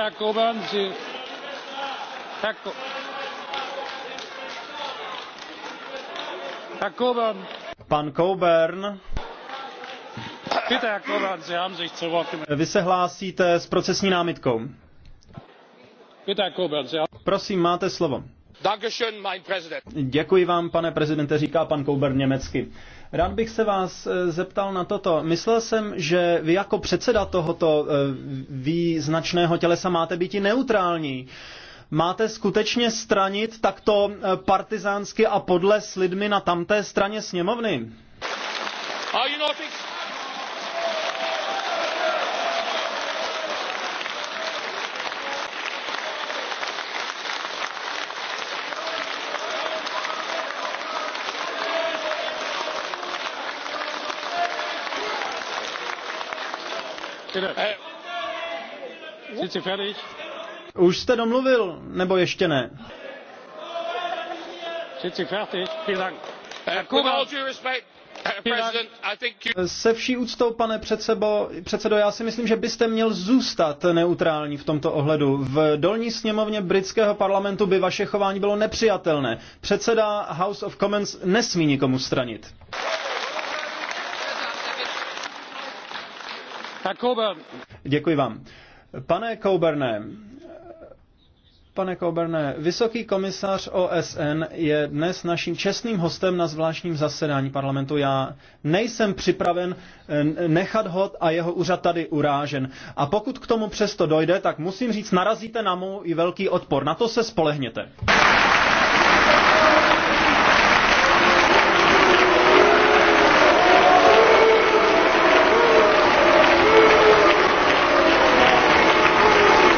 S5: herr coburn
S6: herr coburn pan coburn
S5: bitte herr coburn sie haben sich zu wort gemeldet.
S6: vy se hlásíte s procesní námitkou.
S5: bitte herr coburn sie haben...
S6: prosím máte slovo. Děkuji vám, pane prezidente, říká pan Kouber německy. Rád bych se vás eh, zeptal na toto. Myslel jsem, že vy jako předseda tohoto eh, význačného tělesa máte být i neutrální. Máte skutečně stranit takto eh, partizánsky a podle s lidmi na tamté straně sněmovny? Eh, Už jste domluvil, nebo ještě ne? Eh, eh, se vší úctou, pane předsebo, předsedo, já si myslím, že byste měl zůstat neutrální v tomto ohledu. V dolní sněmovně britského parlamentu by vaše chování bylo nepřijatelné. Předseda House of Commons nesmí nikomu stranit. Děkuji vám. Pane Couberne, Pane Koberne, vysoký komisař OSN je dnes naším čestným hostem na zvláštním zasedání parlamentu. Já nejsem připraven eh, nechat ho a jeho úřad tady urážen. A pokud k tomu přesto dojde, tak musím říct, narazíte na můj i velký odpor. Na to se spolehněte.